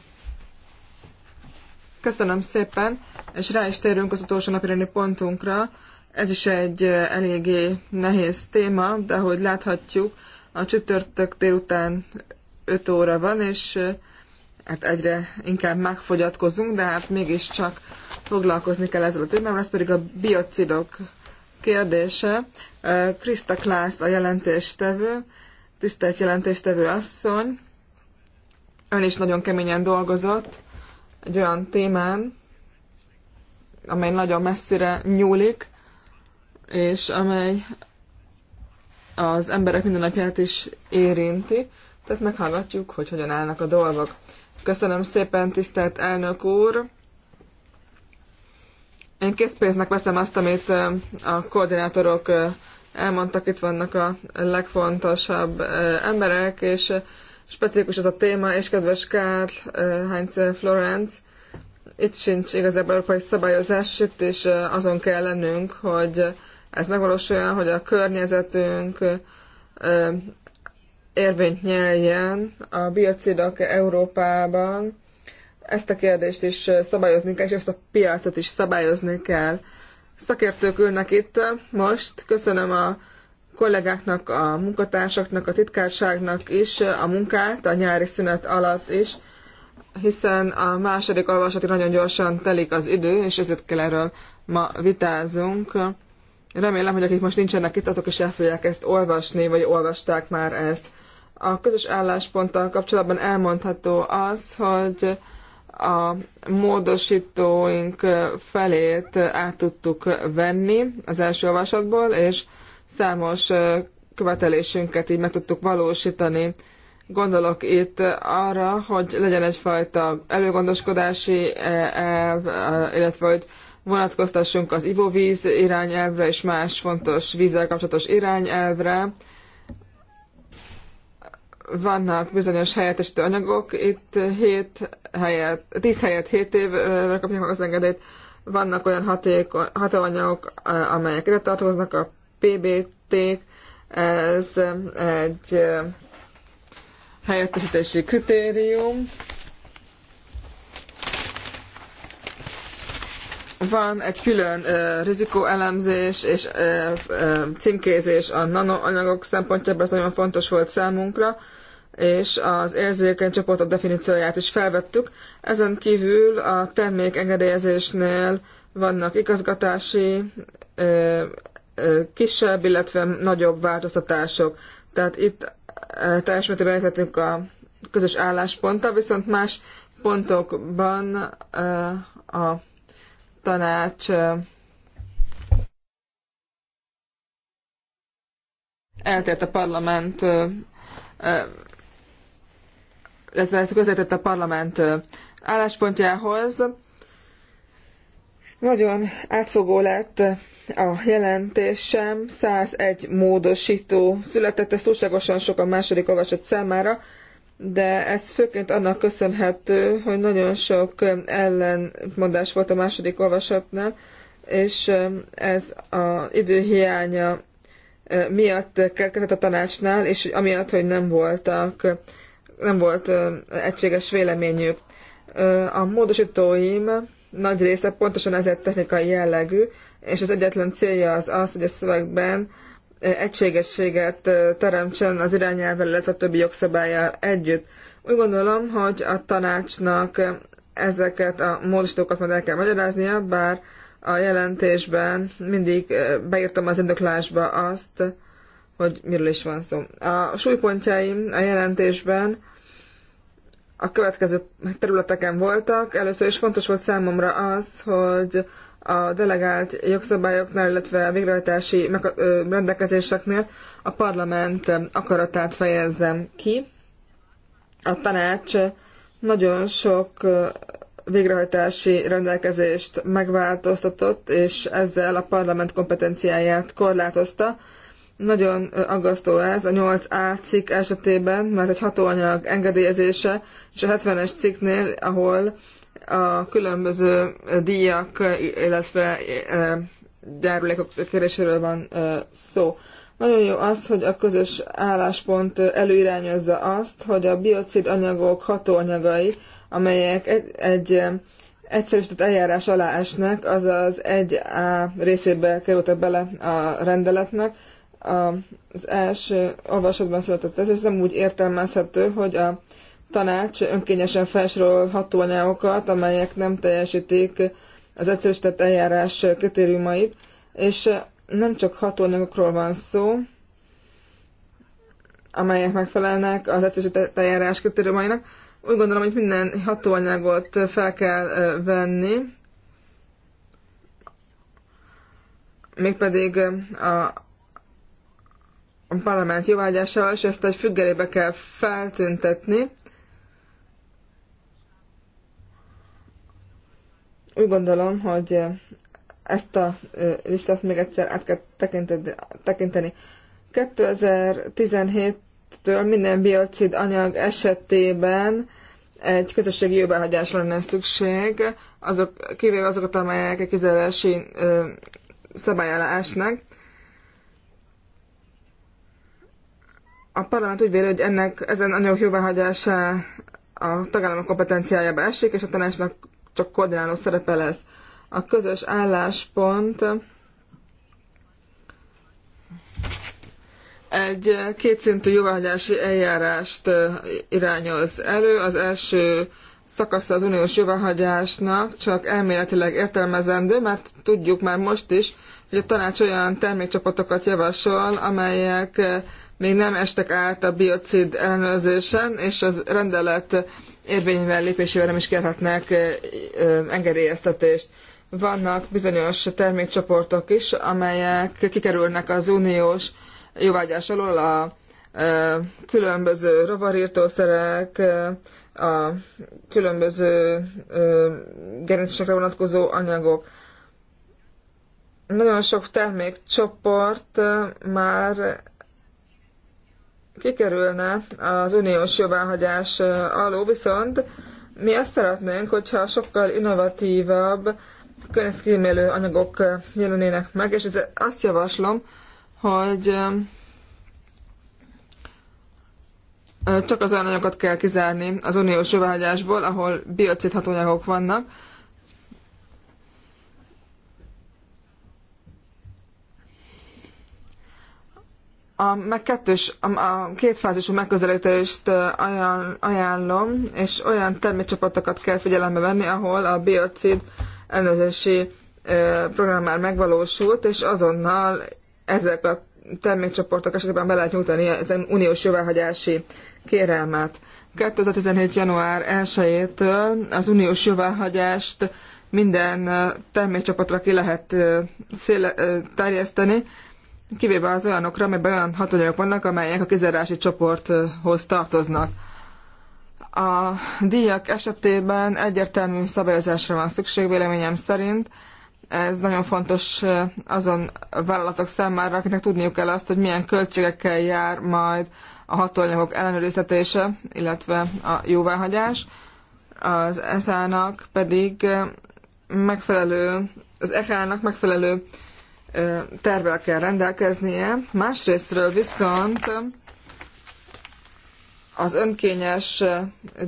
Köszönöm szépen, és rá is térünk az utolsó napirendi pontunkra. Ez is egy eléggé nehéz téma, de ahogy láthatjuk, a csütörtök délután 5 óra van, és hát egyre inkább megfogyatkozunk, de hát mégiscsak foglalkozni kell ezzel a témával, ez pedig a biocidok kérdése. Krista Klász a jelentéstevő, tisztelt jelentéstevő asszony, ön is nagyon keményen dolgozott, egy olyan témán, amely nagyon messzire nyúlik, és amely az emberek mindennapját is érinti, tehát meghallgatjuk, hogy hogyan állnak a dolgok. Köszönöm szépen, tisztelt elnök úr! Én készpénznek veszem azt, amit a koordinátorok elmondtak, itt vannak a legfontosabb emberek, és specifikus ez a téma, és kedves Karl eh, Heinz eh, Florence, itt sincs igazából európai szabályozás, sőt, és eh, azon kell lennünk, hogy ez megvalósuljon, hogy a környezetünk érvényt nyeljen a biocidok Európában. Ezt a kérdést is szabályozni kell, és ezt a piacot is szabályozni kell. Szakértők ülnek itt most. Köszönöm a kollégáknak, a munkatársaknak, a titkárságnak is a munkát a nyári szünet alatt is, hiszen a második olvasati nagyon gyorsan telik az idő, és ezért kell erről ma vitázunk. Remélem, hogy akik most nincsenek itt, azok is el fogják ezt olvasni, vagy olvasták már ezt. A közös állásponttal kapcsolatban elmondható az, hogy a módosítóink felét át tudtuk venni az első olvasatból, és számos követelésünket így meg tudtuk valósítani. Gondolok itt arra, hogy legyen egyfajta előgondoskodási e, elv, e, illetve hogy vonatkoztassunk az ivóvíz irányelvre és más fontos vízzel kapcsolatos irányelvre. Vannak bizonyos helyettesítő anyagok, itt 7 helyet, 10 helyet 7 évre kapják meg az engedélyt. Vannak olyan hatékony, hatóanyagok, e, amelyek ide tartoznak, a PBT, ez egy helyettesítési kritérium. Van egy külön uh, rizikóelemzés és uh, uh, címkézés a nanoanyagok szempontjából, ez nagyon fontos volt számunkra, és az érzékeny csoportok definícióját is felvettük. Ezen kívül a termék engedélyezésnél vannak igazgatási kisebb, illetve nagyobb változtatások. Tehát itt teljes mértékben értettünk a közös állásponttal, viszont más pontokban a tanács eltért a parlament, illetve közvetett a parlament álláspontjához. Nagyon átfogó lett a jelentésem 101 módosító született, ez túlságosan sok a második olvasat számára, de ez főként annak köszönhető, hogy nagyon sok ellenmondás volt a második olvasatnál, és ez az időhiánya miatt kerkedett a tanácsnál, és amiatt, hogy nem voltak, nem volt egységes véleményük. A módosítóim nagy része pontosan ezért technikai jellegű, és az egyetlen célja az az, hogy a szövegben egységességet teremtsen az irányelvvel, illetve a többi jogszabályjal együtt. Úgy gondolom, hogy a tanácsnak ezeket a módosítókat meg el kell magyaráznia, bár a jelentésben mindig beírtam az indoklásba azt, hogy miről is van szó. A súlypontjaim a jelentésben a következő területeken voltak. Először is fontos volt számomra az, hogy a delegált jogszabályoknál, illetve a végrehajtási rendelkezéseknél a parlament akaratát fejezzem ki. A tanács nagyon sok végrehajtási rendelkezést megváltoztatott, és ezzel a parlament kompetenciáját korlátozta. Nagyon aggasztó ez a 8A cikk esetében, mert egy hatóanyag engedélyezése, és a 70-es cikknél, ahol a különböző díjak, illetve gyárulékok kéréséről van szó. Nagyon jó az, hogy a közös álláspont előirányozza azt, hogy a biocid anyagok hatóanyagai, amelyek egy, egy egyszerűsített eljárás alá esnek, azaz egy A részébe kerültek bele a rendeletnek. Az első olvasatban született ez, és nem úgy értelmezhető, hogy a tanács önkényesen felsorolható anyagokat, e amelyek nem teljesítik az egyszerűsített eljárás kritériumait, és nem csak hatóanyagokról van szó, amelyek megfelelnek az egyszerűsített eljárás kritériumainak. Úgy gondolom, hogy minden hatóanyagot fel kell venni, mégpedig a, a parlament jóvágyással, és ezt egy függelébe kell feltüntetni. Úgy gondolom, hogy ezt a listát még egyszer át kell tekinteni. 2017-től minden biocid anyag esetében egy közösségi jóváhagyásra lenne szükség, azok, kivéve azokat, amelyek a kizárási szabály alá esnek. A parlament úgy véli, hogy ennek ezen anyagok jóváhagyása a tagállamok kompetenciájába esik, és a tanácsnak csak koordináló szerepe lesz. A közös álláspont egy kétszintű jóváhagyási eljárást irányoz elő. Az első szakasza az uniós jóváhagyásnak csak elméletileg értelmezendő, mert tudjuk már most is, hogy a tanács olyan termékcsapatokat javasol, amelyek még nem estek át a biocid ellenőrzésen, és az rendelet érvényvel lépésével nem is kérhetnek engedélyeztetést. Vannak bizonyos termékcsoportok is, amelyek kikerülnek az uniós jóvágyás alól a különböző rovarírtószerek, a különböző gerincesekre vonatkozó anyagok. Nagyon sok termékcsoport már kikerülne az uniós jóváhagyás alól, viszont mi azt szeretnénk, hogyha sokkal innovatívabb, környezetkímélő anyagok jelennének meg, és ez azt javaslom, hogy csak az olyan anyagokat kell kizárni az uniós jóváhagyásból, ahol biocidhatóanyagok vannak, a, meg kettős, a, a kétfázisú megközelítést ajánlom, és olyan termécsapatokat kell figyelembe venni, ahol a biocid ellenőrzési program már megvalósult, és azonnal ezek a termékcsoportok esetében be lehet nyújtani az uniós jóváhagyási kérelmet. 2017. január 1-től az uniós jóváhagyást minden termékcsoportra ki lehet széle, terjeszteni, kivéve az olyanokra, amelyben olyan hatóanyagok vannak, amelyek a kizárási csoporthoz tartoznak. A díjak esetében egyértelmű szabályozásra van szükség véleményem szerint. Ez nagyon fontos azon vállalatok számára, akinek tudniuk kell azt, hogy milyen költségekkel jár majd a hatóanyagok ellenőriztetése, illetve a jóváhagyás. Az ESA-nak pedig megfelelő, az EHA-nak megfelelő tervvel kell rendelkeznie. Másrésztről viszont az önkényes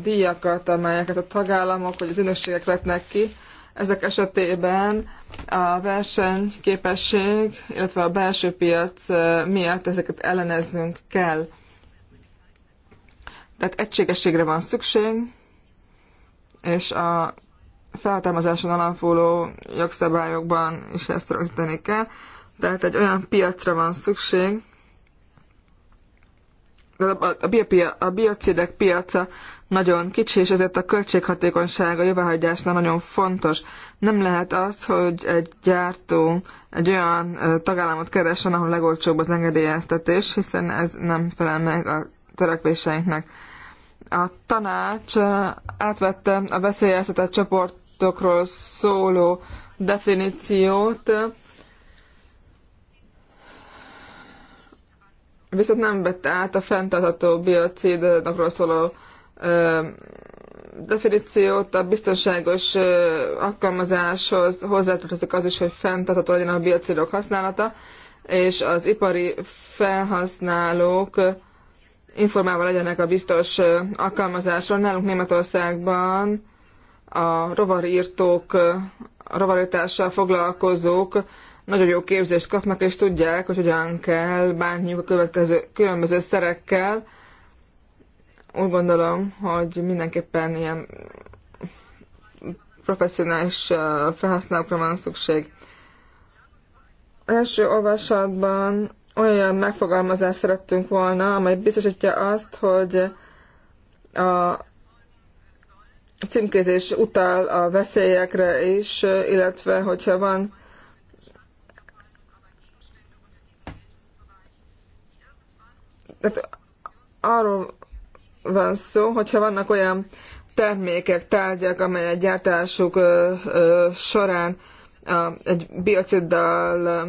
díjakat, amelyeket a tagállamok vagy az ünökségek vetnek ki, ezek esetében a versenyképesség, illetve a belső piac miatt ezeket elleneznünk kell. Tehát egységességre van szükség, és a feltámazáson alapuló jogszabályokban is ezt rögzíteni kell. Tehát egy olyan piacra van szükség, de a, a, a biocidek piaca nagyon kicsi, és ezért a költséghatékonyság a jövőhagyásnál nagyon fontos. Nem lehet az, hogy egy gyártó egy olyan tagállamot keressen, ahol legolcsóbb az engedélyeztetés, hiszen ez nem felel meg a törekvéseinknek a tanács átvette a veszélyeztetett csoportokról szóló definíciót, viszont nem vette át a fenntartható biocidokról szóló ö, definíciót, a biztonságos ö, alkalmazáshoz hozzátartozik az is, hogy fenntartható legyen a biocidok használata, és az ipari felhasználók informálva legyenek a biztos alkalmazásról. Nálunk Németországban a rovarírtók, a rovarírtással foglalkozók nagyon jó képzést kapnak, és tudják, hogy hogyan kell bánniuk a következő, különböző szerekkel. Úgy gondolom, hogy mindenképpen ilyen professzionális felhasználókra van szükség. Első olvasatban olyan megfogalmazást szerettünk volna, amely biztosítja azt, hogy a címkézés utal a veszélyekre is, illetve hogyha van Tehát arról van szó, hogyha vannak olyan termékek, tárgyak, amely a gyártásuk során egy biociddal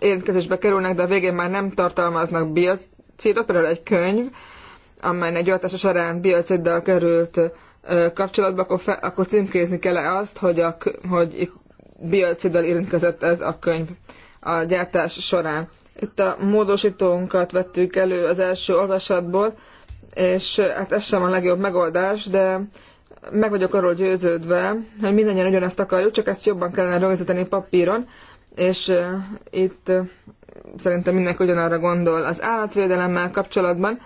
érintkezésbe kerülnek, de a végén már nem tartalmaznak biocidot, például egy könyv, amely egy oltása során biociddal került kapcsolatba, akkor, fe, akkor címkézni kell -e azt, hogy, a, hogy itt biociddal érintkezett ez a könyv a gyártás során. Itt a módosítónkat vettük elő az első olvasatból, és hát ez sem a legjobb megoldás, de meg vagyok arról győződve, hogy mindannyian ugyanazt akarjuk, csak ezt jobban kellene rögzíteni papíron, és itt szerintem mindenki ugyanarra gondol. Az állatvédelemmel kapcsolatban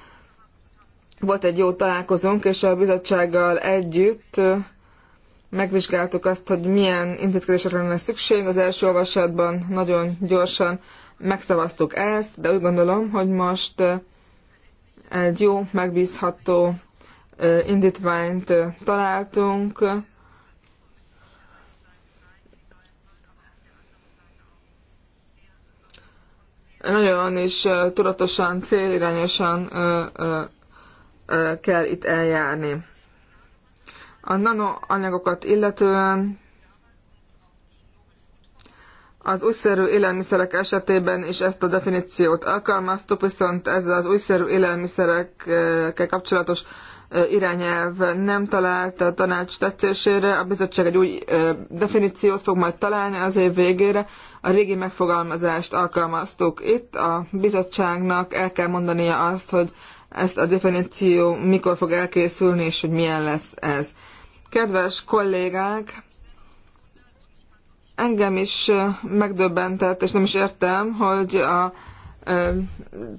volt egy jó találkozónk, és a bizottsággal együtt megvizsgáltuk azt, hogy milyen intézkedésekre lenne szükség. Az első olvasatban nagyon gyorsan megszavaztuk ezt, de úgy gondolom, hogy most egy jó, megbízható indítványt találtunk, nagyon is tudatosan, célirányosan kell itt eljárni. A nanoanyagokat illetően az újszerű élelmiszerek esetében is ezt a definíciót alkalmaztuk, viszont ez az újszerű élelmiszerekkel kapcsolatos irányelv nem talált a tanács tetszésére, a bizottság egy új definíciót fog majd találni az év végére. A régi megfogalmazást alkalmaztuk itt, a bizottságnak el kell mondania azt, hogy ezt a definíció mikor fog elkészülni, és hogy milyen lesz ez. Kedves kollégák, engem is megdöbbentett, és nem is értem, hogy a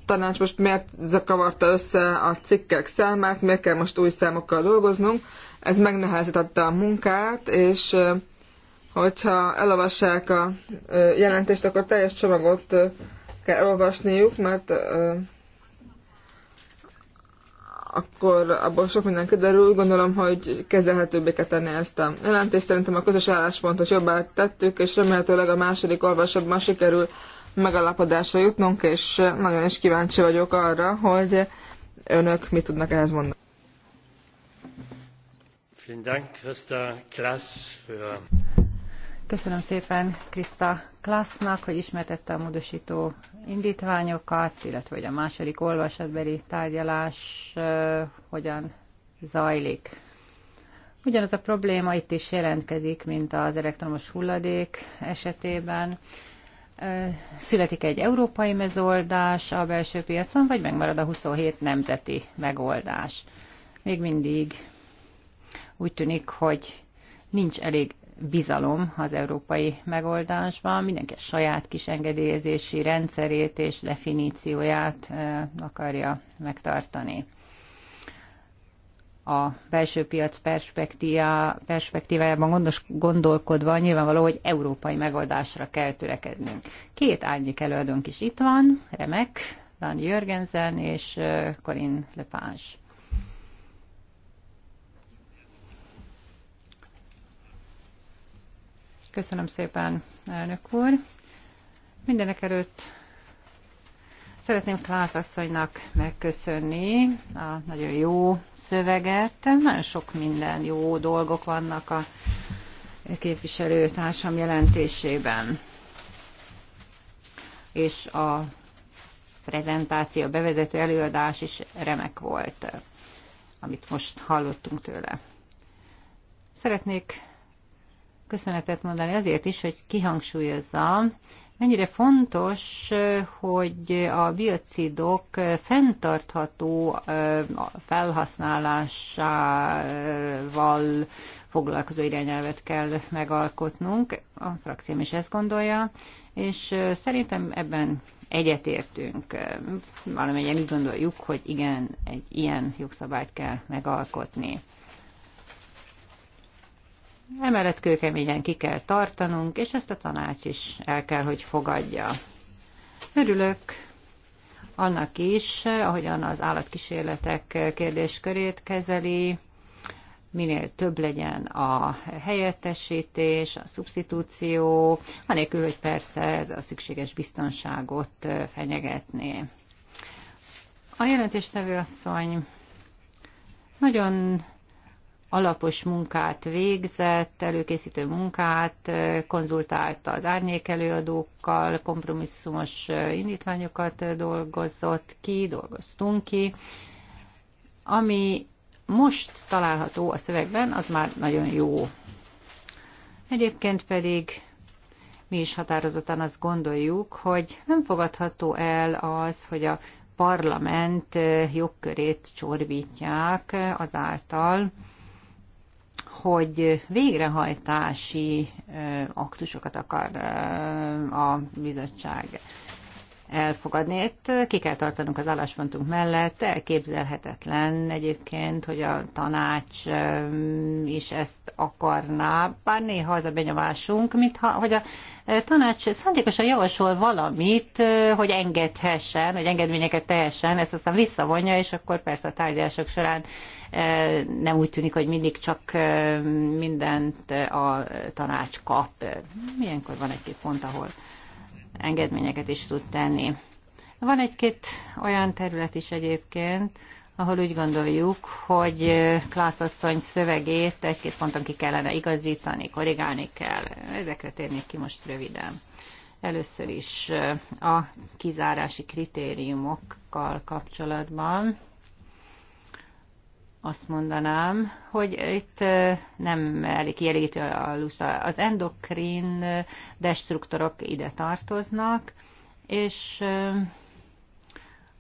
tanács most miért zakavarta össze a cikkek számát, miért kell most új számokkal dolgoznunk. Ez megnehezítette a munkát, és hogyha elolvassák a jelentést, akkor teljes csomagot kell elolvasniuk, mert akkor abból sok minden kiderül. Gondolom, hogy kezelhetőbbé kell tenni ezt a jelentést. Szerintem a közös álláspontot jobbá tettük, és remélhetőleg a második olvasatban sikerül megalapodásra jutnunk, és nagyon is kíváncsi vagyok arra, hogy önök mit tudnak ehhez mondani. Köszönöm szépen Krista Klassznak, hogy ismertette a módosító indítványokat, illetve hogy a második olvasatbeli tárgyalás uh, hogyan zajlik. Ugyanaz a probléma itt is jelentkezik, mint az elektromos hulladék esetében születik egy európai megoldás a belső piacon, vagy megmarad a 27 nemzeti megoldás. Még mindig úgy tűnik, hogy nincs elég bizalom az európai megoldásban, mindenki a saját kis engedélyezési rendszerét és definícióját akarja megtartani a belső piac perspektívájában gondos, gondolkodva nyilvánvaló, hogy európai megoldásra kell törekednünk. Két árnyék előadónk is itt van, remek, Dan Jörgensen és Corinne Lepage. Köszönöm szépen, elnök úr. Mindenek előtt Szeretném Klász asszonynak megköszönni a nagyon jó szöveget. Nagyon sok minden jó dolgok vannak a képviselőtársam jelentésében. És a prezentáció, a bevezető előadás is remek volt, amit most hallottunk tőle. Szeretnék köszönetet mondani azért is, hogy kihangsúlyozzam, mennyire fontos, hogy a biocidok fenntartható felhasználásával foglalkozó irányelvet kell megalkotnunk. A frakcióm is ezt gondolja, és szerintem ebben egyetértünk. Valamennyien úgy gondoljuk, hogy igen, egy ilyen jogszabályt kell megalkotni. Emellett kőkeményen ki kell tartanunk, és ezt a tanács is el kell, hogy fogadja. Örülök annak is, ahogyan az állatkísérletek kérdéskörét kezeli, minél több legyen a helyettesítés, a szubstitúció, anélkül, hogy persze ez a szükséges biztonságot fenyegetné. A jelentéstevő asszony nagyon alapos munkát végzett, előkészítő munkát, konzultálta az árnyékelőadókkal, kompromisszumos indítványokat dolgozott ki, dolgoztunk ki. Ami most található a szövegben, az már nagyon jó. Egyébként pedig mi is határozottan azt gondoljuk, hogy nem fogadható el az, hogy a parlament jogkörét csorbítják azáltal, hogy végrehajtási aktusokat akar a bizottság elfogadni. Itt ki kell tartanunk az álláspontunk mellett, elképzelhetetlen egyébként, hogy a tanács is ezt akarná, bár néha az a benyomásunk, mintha, hogy a tanács szándékosan javasol valamit, hogy engedhessen, hogy engedményeket tehessen, ezt aztán visszavonja, és akkor persze a tárgyalások során nem úgy tűnik, hogy mindig csak mindent a tanács kap. Milyenkor van egy-két pont, ahol engedményeket is tud tenni. Van egy-két olyan terület is egyébként, ahol úgy gondoljuk, hogy klászasszony szövegét egy-két ponton ki kellene igazítani, korrigálni kell. Ezekre térnék ki most röviden. Először is a kizárási kritériumokkal kapcsolatban azt mondanám, hogy itt nem elég kielégítő a lusta. Az endokrin destruktorok ide tartoznak, és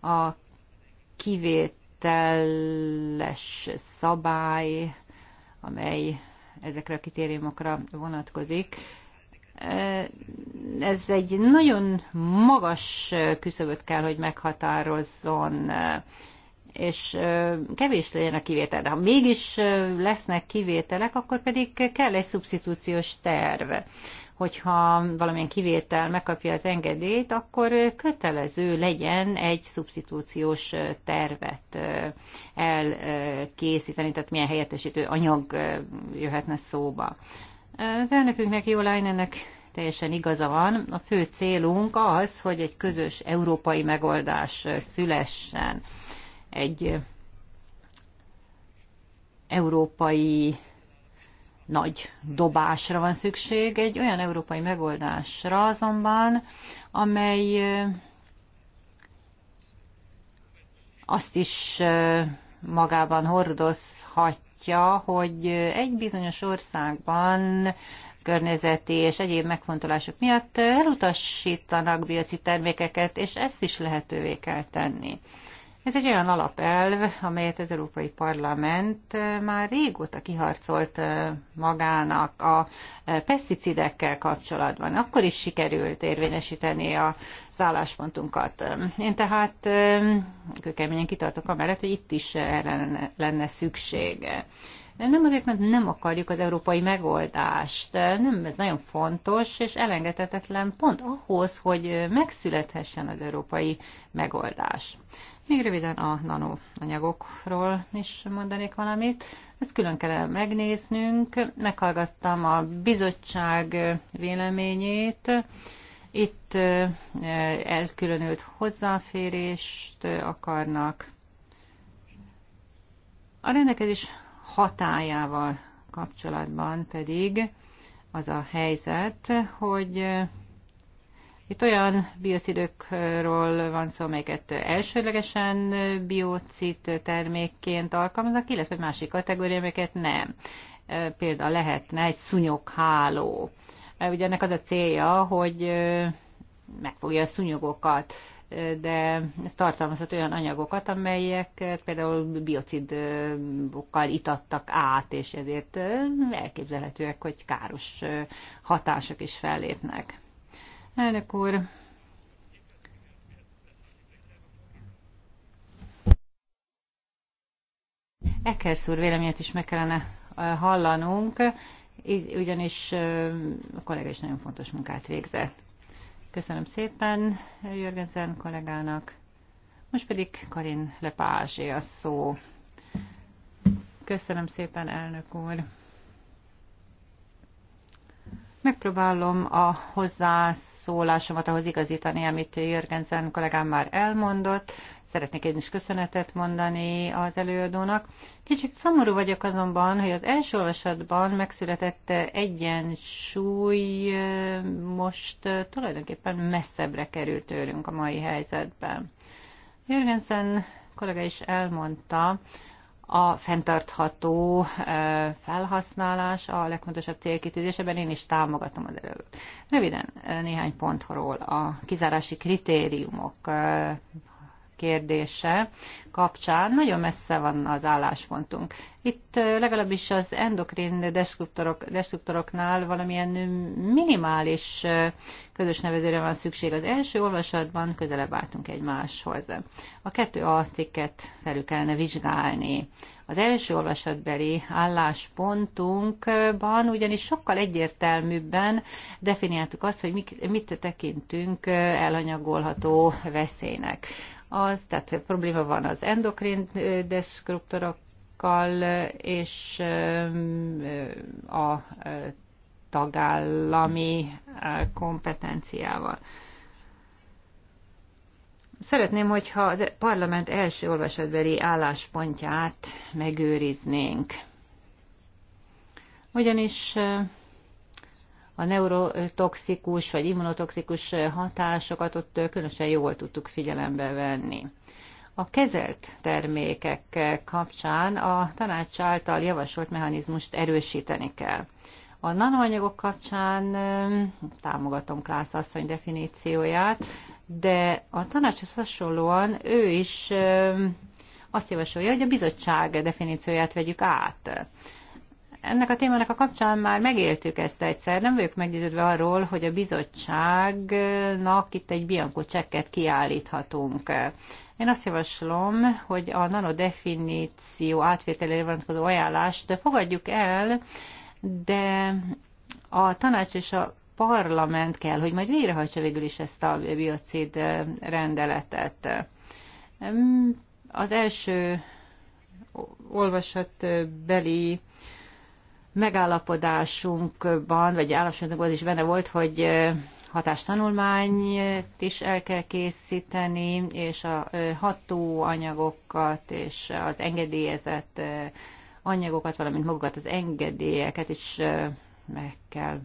a kivételes szabály, amely ezekre a kritériumokra vonatkozik, ez egy nagyon magas küszöböt kell, hogy meghatározzon és kevés legyen a kivétel. De ha mégis lesznek kivételek, akkor pedig kell egy szubstitúciós terv hogyha valamilyen kivétel megkapja az engedélyt, akkor kötelező legyen egy szubstitúciós tervet elkészíteni, tehát milyen helyettesítő anyag jöhetne szóba. Az elnökünknek, Jó ennek teljesen igaza van. A fő célunk az, hogy egy közös európai megoldás szülessen egy európai nagy dobásra van szükség, egy olyan európai megoldásra azonban, amely azt is magában hordozhatja, hogy egy bizonyos országban környezeti és egyéb megfontolások miatt elutasítanak bioci termékeket, és ezt is lehetővé kell tenni. Ez egy olyan alapelv, amelyet az Európai Parlament eh, már régóta kiharcolt eh, magának a eh, peszticidekkel kapcsolatban. Akkor is sikerült érvényesíteni a az álláspontunkat. Én tehát kőkeményen kitartok amellett, hogy itt is erre lenne szüksége. Nem azért, mert nem akarjuk az európai megoldást. Nem, ez nagyon fontos és elengedhetetlen pont ahhoz, hogy megszülethessen az európai megoldás. Még röviden a nanoanyagokról is mondanék valamit. Ezt külön kell megnéznünk. Meghallgattam a bizottság véleményét. Itt elkülönült hozzáférést akarnak. A rendelkezés hatájával kapcsolatban pedig az a helyzet, hogy itt olyan biocidokról van szó, amelyeket elsőlegesen biocid termékként alkalmaznak, illetve másik kategória, amelyeket nem. E, például lehetne egy szúnyogháló. E, ugye ennek az a célja, hogy e, megfogja a szúnyogokat, de ez tartalmazhat olyan anyagokat, amelyek például biocidokkal itattak át, és ezért elképzelhetőek, hogy káros hatások is fellépnek. Elnök úr, Ekersz úr véleményét is meg kellene hallanunk, így, ugyanis a kollega is nagyon fontos munkát végzett. Köszönöm szépen Jörgensen kollégának. Most pedig Karin Lepázsé a szó. Köszönöm szépen, elnök úr. Megpróbálom a hozzász Szólásomat ahhoz igazítani, amit Jörgensen kollégám már elmondott. Szeretnék én is köszönetet mondani az előadónak. Kicsit szomorú vagyok azonban, hogy az első olvasatban megszületett egyensúly most tulajdonképpen messzebbre került tőlünk a mai helyzetben. Jörgensen kollega is elmondta, a fenntartható felhasználás a legfontosabb célkitűzés, én is támogatom az előtt. Röviden néhány pontról a kizárási kritériumok kérdése kapcsán nagyon messze van az álláspontunk. Itt legalábbis az endokrin destruktorok, destruktoroknál valamilyen minimális közös nevezőre van szükség. Az első olvasatban közelebb álltunk egymáshoz. A kettő a cikket felül kellene vizsgálni. Az első olvasatbeli álláspontunkban ugyanis sokkal egyértelműbben definiáltuk azt, hogy mit tekintünk elhanyagolható veszélynek az, tehát probléma van az endokrin destruktorokkal és a tagállami kompetenciával. Szeretném, hogyha a parlament első olvasatbeli álláspontját megőriznénk. Ugyanis a neurotoxikus vagy immunotoxikus hatásokat ott különösen jól tudtuk figyelembe venni. A kezelt termékek kapcsán a tanács által javasolt mechanizmust erősíteni kell. A nanoanyagok kapcsán támogatom Klász asszony definícióját, de a tanácshoz hasonlóan ő is azt javasolja, hogy a bizottság definícióját vegyük át ennek a témának a kapcsán már megéltük ezt egyszer. Nem vagyok meggyőződve arról, hogy a bizottságnak itt egy bianco csekket kiállíthatunk. Én azt javaslom, hogy a nanodefiníció átvételére vonatkozó ajánlást fogadjuk el, de a tanács és a parlament kell, hogy majd végrehajtsa végül is ezt a biocid rendeletet. Az első olvasatbeli megállapodásunkban, vagy az is benne volt, hogy hatástanulmányt is el kell készíteni, és a hatóanyagokat és az engedélyezett anyagokat, valamint magukat az engedélyeket is meg kell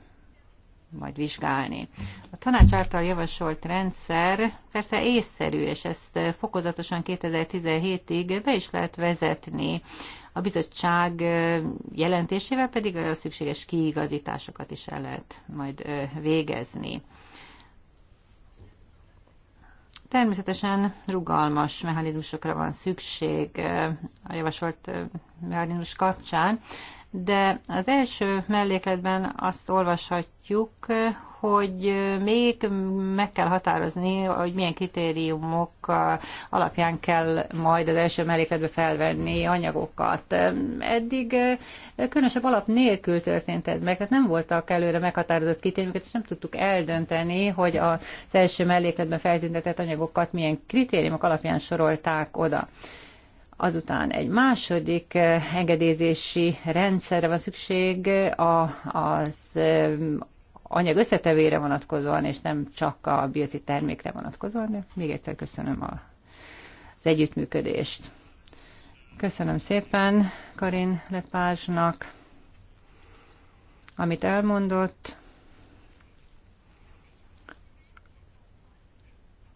majd vizsgálni. A tanács által javasolt rendszer persze észszerű, és ezt fokozatosan 2017-ig be is lehet vezetni, a bizottság jelentésével pedig a szükséges kiigazításokat is el lehet majd végezni. Természetesen rugalmas mechanizmusokra van szükség a javasolt mechanizmus kapcsán, de az első mellékletben azt olvashatjuk, hogy még meg kell határozni, hogy milyen kritériumok alapján kell majd az első mellékletbe felvenni anyagokat. Eddig különösebb alap nélkül történt ez meg, tehát nem voltak előre meghatározott kritériumokat, és nem tudtuk eldönteni, hogy az első mellékletben feltüntetett anyagokat milyen kritériumok alapján sorolták oda azután egy második eh, engedélyezési rendszerre van szükség az eh, anyag összetevére vonatkozóan, és nem csak a bioci termékre vonatkozóan, de még egyszer köszönöm a, az együttműködést. Köszönöm szépen Karin Lepázsnak, amit elmondott.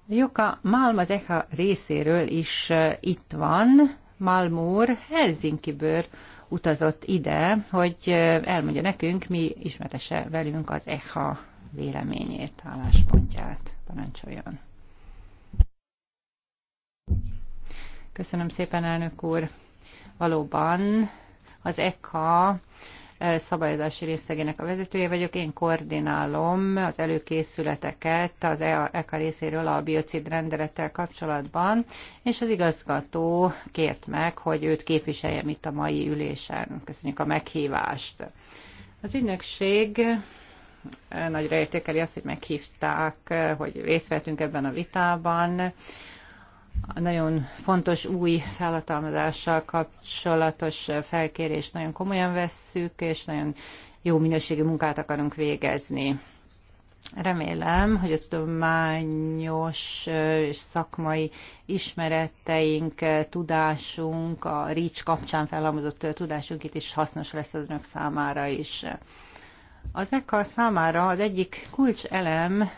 Joka Malm az EHA részéről is eh, itt van, Malmúr bőr, utazott ide, hogy elmondja nekünk, mi ismertese velünk az EHA véleményét, álláspontját. Parancsoljon! Köszönöm szépen, elnök úr! Valóban az ECHA E, szabályozási részlegének a vezetője vagyok. Én koordinálom az előkészületeket az EKA e részéről a biocid rendelettel kapcsolatban, és az igazgató kért meg, hogy őt képviseljem itt a mai ülésen. Köszönjük a meghívást. Az ügynökség e, nagyra értékeli azt, hogy meghívták, hogy részt vettünk ebben a vitában nagyon fontos új felhatalmazással kapcsolatos felkérést nagyon komolyan vesszük, és nagyon jó minőségű munkát akarunk végezni. Remélem, hogy a tudományos és szakmai ismereteink, tudásunk, a rics kapcsán felhalmozott tudásunk itt is hasznos lesz az önök számára is. Az ECA számára az egyik kulcselem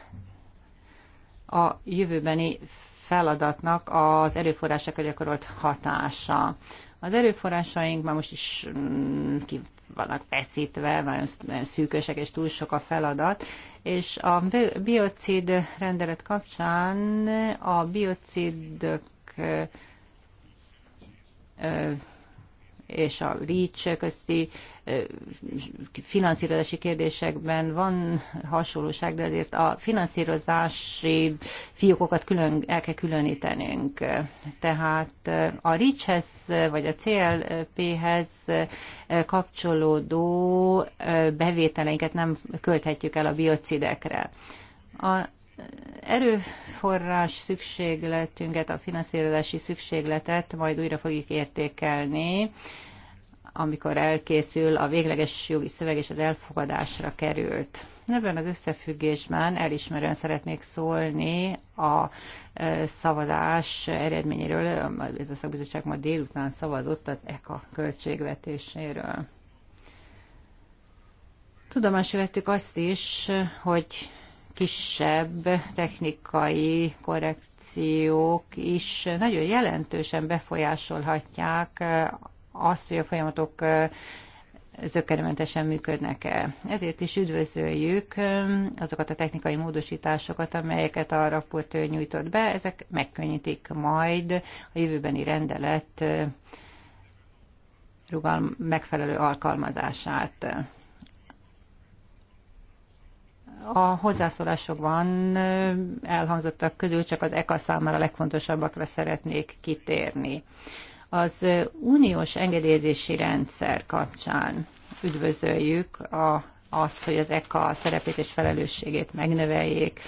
a jövőbeni feladatnak az erőforrásokra gyakorolt hatása. Az erőforrásaink már most is mm, ki vannak feszítve, nagyon szűkösek és túl sok a feladat, és a biocid rendelet kapcsán a biocidok és a REACH közti finanszírozási kérdésekben van hasonlóság, de azért a finanszírozási fiókokat külön, el kell különítenünk. Tehát a REACH-hez vagy a CLP-hez kapcsolódó bevételeinket nem költhetjük el a biocidekre. A erőforrás szükségletünket, a finanszírozási szükségletet majd újra fogjuk értékelni, amikor elkészül a végleges jogi szöveg és az elfogadásra került. Ebben az összefüggésben elismerően szeretnék szólni a e, szavazás eredményéről. Ez a szakbizottság ma délután szavazott az ECA költségvetéséről. Tudomásul vettük azt is, hogy kisebb technikai korrekciók is nagyon jelentősen befolyásolhatják azt, hogy a folyamatok zökkenőmentesen működnek-e. Ezért is üdvözöljük azokat a technikai módosításokat, amelyeket a raportőr nyújtott be. Ezek megkönnyítik majd a jövőbeni rendelet rugal megfelelő alkalmazását. A van elhangzottak közül csak az ECA számára legfontosabbakra szeretnék kitérni. Az uniós engedélyezési rendszer kapcsán üdvözöljük a, azt, hogy az ECA szerepét és felelősségét megnöveljék,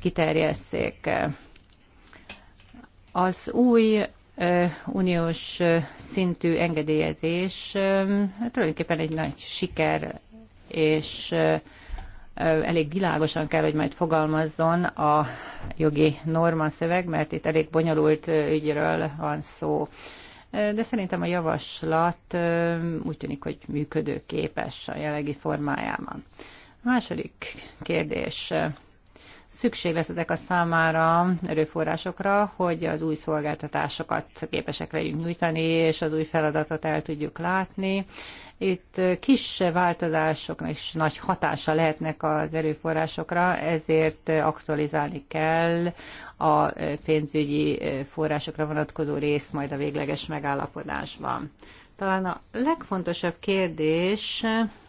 kiterjesszék. Az új uniós szintű engedélyezés tulajdonképpen egy nagy siker, és elég világosan kell, hogy majd fogalmazzon a jogi norma szöveg, mert itt elég bonyolult ügyről van szó. De szerintem a javaslat úgy tűnik, hogy működőképes a jelenlegi formájában. A második kérdés. Szükség lesz ezek a számára erőforrásokra, hogy az új szolgáltatásokat képesek legyünk nyújtani, és az új feladatot el tudjuk látni. Itt kis változások és nagy hatása lehetnek az erőforrásokra, ezért aktualizálni kell a pénzügyi forrásokra vonatkozó részt majd a végleges megállapodásban. Talán a legfontosabb kérdés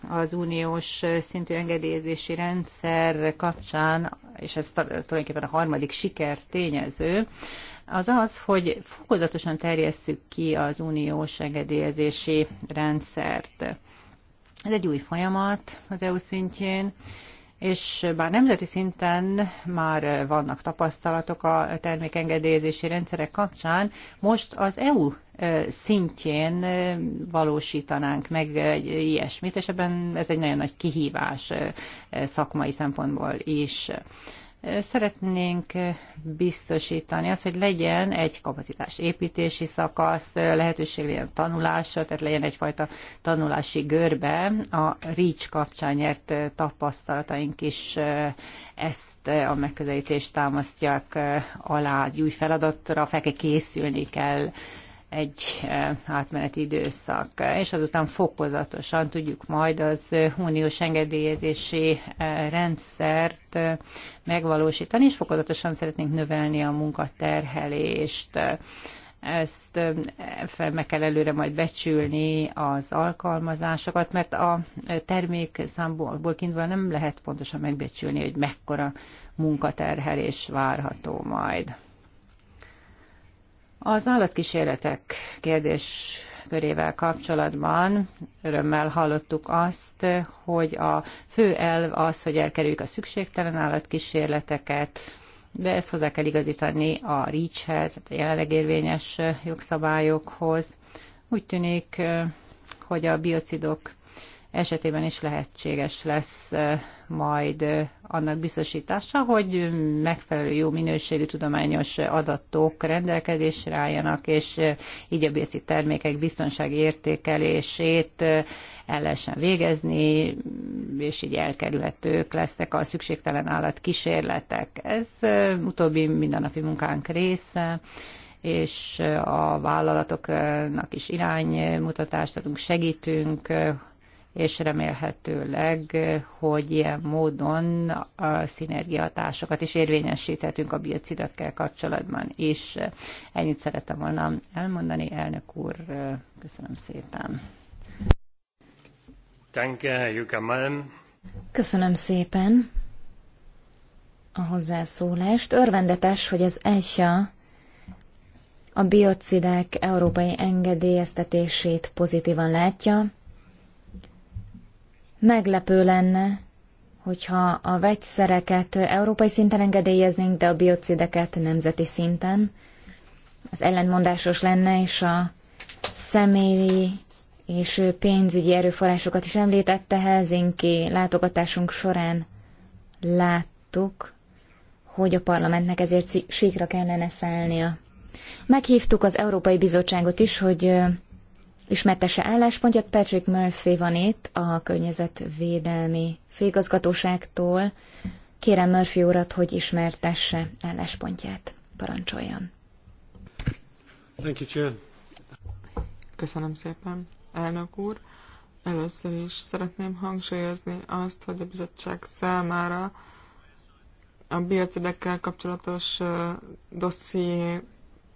az uniós szintű engedélyezési rendszer kapcsán, és ez tulajdonképpen a harmadik siker tényező, az az, hogy fokozatosan terjesszük ki az uniós engedélyezési rendszert. Ez egy új folyamat az EU szintjén, és bár nemzeti szinten már vannak tapasztalatok a termékengedélyezési rendszerek kapcsán, most az EU szintjén valósítanánk meg ilyesmit, és ebben ez egy nagyon nagy kihívás szakmai szempontból is. Szeretnénk eh, biztosítani azt, hogy legyen egy kapacitás építési szakasz, eh, lehetőség legyen tanulásra, tehát legyen egyfajta tanulási görbe. A REACH kapcsán nyert eh, tapasztalataink is ezt a megközelítést támasztják alá, egy új feladatra fel kell készülni kell egy e, átmeneti időszak, és azután fokozatosan tudjuk majd az uniós engedélyezési e, rendszert e, megvalósítani, és fokozatosan szeretnénk növelni a munkaterhelést. Ezt fel meg kell előre majd becsülni az alkalmazásokat, mert a termék számból kiindulva nem lehet pontosan megbecsülni, hogy mekkora munkaterhelés várható majd. Az állatkísérletek kérdés körével kapcsolatban örömmel hallottuk azt, hogy a fő elv az, hogy elkerüljük a szükségtelen állatkísérleteket, de ezt hozzá kell igazítani a REACH-hez, a jelenleg érvényes jogszabályokhoz. Úgy tűnik, hogy a biocidok esetében is lehetséges lesz majd annak biztosítása, hogy megfelelő jó minőségű tudományos adatok rendelkezésre álljanak, és így a béci termékek biztonsági értékelését el lehessen végezni, és így elkerülhetők lesznek a szükségtelen állatkísérletek. Ez utóbbi mindennapi munkánk része és a vállalatoknak is iránymutatást adunk, segítünk, és remélhetőleg, hogy ilyen módon a szinergiatásokat is érvényesíthetünk a biocidekkel kapcsolatban is. Ennyit szeretem volna elmondani, elnök úr, köszönöm szépen. Köszönöm szépen a hozzászólást. Örvendetes, hogy az ESA a biocidák európai engedélyeztetését pozitívan látja, Meglepő lenne, hogyha a vegyszereket európai szinten engedélyeznénk, de a biocideket nemzeti szinten. Az ellentmondásos lenne, és a személyi és pénzügyi erőforrásokat is említette Helsinki látogatásunk során láttuk, hogy a parlamentnek ezért síkra kellene szállnia. Meghívtuk az Európai Bizottságot is, hogy Ismertese álláspontját. Patrick Murphy van itt a Környezetvédelmi Főigazgatóságtól. Kérem Murphy urat, hogy ismertesse álláspontját. Parancsoljon. Thank you, Köszönöm szépen, elnök úr. Először is szeretném hangsúlyozni azt, hogy a bizottság számára a biocidekkel kapcsolatos dosszié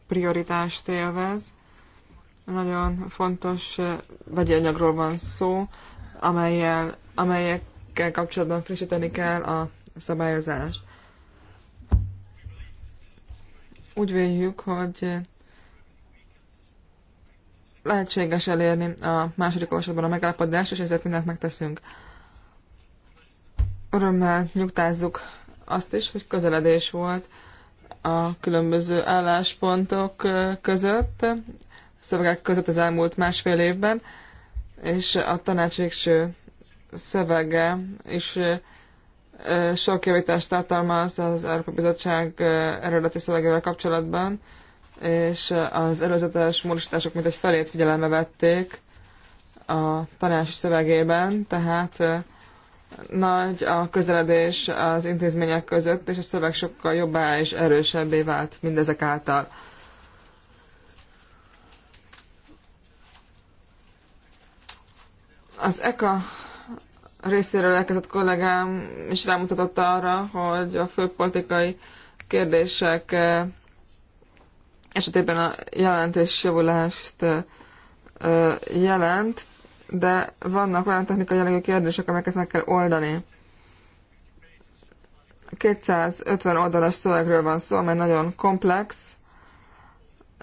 prioritást élvez, nagyon fontos eh, vegyi anyagról van szó, amelyel, amelyekkel kapcsolatban frissíteni kell a szabályozást. Úgy véljük, hogy lehetséges elérni a második olvasatban a megállapodást, és ezért mindent megteszünk. Örömmel nyugtázzuk azt is, hogy közeledés volt a különböző álláspontok eh, között szövegek között az elmúlt másfél évben, és a tanács végső szövege is sok javítást tartalmaz az Európai Bizottság eredeti szövegével kapcsolatban, és az előzetes módosítások mint egy felét figyelembe vették a tanács szövegében, tehát nagy a közeledés az intézmények között, és a szöveg sokkal jobbá és erősebbé vált mindezek által. Az ECA részéről elkezdett kollégám is rámutatott arra, hogy a főpolitikai kérdések eh, esetében a jelentés javulást eh, jelent, de vannak olyan technikai jellegű kérdések, amelyeket meg kell oldani. 250 oldalas szövegről van szó, amely nagyon komplex,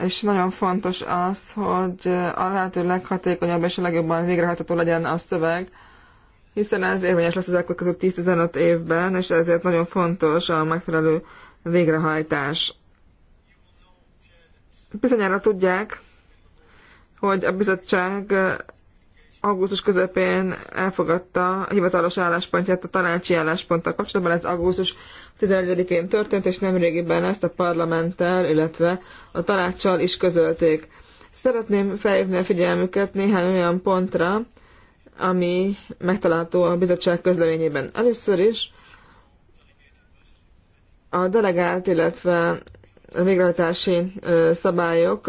és nagyon fontos az, hogy a lehető leghatékonyabb és a legjobban végrehajtható legyen a szöveg, hiszen ez érvényes lesz az között 10-15 évben, és ezért nagyon fontos a megfelelő végrehajtás. Bizonyára tudják, hogy a bizottság augusztus közepén elfogadta hivatalos álláspontját a tanácsi állásponttal kapcsolatban. Ez augusztus 11-én történt, és nemrégiben ezt a parlamenttel, illetve a tanácssal is közölték. Szeretném felhívni a figyelmüket néhány olyan pontra, ami megtalálható a bizottság közleményében. Először is a delegált, illetve a végrehajtási szabályok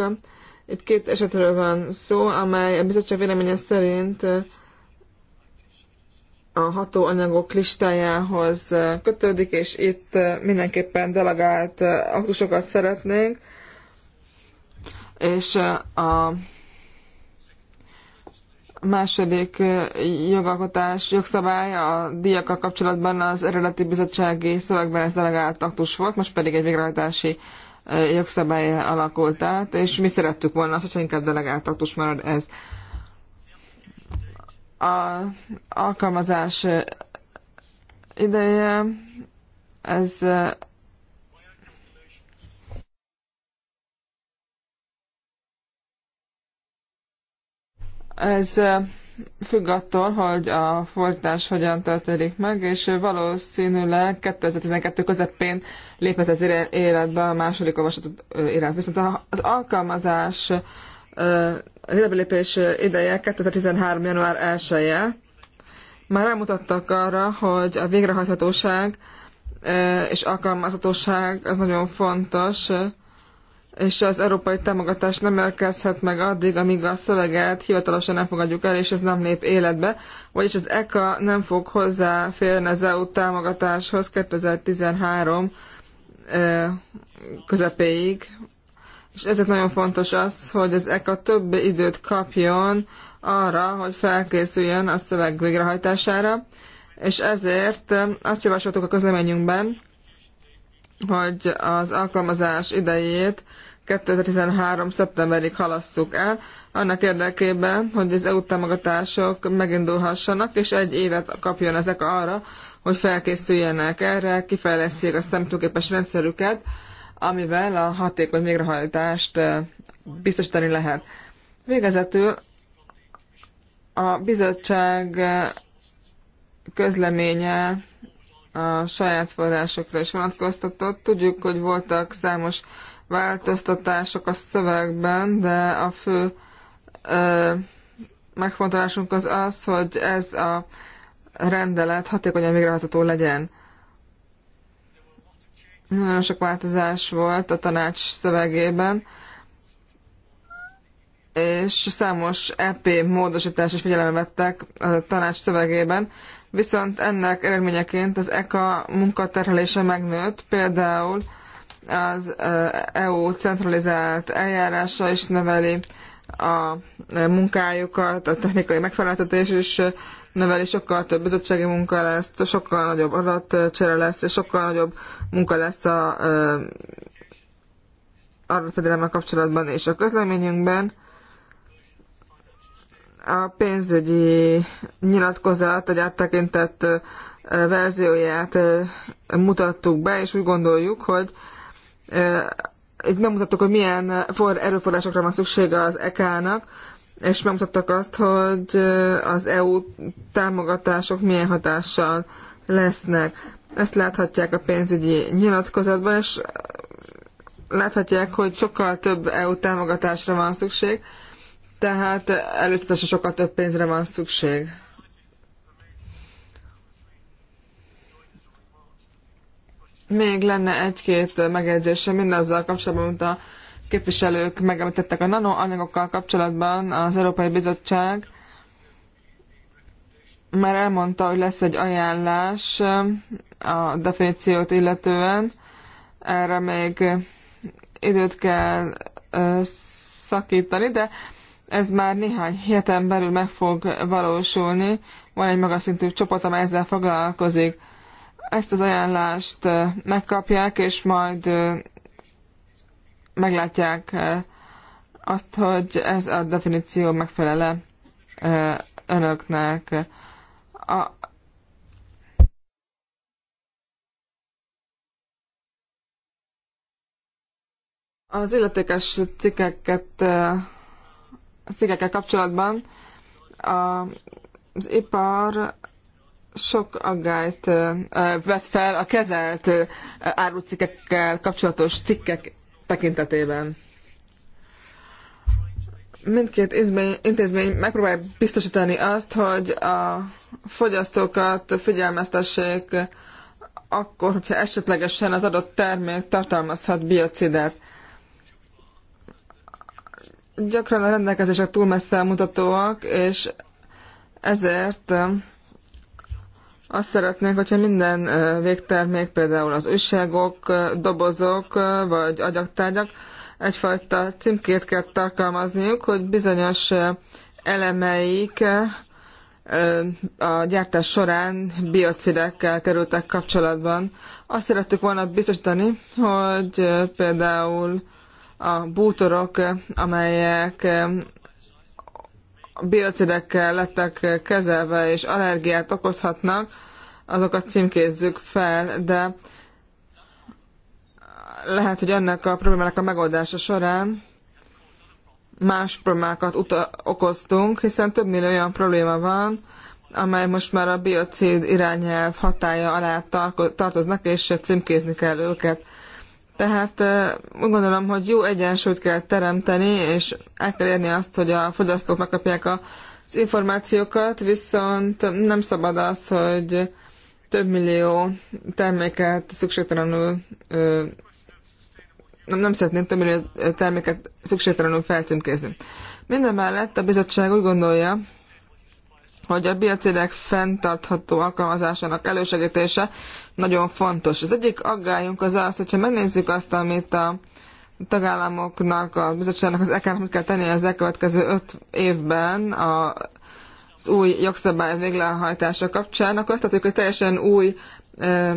itt két esetről van szó, amely a bizottság véleménye szerint a hatóanyagok listájához kötődik, és itt mindenképpen delegált aktusokat szeretnénk, és a második jogalkotás, jogszabály a diakkal kapcsolatban az eredeti bizottsági szövegben ez delegált aktus volt, most pedig egy végrehajtási jogszabály alakult át, és mi szerettük volna azt, hogyha inkább delegált marad ez. A alkalmazás ideje, ez ez függ attól, hogy a fordítás hogyan történik meg, és valószínűleg 2012 közepén lépett az életbe a második olvasat iránt. Viszont az alkalmazás az életbelépés ideje 2013. január 1 -e. Már rámutattak arra, hogy a végrehajthatóság és alkalmazhatóság az nagyon fontos, és az európai támogatás nem elkezdhet meg addig, amíg a szöveget hivatalosan nem fogadjuk el, és ez nem lép életbe, vagyis az ECA nem fog hozzáférni az EU támogatáshoz 2013 közepéig, és ezért nagyon fontos az, hogy az ECA több időt kapjon arra, hogy felkészüljön a szöveg végrehajtására, és ezért azt javasoltuk a közleményünkben, hogy az alkalmazás idejét 2013. szeptemberig halasszuk el, annak érdekében, hogy az EU támogatások megindulhassanak, és egy évet kapjon ezek arra, hogy felkészüljenek erre, kifejleszik a szemtőképes rendszerüket, amivel a hatékony végrehajtást eh, biztosítani lehet. Végezetül a bizottság eh, közleménye a saját forrásokra is vonatkoztatott. Tudjuk, hogy voltak számos változtatások a szövegben, de a fő ö, megfontolásunk az az, hogy ez a rendelet hatékonyan végrehajtható legyen. Nagyon sok változás volt a tanács szövegében, és számos EP módosítás is figyelembe vettek a tanács szövegében, viszont ennek eredményeként az ECA munkaterhelése megnőtt, például az EU centralizált eljárása is növeli a munkájukat, a technikai megfeleltetés is növeli, sokkal több bizottsági munka lesz, sokkal nagyobb adatcsere lesz, és sokkal nagyobb munka lesz a adatfedelemmel kapcsolatban és a közleményünkben a pénzügyi nyilatkozat egy áttekintett verzióját mutattuk be, és úgy gondoljuk, hogy itt megmutattuk, hogy milyen erőforrásokra van szüksége az EK-nak, és megmutattak azt, hogy az EU támogatások milyen hatással lesznek. Ezt láthatják a pénzügyi nyilatkozatban, és láthatják, hogy sokkal több EU támogatásra van szükség, tehát előzetesen sokkal több pénzre van szükség. Még lenne egy-két megjegyzése mindazzal kapcsolatban, amit a képviselők megemlítettek a nanoanyagokkal kapcsolatban. Az Európai Bizottság már elmondta, hogy lesz egy ajánlás a definíciót illetően. Erre még időt kell szakítani, de ez már néhány héten belül meg fog valósulni. Van egy magas szintű csoport, amely ezzel foglalkozik. Ezt az ajánlást megkapják, és majd meglátják azt, hogy ez a definíció megfelele önöknek. A, az illetékes cikkeket cégekkel kapcsolatban a, az ipar sok aggályt vett fel a kezelt árucikkekkel kapcsolatos cikkek tekintetében. Mindkét intézmény megpróbál biztosítani azt, hogy a fogyasztókat figyelmeztessék akkor, hogyha esetlegesen az adott termék tartalmazhat biocidet. Gyakran a rendelkezések túl messze mutatóak, és ezért azt szeretnénk, hogyha minden végtermék, például az újságok, dobozok vagy agyaktárgyak, egyfajta címkét kell tartalmazniuk, hogy bizonyos elemeik a gyártás során biocidekkel kerültek kapcsolatban. Azt szerettük volna biztosítani, hogy például a bútorok, amelyek biocidekkel lettek kezelve és allergiát okozhatnak, azokat címkézzük fel, de lehet, hogy ennek a problémának a megoldása során más problémákat uta- okoztunk, hiszen több millió olyan probléma van, amely most már a biocid irányelv hatája alá tartoznak, és címkézni kell őket. Tehát úgy gondolom, hogy jó egyensúlyt kell teremteni, és el kell érni azt, hogy a fogyasztók megkapják az információkat, viszont nem szabad az, hogy több millió terméket szükségtelenül nem, nem szeretnénk több millió terméket szükségtelenül felcímkézni. Minden mellett a bizottság úgy gondolja, hogy a biocidek fenntartható alkalmazásának elősegítése nagyon fontos. Az egyik aggályunk az az, hogyha megnézzük azt, amit a tagállamoknak, a bizottságnak az ek amit kell tenni az elkövetkező öt évben a, az új jogszabály végrehajtása kapcsán, akkor azt tudjuk, hogy teljesen új e,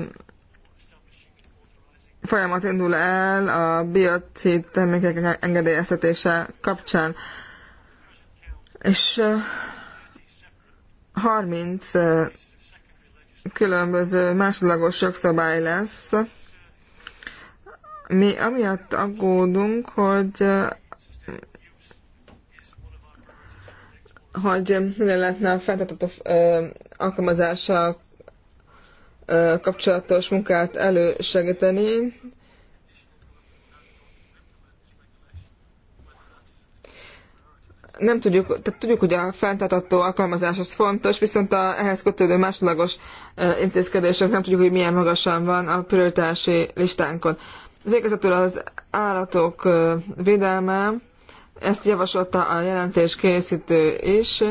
folyamat indul el a biocid termékek engedélyeztetése kapcsán. És 30 különböző másodlagos jogszabály lesz. Mi amiatt aggódunk, hogy hogy hogyan lehetne a fenntartató alkalmazással kapcsolatos munkát elősegíteni. nem tudjuk, tehát tudjuk, hogy a fenntartató alkalmazás az fontos, viszont a ehhez kötődő másodlagos intézkedések nem tudjuk, hogy milyen magasan van a prioritási listánkon. Végezetül az állatok védelme, ezt javasolta a jelentés készítő is,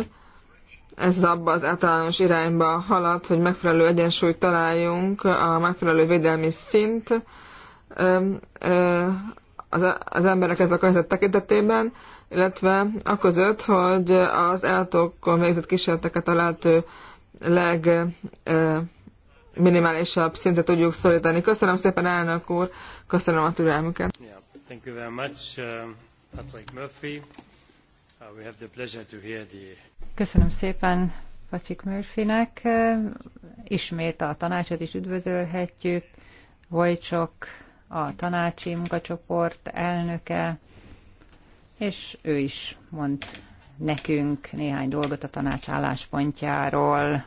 ez abba az általános irányba halad, hogy megfelelő egyensúlyt találjunk a megfelelő védelmi szint az, az emberek, illetve a környezet tekintetében, illetve a között, hogy az állatokon végzett kísérleteket a lehető legminimálisabb szintet tudjuk szorítani. Köszönöm szépen, elnök úr, köszönöm a türelmüket. Yeah, thank you very much, uh, Patrick Murphy. Uh, we have the pleasure to hear the... Köszönöm szépen Pacsik Murphynek. Ismét a tanácsot is üdvözölhetjük. Vojcsok a tanácsi munkacsoport elnöke, és ő is mond nekünk néhány dolgot a tanács álláspontjáról.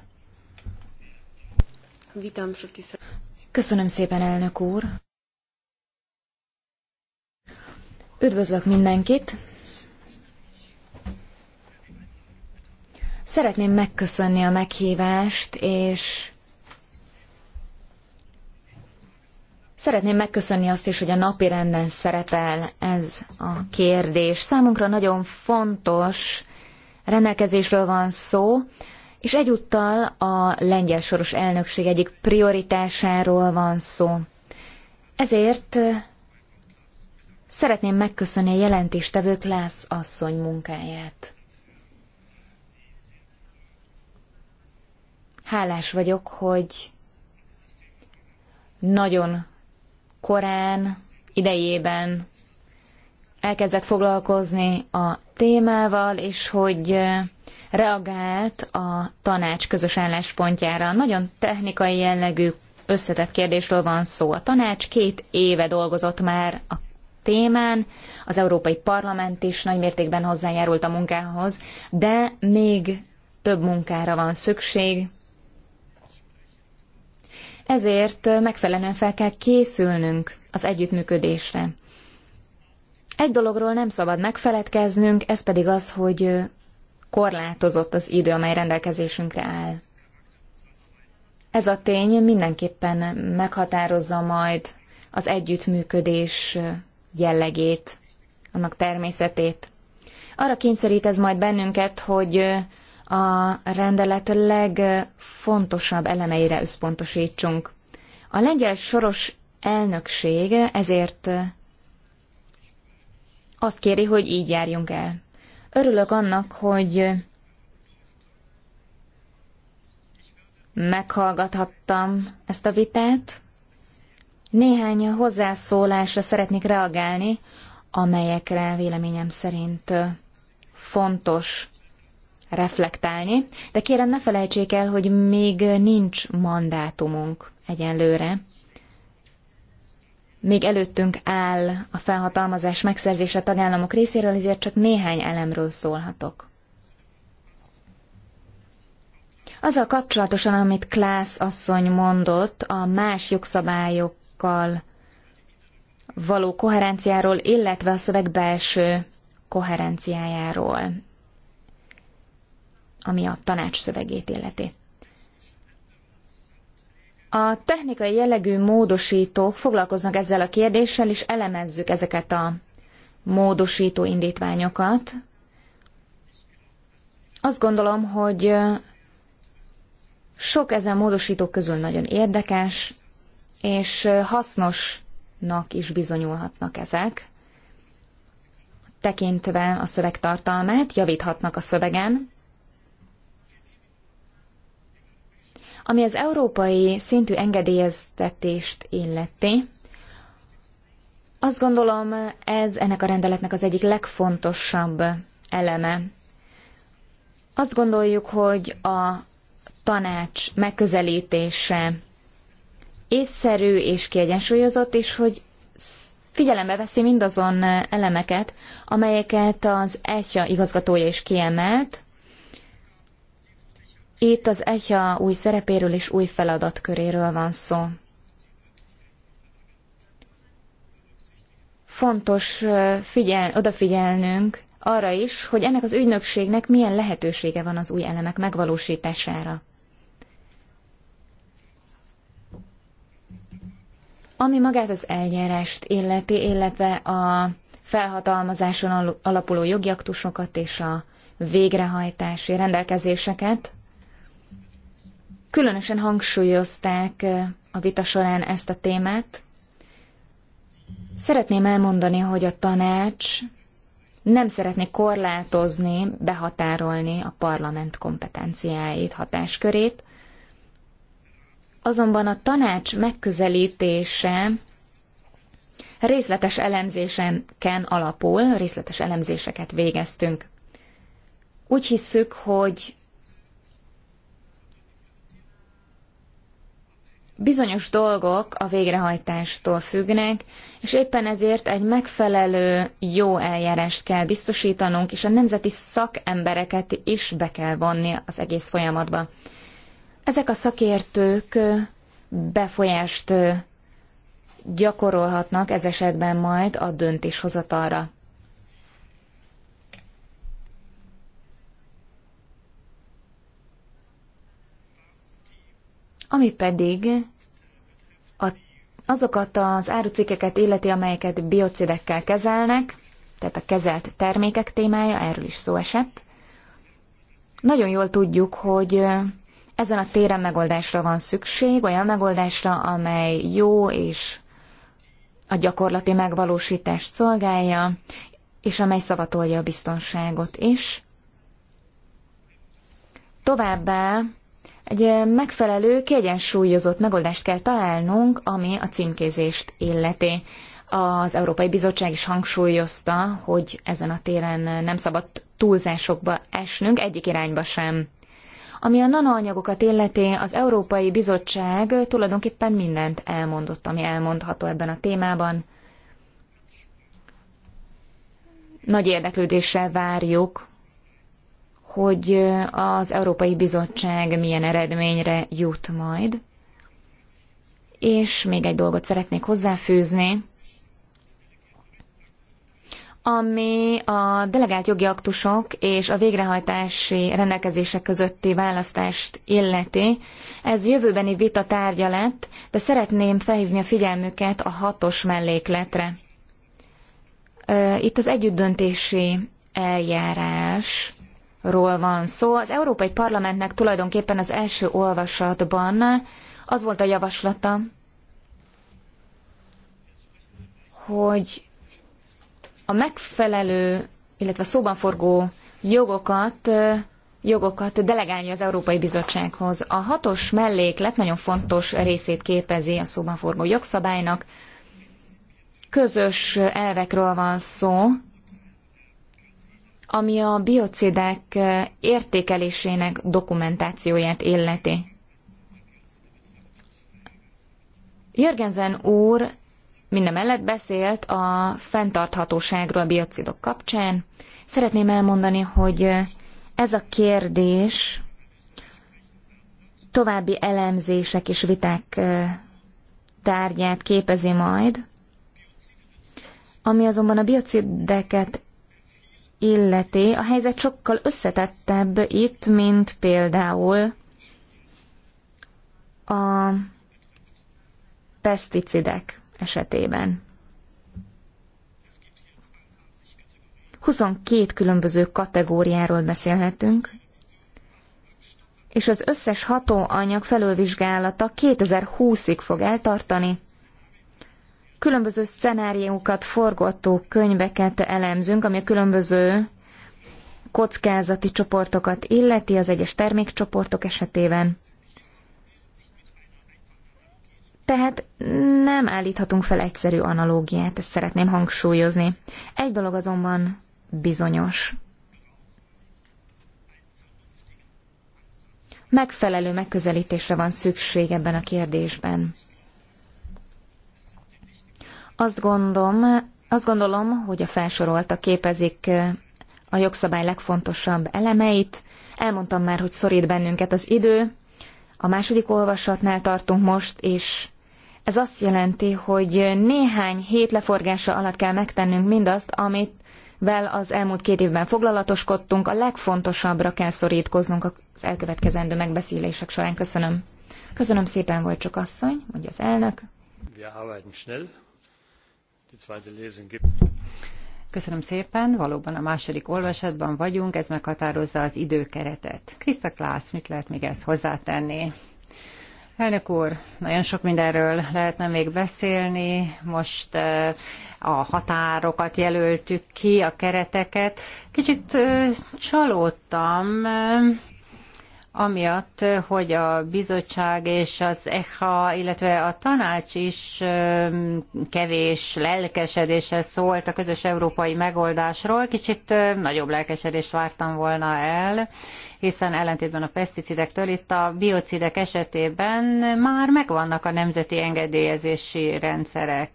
Köszönöm szépen, elnök úr! Üdvözlök mindenkit! Szeretném megköszönni a meghívást, és Szeretném megköszönni azt is, hogy a napi renden szerepel ez a kérdés. Számunkra nagyon fontos rendelkezésről van szó, és egyúttal a lengyel soros elnökség egyik prioritásáról van szó. Ezért szeretném megköszönni a jelentéstevő Klász asszony munkáját. Hálás vagyok, hogy nagyon korán, idejében elkezdett foglalkozni a témával, és hogy reagált a tanács közös álláspontjára. Nagyon technikai jellegű összetett kérdésről van szó. A tanács két éve dolgozott már a témán, az Európai Parlament is nagymértékben hozzájárult a munkához, de még több munkára van szükség, ezért megfelelően fel kell készülnünk az együttműködésre. Egy dologról nem szabad megfeledkeznünk, ez pedig az, hogy korlátozott az idő, amely rendelkezésünkre áll. Ez a tény mindenképpen meghatározza majd az együttműködés jellegét, annak természetét. Arra kényszerít ez majd bennünket, hogy a rendelet legfontosabb elemeire összpontosítsunk. A lengyel soros elnökség ezért azt kéri, hogy így járjunk el. Örülök annak, hogy meghallgathattam ezt a vitát. Néhány hozzászólásra szeretnék reagálni, amelyekre véleményem szerint fontos reflektálni, de kérem ne felejtsék el, hogy még nincs mandátumunk egyenlőre. Még előttünk áll a felhatalmazás megszerzése tagállamok részéről, ezért csak néhány elemről szólhatok. Azzal kapcsolatosan, amit Klász asszony mondott, a más jogszabályokkal való koherenciáról, illetve a szöveg belső koherenciájáról ami a tanács szövegét illeti. A technikai jellegű módosítók foglalkoznak ezzel a kérdéssel, és elemezzük ezeket a módosító indítványokat. Azt gondolom, hogy sok ezen módosítók közül nagyon érdekes, és hasznosnak is bizonyulhatnak ezek. Tekintve a szöveg tartalmát, javíthatnak a szövegen, Ami az európai szintű engedélyeztetést illeti, azt gondolom, ez ennek a rendeletnek az egyik legfontosabb eleme. Azt gondoljuk, hogy a tanács megközelítése észszerű és kiegyensúlyozott, és hogy figyelembe veszi mindazon elemeket, amelyeket az ESA igazgatója is kiemelt, itt az Egyha új szerepéről és új feladatköréről van szó. Fontos figyel, odafigyelnünk arra is, hogy ennek az ügynökségnek milyen lehetősége van az új elemek megvalósítására. Ami magát az eljárást illeti, illetve a felhatalmazáson alapuló jogi aktusokat és a végrehajtási rendelkezéseket, Különösen hangsúlyozták eh, a vita során ezt a témát. Szeretném elmondani, hogy a tanács nem szeretné korlátozni, behatárolni a parlament kompetenciáit, hatáskörét, azonban a tanács megközelítése részletes elemzéseken alapul, részletes elemzéseket végeztünk. Úgy hisszük, hogy bizonyos dolgok a végrehajtástól függnek, és éppen ezért egy megfelelő jó eljárást kell biztosítanunk, és a nemzeti szakembereket is be kell vonni az egész folyamatba. Ezek a szakértők befolyást gyakorolhatnak ez esetben majd a döntéshozatalra. ami pedig a, azokat az árucikkeket illeti, amelyeket biocidekkel kezelnek, tehát a kezelt termékek témája, erről is szó esett. Nagyon jól tudjuk, hogy ezen a téren megoldásra van szükség, olyan megoldásra, amely jó és a gyakorlati megvalósítást szolgálja, és amely szavatolja a biztonságot is. Továbbá egy megfelelő, kiegyensúlyozott megoldást kell találnunk, ami a címkézést illeti. Az Európai Bizottság is hangsúlyozta, hogy ezen a téren nem szabad túlzásokba esnünk, egyik irányba sem. Ami a nanoanyagokat illeti, az Európai Bizottság tulajdonképpen mindent elmondott, ami elmondható ebben a témában. Nagy érdeklődéssel várjuk hogy az Európai Bizottság milyen eredményre jut majd. És még egy dolgot szeretnék hozzáfűzni, ami a delegált jogi aktusok és a végrehajtási rendelkezések közötti választást illeti. Ez jövőbeni vita tárgya lett, de szeretném felhívni a figyelmüket a hatos mellékletre. Itt az együttdöntési eljárás ról van szó. Az Európai Parlamentnek tulajdonképpen az első olvasatban az volt a javaslata, hogy a megfelelő, illetve szóban forgó jogokat, jogokat delegálja az Európai Bizottsághoz. A hatos melléklet nagyon fontos részét képezi a szóban forgó jogszabálynak. Közös elvekről van szó, ami a biocidek értékelésének dokumentációját illeti. Jörgenzen úr minden mellett beszélt a fenntarthatóságról a biocidok kapcsán. Szeretném elmondani, hogy ez a kérdés további elemzések és viták tárgyát képezi majd, ami azonban a biocideket illeti, a helyzet sokkal összetettebb itt, mint például a peszticidek esetében. 22 különböző kategóriáról beszélhetünk, és az összes hatóanyag felülvizsgálata 2020-ig fog eltartani, különböző szenáriókat, könyveket elemzünk, ami a különböző kockázati csoportokat illeti az egyes termékcsoportok esetében. Tehát nem állíthatunk fel egyszerű analógiát, ezt szeretném hangsúlyozni. Egy dolog azonban bizonyos. Megfelelő megközelítésre van szükség ebben a kérdésben. Azt gondolom, azt gondolom, hogy a felsoroltak képezik a jogszabály legfontosabb elemeit. Elmondtam már, hogy szorít bennünket az idő. A második olvasatnál tartunk most, és ez azt jelenti, hogy néhány hét leforgása alatt kell megtennünk mindazt, amit vel az elmúlt két évben foglalatoskodtunk, a legfontosabbra kell szorítkoznunk az elkövetkezendő megbeszélések során. Köszönöm. Köszönöm szépen, csak asszony, mondja az elnök. Köszönöm szépen, valóban a második olvasatban vagyunk, ez meghatározza az időkeretet. Krista Klász, mit lehet még ezt hozzátenni? Elnök úr, nagyon sok mindenről lehetne még beszélni. Most eh, a határokat jelöltük ki, a kereteket. Kicsit eh, csalódtam eh, amiatt, hogy a bizottság és az ECHA, illetve a tanács is kevés lelkesedéssel szólt a közös európai megoldásról. Kicsit nagyobb lelkesedést vártam volna el, hiszen ellentétben a peszticidektől itt a biocidek esetében már megvannak a nemzeti engedélyezési rendszerek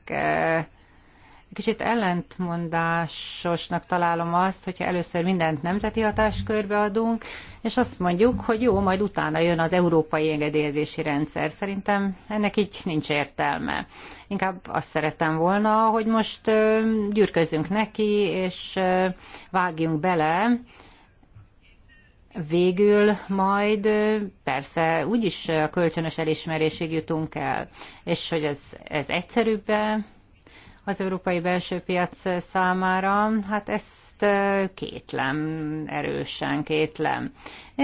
Kicsit ellentmondásosnak találom azt, hogyha először mindent nemzeti hatáskörbe adunk, és azt mondjuk, hogy jó, majd utána jön az európai engedélyezési rendszer. Szerintem ennek így nincs értelme. Inkább azt szeretem volna, hogy most ö, gyürközünk neki, és ö, vágjunk bele, végül majd persze úgyis a kölcsönös elismerésig jutunk el, és hogy ez, ez egyszerűbb az európai belső piac számára, hát ezt kétlem, erősen kétlem.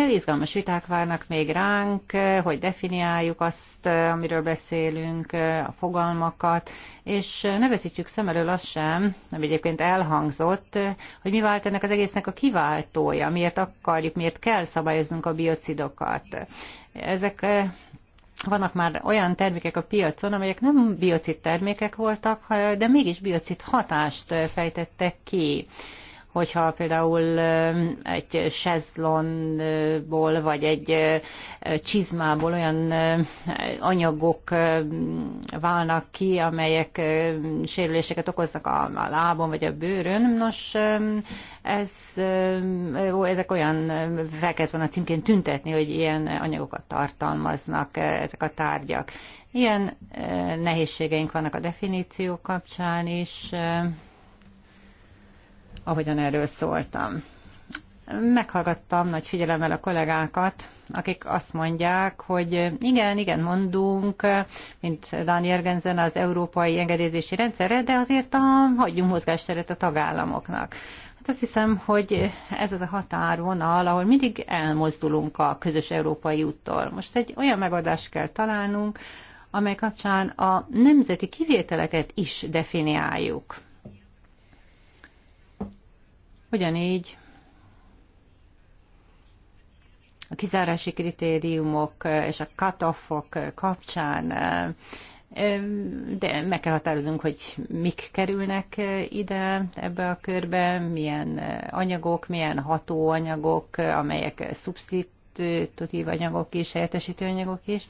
Izgalmas viták várnak még ránk, hogy definiáljuk azt, amiről beszélünk, a fogalmakat, és ne veszítjük szem elől azt sem, ami egyébként elhangzott, hogy mi vált ennek az egésznek a kiváltója, miért akarjuk, miért kell szabályoznunk a biocidokat. Ezek vannak már olyan termékek a piacon, amelyek nem biocid termékek voltak, de mégis biocid hatást fejtettek ki hogyha például egy sezlonból vagy egy csizmából olyan anyagok válnak ki, amelyek sérüléseket okoznak a, lábon vagy a bőrön, nos, ez, ezek olyan, fel kellett volna címként tüntetni, hogy ilyen anyagokat tartalmaznak ezek a tárgyak. Ilyen nehézségeink vannak a definíció kapcsán is, ahogyan erről szóltam. Meghallgattam nagy figyelemmel a kollégákat, akik azt mondják, hogy igen, igen, mondunk, mint Dani ergenzen az európai engedélyezési rendszerre, de azért a, hagyjunk mozgásteret a tagállamoknak. Hát azt hiszem, hogy ez az a határvonal, ahol mindig elmozdulunk a közös európai úttól. Most egy olyan megoldást kell találnunk, amely kapcsán a nemzeti kivételeket is definiáljuk. Ugyanígy a kizárási kritériumok és a cut -ok kapcsán de meg kell határoznunk, hogy mik kerülnek ide ebbe a körbe, milyen anyagok, milyen hatóanyagok, amelyek szubszitutív anyagok is, helyettesítő anyagok is.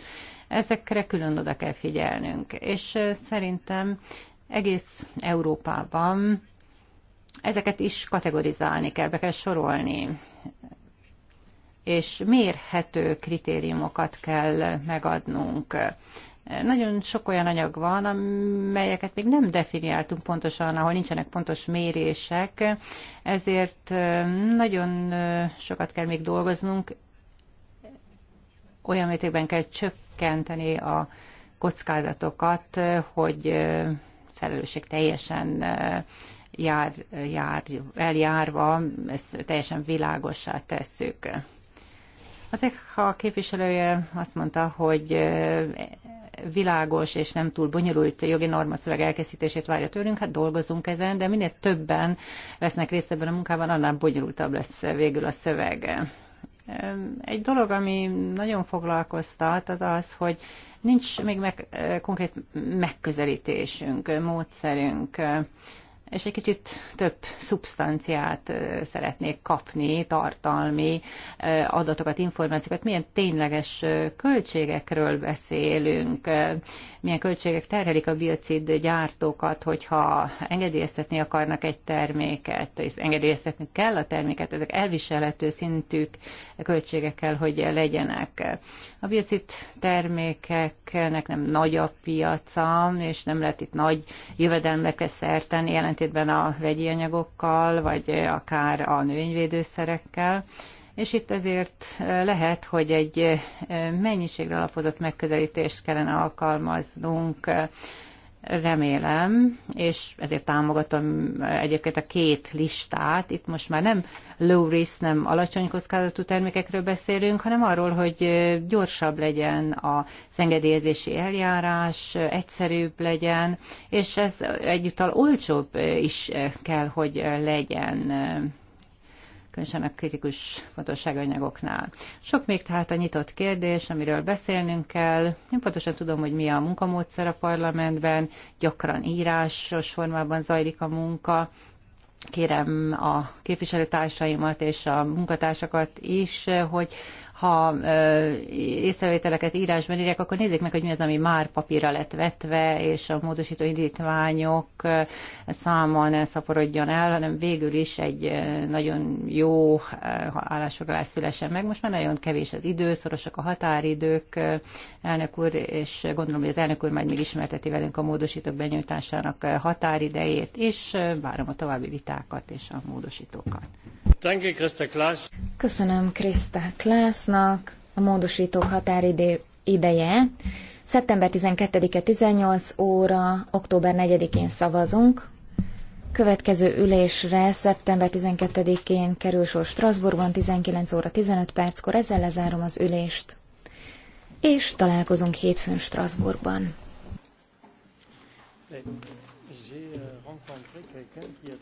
Ezekre külön oda kell figyelnünk. És szerintem egész Európában Ezeket is kategorizálni kell, be kell sorolni, és mérhető kritériumokat kell megadnunk. Nagyon sok olyan anyag van, amelyeket még nem definiáltunk pontosan, ahol nincsenek pontos mérések, ezért nagyon sokat kell még dolgoznunk, olyan mértékben kell csökkenteni a kockázatokat, hogy felelősség teljesen jár, jár, eljárva, ezt teljesen világossá tesszük. Az a képviselője azt mondta, hogy világos és nem túl bonyolult jogi normaszöveg elkészítését várja tőlünk, hát dolgozunk ezen, de minél többen vesznek részt ebben a munkában, annál bonyolultabb lesz végül a szöveg. Egy dolog, ami nagyon foglalkoztat, az az, hogy nincs még meg, konkrét megközelítésünk, módszerünk és egy kicsit több szubstanciát szeretnék kapni, tartalmi adatokat, információkat, milyen tényleges költségekről beszélünk, milyen költségek terhelik a biocid gyártókat, hogyha engedélyeztetni akarnak egy terméket, és engedélyeztetni kell a terméket, ezek elviselhető szintű költségekkel, hogy legyenek. A biocid termékeknek nem nagy a piaca, és nem lehet itt nagy jövedelmekre szerten jelent ellentétben a vegyi anyagokkal, vagy akár a növényvédőszerekkel, és itt ezért lehet, hogy egy mennyiségre alapozott megközelítést kellene alkalmaznunk, remélem, és ezért támogatom eh, egyébként a két listát. Itt most már nem low risk, nem alacsony kockázatú termékekről beszélünk, hanem arról, hogy eh, gyorsabb legyen a engedélyezési eljárás, eh, egyszerűbb legyen, és ez egyúttal olcsóbb is kell, hogy legyen különösen a kritikus fontosságú anyagoknál. Sok még tehát a nyitott kérdés, amiről beszélnünk kell. Én pontosan tudom, hogy mi a munkamódszer a parlamentben, gyakran írásos formában zajlik a munka, kérem a képviselőtársaimat és a munkatársakat is, hogy ha észrevételeket írásban írják, akkor nézzék meg, hogy mi az, ami már papírra lett vetve, és a módosító indítványok száma ne szaporodjon el, hanem végül is egy nagyon jó állásfoglalás szülesen meg. Most már nagyon kevés az idő, szorosak a határidők, elnök úr, és gondolom, hogy az elnök úr majd még ismerteti velünk a módosítók benyújtásának határidejét, és várom a további vitákat és a módosítókat. Köszönöm Krista Klásznak a módosítók határideje. Szeptember 12-e 18 óra, október 4-én szavazunk. Következő ülésre szeptember 12-én kerül sor Strasbourgban 19 óra 15 perckor, ezzel lezárom az ülést. És találkozunk hétfőn Strasbourgban. J'ai euh,